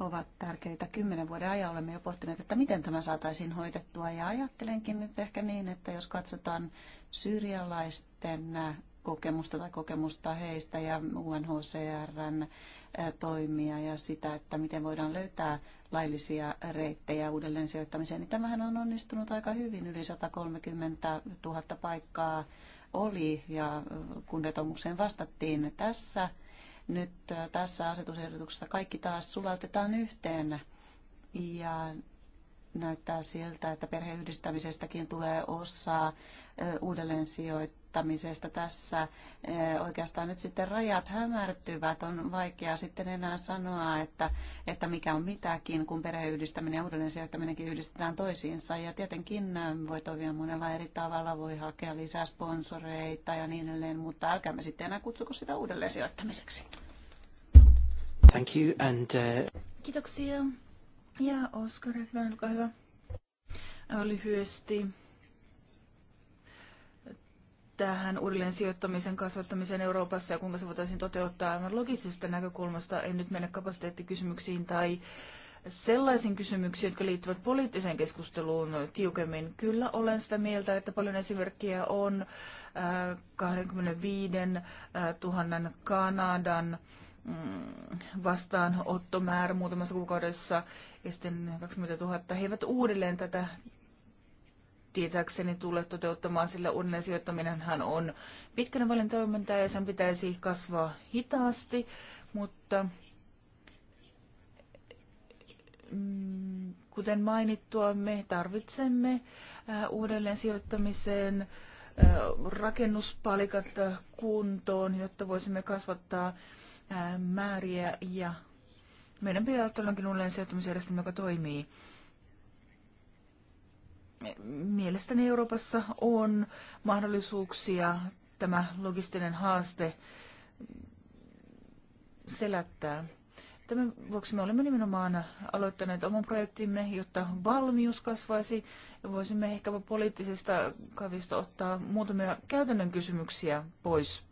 ovat tärkeitä. Kymmenen vuoden ajan olemme jo pohtineet, että miten tämä saataisiin hoitettua Ja ajattelenkin nyt ehkä niin, että jos katsotaan syrjalaisten kokemusta tai kokemusta heistä ja UNHCRn toimia ja sitä, että miten voidaan löytää laillisia reittejä uudelleen sijoittamiseen, niin tämähän on onnistunut aika hyvin. Yli 130 000 paikkaa oli ja kun vetomukseen vastattiin tässä nyt äh, tässä asetusehdotuksessa kaikki taas sulatetaan yhteen ja näyttää siltä, että perheyhdistämisestäkin tulee osaa uudelleen sijoittamisesta tässä. Oikeastaan nyt sitten rajat hämärtyvät. On vaikea sitten enää sanoa, että, että mikä on mitäkin, kun perheyhdistäminen ja uudelleen sijoittaminenkin yhdistetään toisiinsa. Ja tietenkin voi toimia monella eri tavalla, voi hakea lisää sponsoreita ja niin edelleen, mutta älkäämme sitten enää kutsuko sitä uudelleen sijoittamiseksi. Thank you and, uh... Kiitoksia. Ja Oskar Ekman, olkaa hyvä. Lyhyesti tähän uudelleen sijoittamisen kasvattamiseen Euroopassa ja kuinka se voitaisiin toteuttaa aivan logisesta näkökulmasta. En nyt mene kapasiteettikysymyksiin tai sellaisiin kysymyksiin, jotka liittyvät poliittiseen keskusteluun tiukemmin. Kyllä olen sitä mieltä, että paljon esimerkkejä on 25 äh, 000 äh, Kanadan mm, vastaanottomäärä muutamassa kuukaudessa ja sitten 20 000, he eivät uudelleen tätä tietääkseni tule toteuttamaan, sillä uudelleen sijoittaminenhan on pitkän välin toimintaa ja sen pitäisi kasvaa hitaasti, mutta mm, kuten mainittua, me tarvitsemme äh, uudelleen sijoittamiseen äh, rakennuspalikat äh, kuntoon, jotta voisimme kasvattaa määriä ja meidän pitää olla todellakin uudelleen sijoittamisjärjestelmä, joka toimii. Mielestäni Euroopassa on mahdollisuuksia tämä logistinen haaste selättää. Tämän vuoksi me olemme nimenomaan aloittaneet oman projektimme, jotta valmius kasvaisi. Voisimme ehkä poliittisesta kavista ottaa muutamia käytännön kysymyksiä pois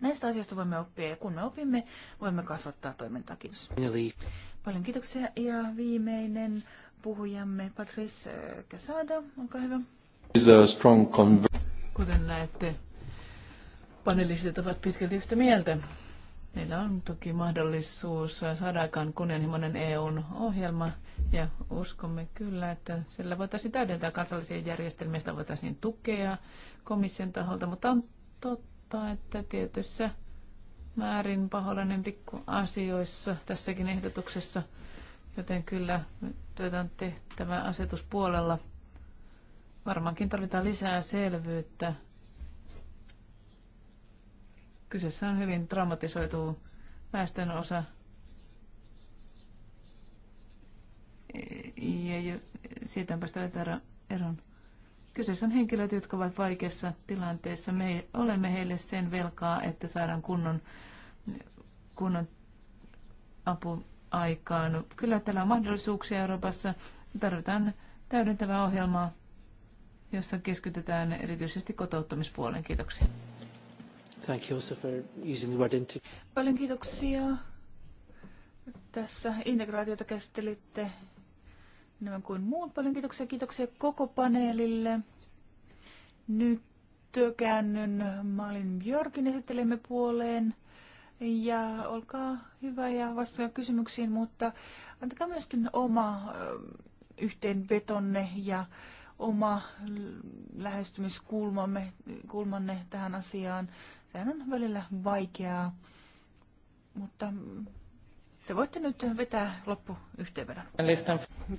Näistä asioista voimme oppia ja kun me opimme, voimme kasvattaa toimintaa. Kiitos. Paljon kiitoksia ja viimeinen puhujamme Patrice Casada, olkaa hyvä. Kuten näette, panelistit ovat pitkälti yhtä mieltä. Meillä on toki mahdollisuus saada aikaan kunnianhimoinen EUn ohjelma ja uskomme kyllä, että sillä voitaisiin täydentää kansallisia järjestelmiä, sitä voitaisiin tukea komission taholta, mutta on totta, muistaa, että tietyssä määrin paholainen pikku asioissa tässäkin ehdotuksessa, joten kyllä työtä on tehtävä asetuspuolella. Varmaankin tarvitaan lisää selvyyttä. Kyseessä on hyvin traumatisoitu väestön osa. Ja siitä on päästä eroon. Kyseessä on henkilöt, jotka ovat vaikeassa tilanteessa. Me olemme heille sen velkaa, että saadaan kunnon, kunnon apu aikaan. Kyllä täällä on mahdollisuuksia Euroopassa. Tarvitaan täydentävää ohjelmaa, jossa keskitytään erityisesti kotouttamispuoleen. Kiitoksia. Thank you also for using the word Paljon kiitoksia. Tässä integraatiota käsittelitte enemmän kuin muut. Paljon kiitoksia, kiitoksia koko paneelille. Nyt käännyn Malin Björkin esittelemme puoleen. Ja olkaa hyvä ja vastuja kysymyksiin, mutta antakaa myöskin oma yhteenvetonne ja oma lähestymiskulmamme kulmanne tähän asiaan. Sehän on välillä vaikeaa, mutta te voitte nyt vetää loppu yhteenvedon.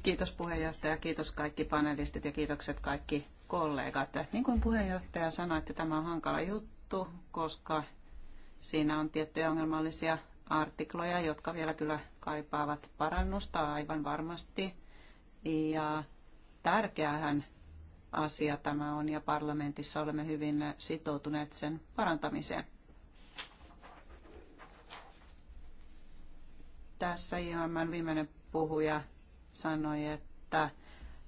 Kiitos puheenjohtaja, kiitos kaikki panelistit ja kiitokset kaikki kollegat. Niin kuin puheenjohtaja sanoi, että tämä on hankala juttu, koska siinä on tiettyjä ongelmallisia artikloja, jotka vielä kyllä kaipaavat parannusta aivan varmasti. Ja tärkeähän asia tämä on ja parlamentissa olemme hyvin sitoutuneet sen parantamiseen. tässä IOMn viimeinen puhuja sanoi, että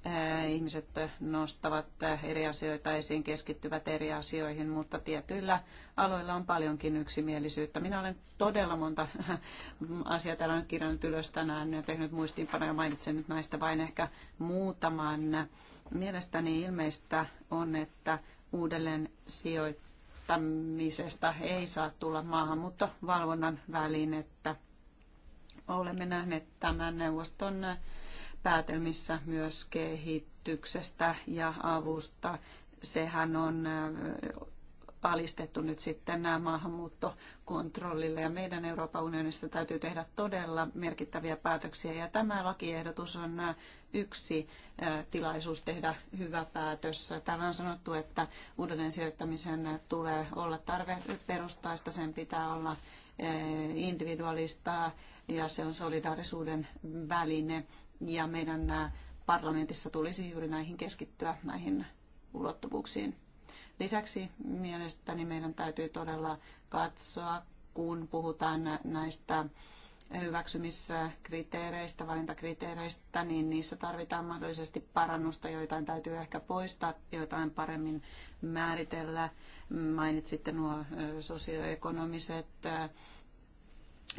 eh, ihmiset nostavat eh, eri asioita esiin, keskittyvät eri asioihin, mutta tietyillä aloilla on paljonkin yksimielisyyttä. Minä olen todella monta asiaa täällä nyt kirjannut ylös tänään ja tehnyt muistiinpanoja, mainitsen nyt näistä vain ehkä muutaman. Mielestäni ilmeistä on, että uudelleen sijoittamisesta ei saa tulla maahanmuuttovalvonnan välinettä. että olemme nähneet tämän neuvoston päätelmissä myös kehityksestä ja avusta. Sehän on alistettu nyt sitten nämä maahanmuuttokontrollille ja meidän Euroopan unionissa täytyy tehdä todella merkittäviä päätöksiä ja tämä lakiehdotus on yksi tilaisuus tehdä hyvä päätös. Täällä on sanottu, että uudelleen sijoittamisen tulee olla tarve perustaista, sen pitää olla Eh, individualistaa ja se on solidaarisuuden väline. Ja meidän eh, parlamentissa tulisi juuri näihin keskittyä, näihin ulottuvuuksiin. Lisäksi mielestäni meidän täytyy todella katsoa, kun puhutaan näistä hyväksymiskriteereistä, valintakriteereistä, niin niissä tarvitaan mahdollisesti parannusta, joitain täytyy ehkä poistaa, joitain paremmin määritellä. Mainitsitte nuo sosioekonomiset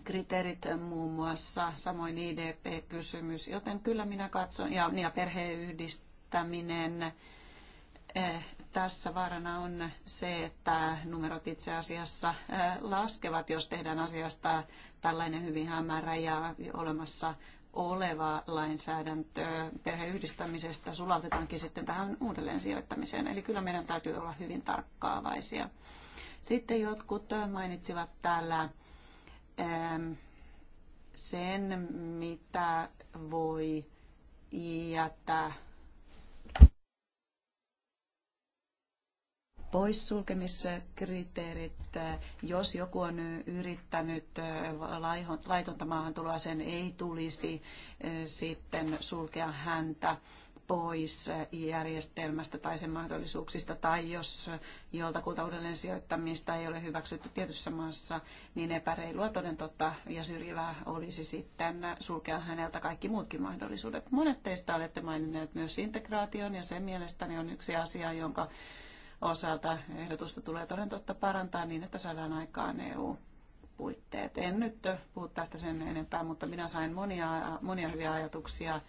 kriteerit muun muassa, samoin IDP-kysymys, joten kyllä minä katson, ja, ja perheenyhdistäminen, tässä vaarana on se, että numerot itse asiassa laskevat, jos tehdään asiasta tällainen hyvin hämärä ja olemassa oleva lainsäädäntö perheyhdistämisestä sulautetaankin sitten tähän uudelleen sijoittamiseen. Eli kyllä meidän täytyy olla hyvin tarkkaavaisia. Sitten jotkut mainitsivat täällä ehm, sen, mitä voi jättää poissulkemiskriteerit. Jos joku on yrittänyt laitonta maahantuloa, sen ei tulisi sitten sulkea häntä pois järjestelmästä tai sen mahdollisuuksista, tai jos joltakulta uudelleen sijoittamista ei ole hyväksytty tietyssä maassa, niin epäreilua toden totta ja syrjivää olisi sitten sulkea häneltä kaikki muutkin mahdollisuudet. Monet teistä olette maininneet myös integraation, ja se mielestäni on yksi asia, jonka osalta ehdotusta tulee toden totta parantaa niin, että saadaan aikaan EU puitteet. En nyt puhu tästä sen enempää, mutta minä sain monia, monia hyviä ajatuksia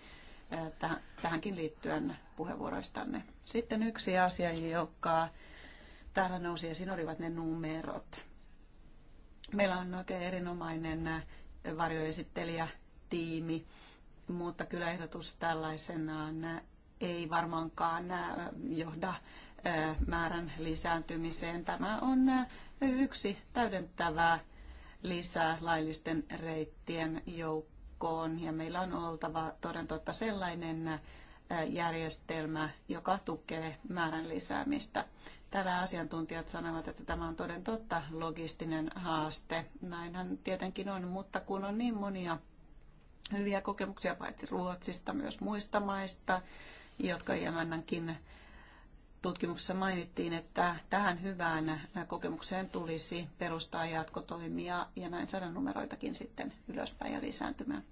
tähänkin liittyen puheenvuoroistanne. Sitten yksi asia, joka täällä nousi esiin, olivat ne numerot. Meillä on oikein erinomainen varjoesittelijätiimi, mutta kyllä ehdotus tällaisenaan ei varmaankaan johda määrän lisääntymiseen. Tämä on yksi täydentävää lisää laillisten reittien joukkoon ja meillä on oltava toden totta sellainen järjestelmä, joka tukee määrän lisäämistä. Täällä asiantuntijat sanovat, että tämä on toden totta logistinen haaste. Näinhän tietenkin on, mutta kun on niin monia hyviä kokemuksia paitsi Ruotsista, myös muista maista, jotka Jämännänkin tutkimuksessa mainittiin, että tähän hyvään kokemukseen tulisi perustaa jatkotoimia ja näin saada numeroitakin sitten ylöspäin ja lisääntymään.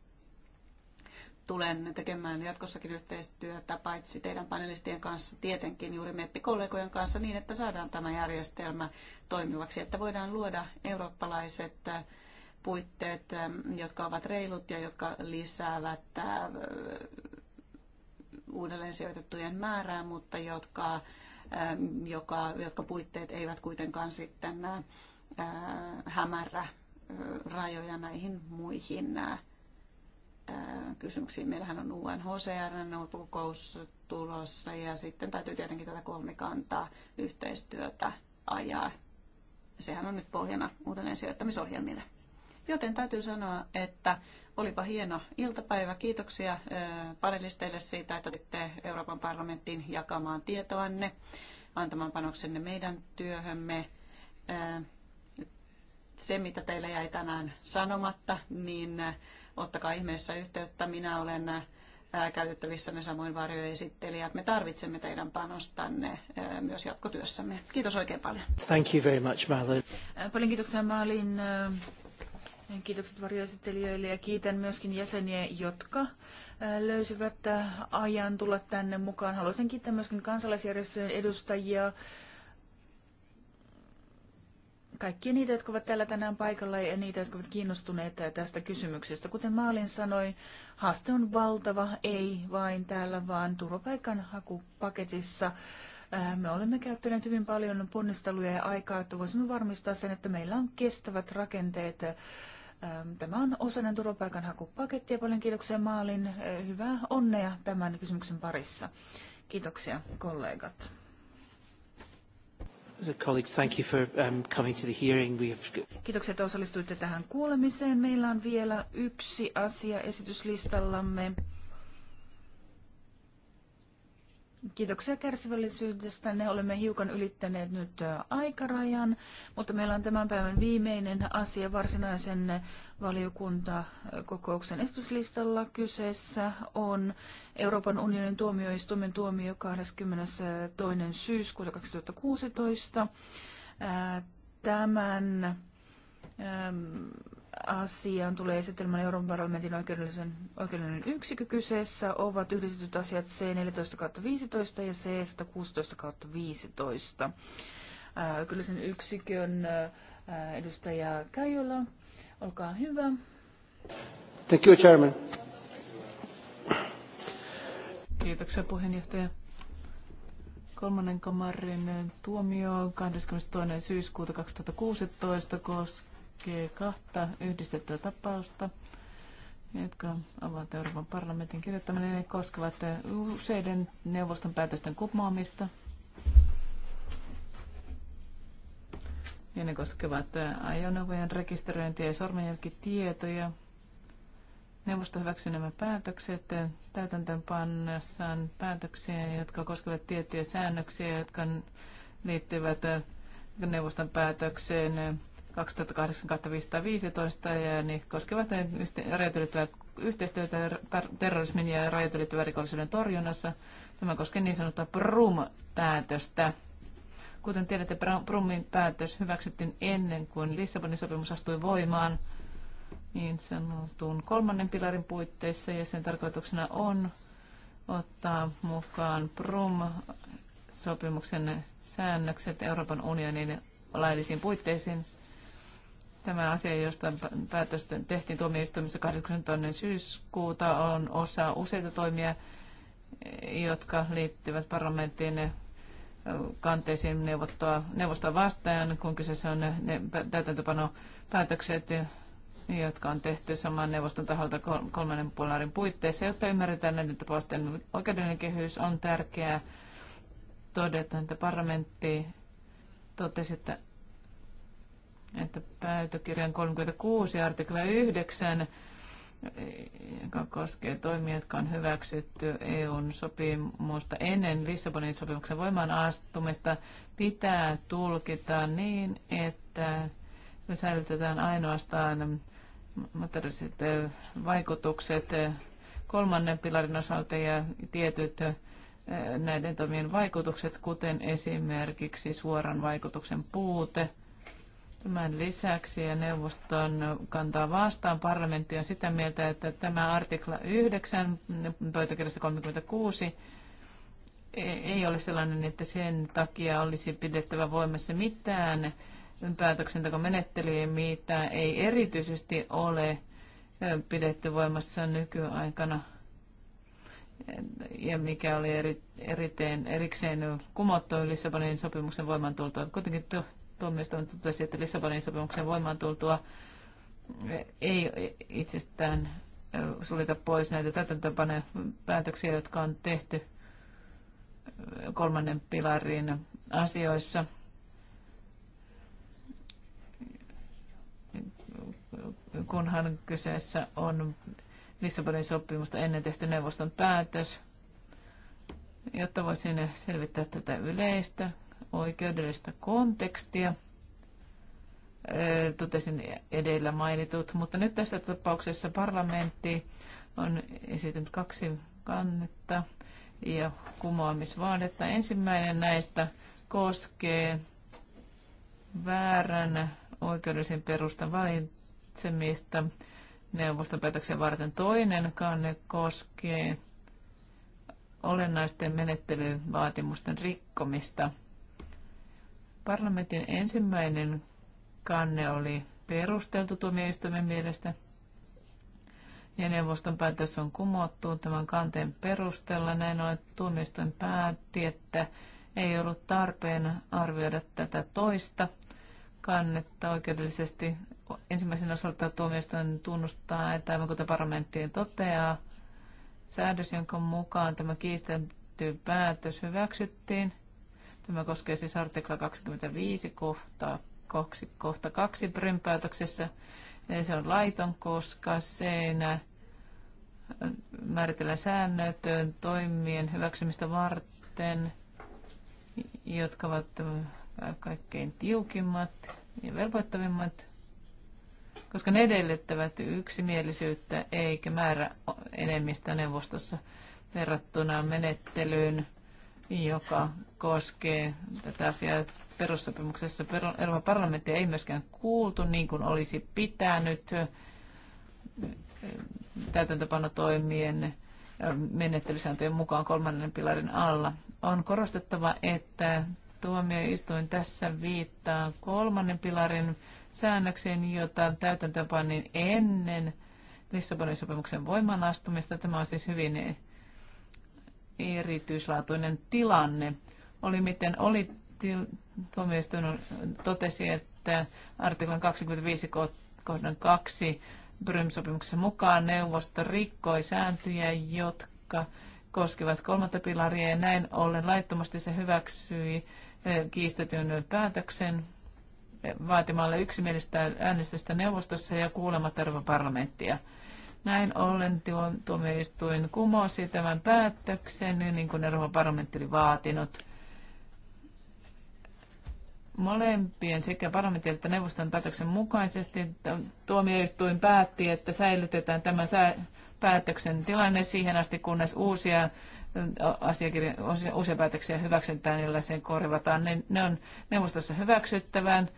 Tulen tekemään jatkossakin yhteistyötä paitsi teidän panelistien kanssa, tietenkin juuri meppikollegojen kanssa niin, että saadaan tämä järjestelmä toimivaksi, että voidaan luoda eurooppalaiset puitteet, jotka ovat reilut ja jotka lisäävät äh, uudelleen sijoitettujen määrää, mutta jotka joka, jotka puitteet eivät kuitenkaan sitten hämärrä rajoja näihin muihin kysymyksiin. Meillähän on unhcr kokous tulossa ja sitten täytyy tietenkin tätä kolmikantaa yhteistyötä ajaa. Sehän on nyt pohjana uudelleen sijoittamisohjelmille. Joten täytyy sanoa, että Olipa hieno iltapäivä. Kiitoksia panelisteille siitä, että tulitte Euroopan parlamenttiin jakamaan tietoanne, antamaan panoksenne meidän työhömme. Se, mitä teille jäi tänään sanomatta, niin ottakaa ihmeessä yhteyttä. Minä olen käytettävissä ne samoin varjoesittelijät. Me tarvitsemme teidän panostanne myös jatkotyössämme. Kiitos oikein paljon. Thank you very much, Malin. Paljon kiitoksia Malin Kiitokset varjoesittelijöille ja kiitän myöskin jäseniä, jotka löysivät ajan tulla tänne mukaan. Haluaisin kiittää myöskin kansalaisjärjestöjen edustajia, kaikkia niitä, jotka ovat täällä tänään paikalla ja niitä, jotka ovat kiinnostuneita tästä kysymyksestä. Kuten Maalin sanoi, haaste on valtava, ei vain täällä, vaan turvapaikanhakupaketissa. Me olemme käyttäneet hyvin paljon ponnisteluja ja aikaa, että voisimme varmistaa sen, että meillä on kestävät rakenteet Ähm, tämä on osainen ja Paljon kiitoksia Maalin. Äh, hyvää onnea tämän kysymyksen parissa. Kiitoksia kollegat. Kiitoksia, että osallistuitte tähän kuulemiseen. Meillä on vielä yksi asia esityslistallamme. Kiitoksia kärsivällisyydestä. Ne olemme hiukan ylittäneet nyt aikarajan, mutta meillä on tämän päivän viimeinen asia varsinaisen valiokuntakokouksen esityslistalla. Kyseessä on Euroopan unionin tuomioistuimen tuomio 22. syyskuuta 2016. Tämän asian tulee esittelemään Euroopan parlamentin oikeudellisen, oikeudellinen yksikö kyseessä ovat yhdistetyt asiat C14-15 ja C116-15. Oikeudellisen yksikön edustaja Kajola, olkaa hyvä. Thank you, Chairman. Kiitoksia puheenjohtaja. Kolmannen kamarin tuomio 22. syyskuuta 2016 koskee koskee kahta yhdistettyä tapausta, jotka ovat Euroopan parlamentin kirjoittaminen. Ne koskevat useiden neuvoston päätösten kumoamista. Ja ne koskevat ajoneuvojen rekisteröintiä ja sormenjälkitietoja. Neuvosto hyväksyi nämä päätökset täytäntöönpannassaan päätöksiä, jotka koskevat tiettyjä säännöksiä, jotka liittyvät neuvoston päätökseen 2008-515 ja ne koskevat rajatylittävää yhteistyötä terrorismin ja rajatylittävän rikollisuuden torjunnassa. Tämä koskee niin sanottua PRUM-päätöstä. Kuten tiedätte, PRUMin päätös hyväksyttiin ennen kuin Lissabonin sopimus astui voimaan niin sanotun kolmannen pilarin puitteissa ja sen tarkoituksena on ottaa mukaan PRUM-sopimuksen säännökset Euroopan unionin laillisiin puitteisiin – Tämä asia, josta päätös tehtiin tuomioistuimessa 8. syyskuuta, on osa useita toimia, jotka liittyvät parlamenttiin kanteisiin neuvottoa, neuvostoa vastaan, kun kyseessä on ne, ne täytäntöpanopäätökset, jotka on tehty saman neuvoston taholta kolmannen puolarin puitteissa, jotta ymmärretään näiden tapausten oikeudellinen kehys, on tärkeää todeta, että parlamentti totesi, että että päätökirjan 36 artikla 9, joka koskee toimia, jotka on hyväksytty EUn sopimusta ennen Lissabonin sopimuksen voimaan astumista, pitää tulkita niin, että me säilytetään ainoastaan materiaaliset vaikutukset kolmannen pilarin osalta ja tietyt eh, näiden toimien vaikutukset, kuten esimerkiksi suoran vaikutuksen puute – Tämän lisäksi ja neuvoston kantaa vastaan parlamentti on sitä mieltä, että tämä artikla 9 pöytäkirjasta 36 ei ole sellainen, että sen takia olisi pidettävä voimassa mitään päätöksentekomenettelyjä, mitä ei erityisesti ole pidetty voimassa nykyaikana ja mikä oli eri, eriteen, erikseen kumottu Lissabonin sopimuksen voimaan Kuitenkin tuomioistuin totesi, että Lissabonin sopimuksen voimaan tultua ei itsestään sulita pois näitä täytäntöpane päätöksiä, jotka on tehty kolmannen pilarin asioissa. Kunhan kyseessä on Lissabonin sopimusta ennen tehty neuvoston päätös, jotta voisin selvittää tätä yleistä oikeudellista kontekstia. Totesin edellä mainitut, mutta nyt tässä tapauksessa parlamentti on esittänyt kaksi kannetta ja kumoamisvaadetta. Ensimmäinen näistä koskee väärän oikeudellisen perustan valitsemista päätöksen varten. Toinen kanne koskee olennaisten menettelyvaatimusten rikkomista – Parlamentin ensimmäinen kanne oli perusteltu tuomioistuimen mielestä ja neuvoston päätös on kumottu tämän kanteen perusteella. Näin ollen tuomioistuin päätti, että ei ollut tarpeen arvioida tätä toista kannetta oikeudellisesti. Ensimmäisen osalta tuomioistuin tunnustaa, että aivan kuten parlamenttien toteaa, säädös, jonka mukaan tämä kiistetty päätös hyväksyttiin – Tämä koskee siis artikla 25 kohtaa, kohta, kohta kaksi Prym päätöksessä. Se on laiton, koska seinä äh, määritellään säännötön äh, toimien hyväksymistä varten, jotka ovat äh, kaikkein tiukimmat ja velvoittavimmat, koska ne edellyttävät yksimielisyyttä eikä määrä enemmistä neuvostossa verrattuna menettelyyn, joka koskee tätä asiaa perussopimuksessa. Euroopan parlamenttia ei myöskään kuultu niin kuin olisi pitänyt täytäntöpanotoimien menettelysääntöjen mukaan kolmannen pilarin alla. On korostettava, että tuomioistuin tässä viittaa kolmannen pilarin säännökseen, jota täytäntöönpanin ennen Lissabonin sopimuksen voimaan astumista. Tämä on siis hyvin erityislaatuinen tilanne. Oli miten oli, tuomioistuin totesi, että artiklan 25 kohdan 2 brym sopimuksen mukaan neuvosto rikkoi sääntöjä, jotka koskevat kolmatta pilaria ja näin ollen laittomasti se hyväksyi eh, kiistetyn päätöksen eh, vaatimalla yksimielistä äänestystä neuvostossa ja kuulematta parlamenttia näin ollen tuomioistuin kumosi tämän päätöksen, niin kuin Euroopan parlamentti oli vaatinut. Molempien sekä parlamentin että neuvoston päätöksen mukaisesti tuomioistuin päätti, että säilytetään tämä päätöksen tilanne siihen asti, kunnes uusia asiakirja, uusia päätöksiä hyväksytään, joilla sen korvataan. Ne, ne on neuvostossa hyväksyttävän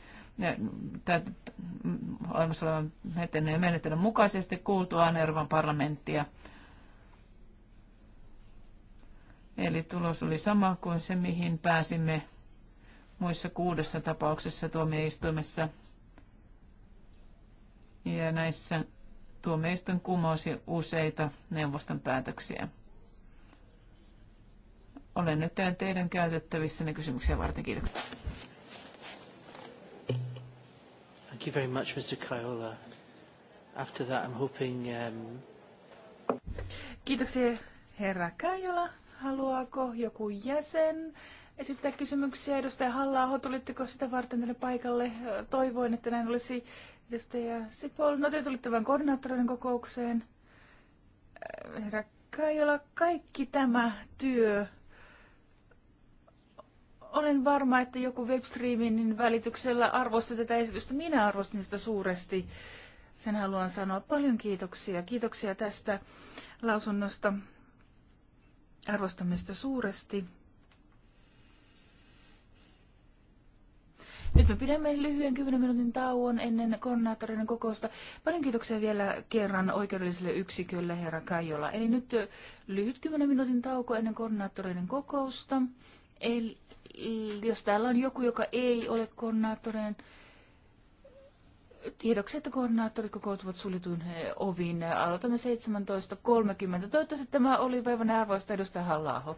olemassa olevan menetelmän mukaisesti kuultuaan Euroopan parlamenttia. Eli tulos oli sama kuin se, mihin pääsimme muissa kuudessa tapauksessa tuomioistuimessa. Ja näissä tuomioistuin kumosi useita neuvoston päätöksiä. Olen nyt teidän käytettävissä ne kysymyksiä varten. Kiitoksia you very much, Mr. Kaiola. After that, I'm hoping... Um... Kiitoksia, herra Kaiola. Haluaako joku jäsen esittää kysymyksiä? Edustaja halla tulitteko sitä varten tänne paikalle? Toivoin, että näin olisi. Edustaja Sipol, no te tulitte vain koordinaattorin kokoukseen. Herra Kaiola, kaikki tämä työ olen varma, että joku webstreamin välityksellä arvosti tätä esitystä. Minä arvostin sitä suuresti. Sen haluan sanoa paljon kiitoksia. Kiitoksia tästä lausunnosta. Arvostamista suuresti. Nyt me pidämme lyhyen 10 minuutin tauon ennen koordinaattoreiden kokousta. Paljon kiitoksia vielä kerran oikeudelliselle yksikölle, herra Kaijola. Eli nyt lyhyt 10 minuutin tauko ennen koordinaattoreiden kokousta. Eli jos täällä on joku, joka ei ole koordinaattoreen, tiedoksi, että koordinaattorit kokoutuvat suljetuin ovin. Aloitamme 17.30. Toivottavasti tämä oli vaivan arvoista edustaja halla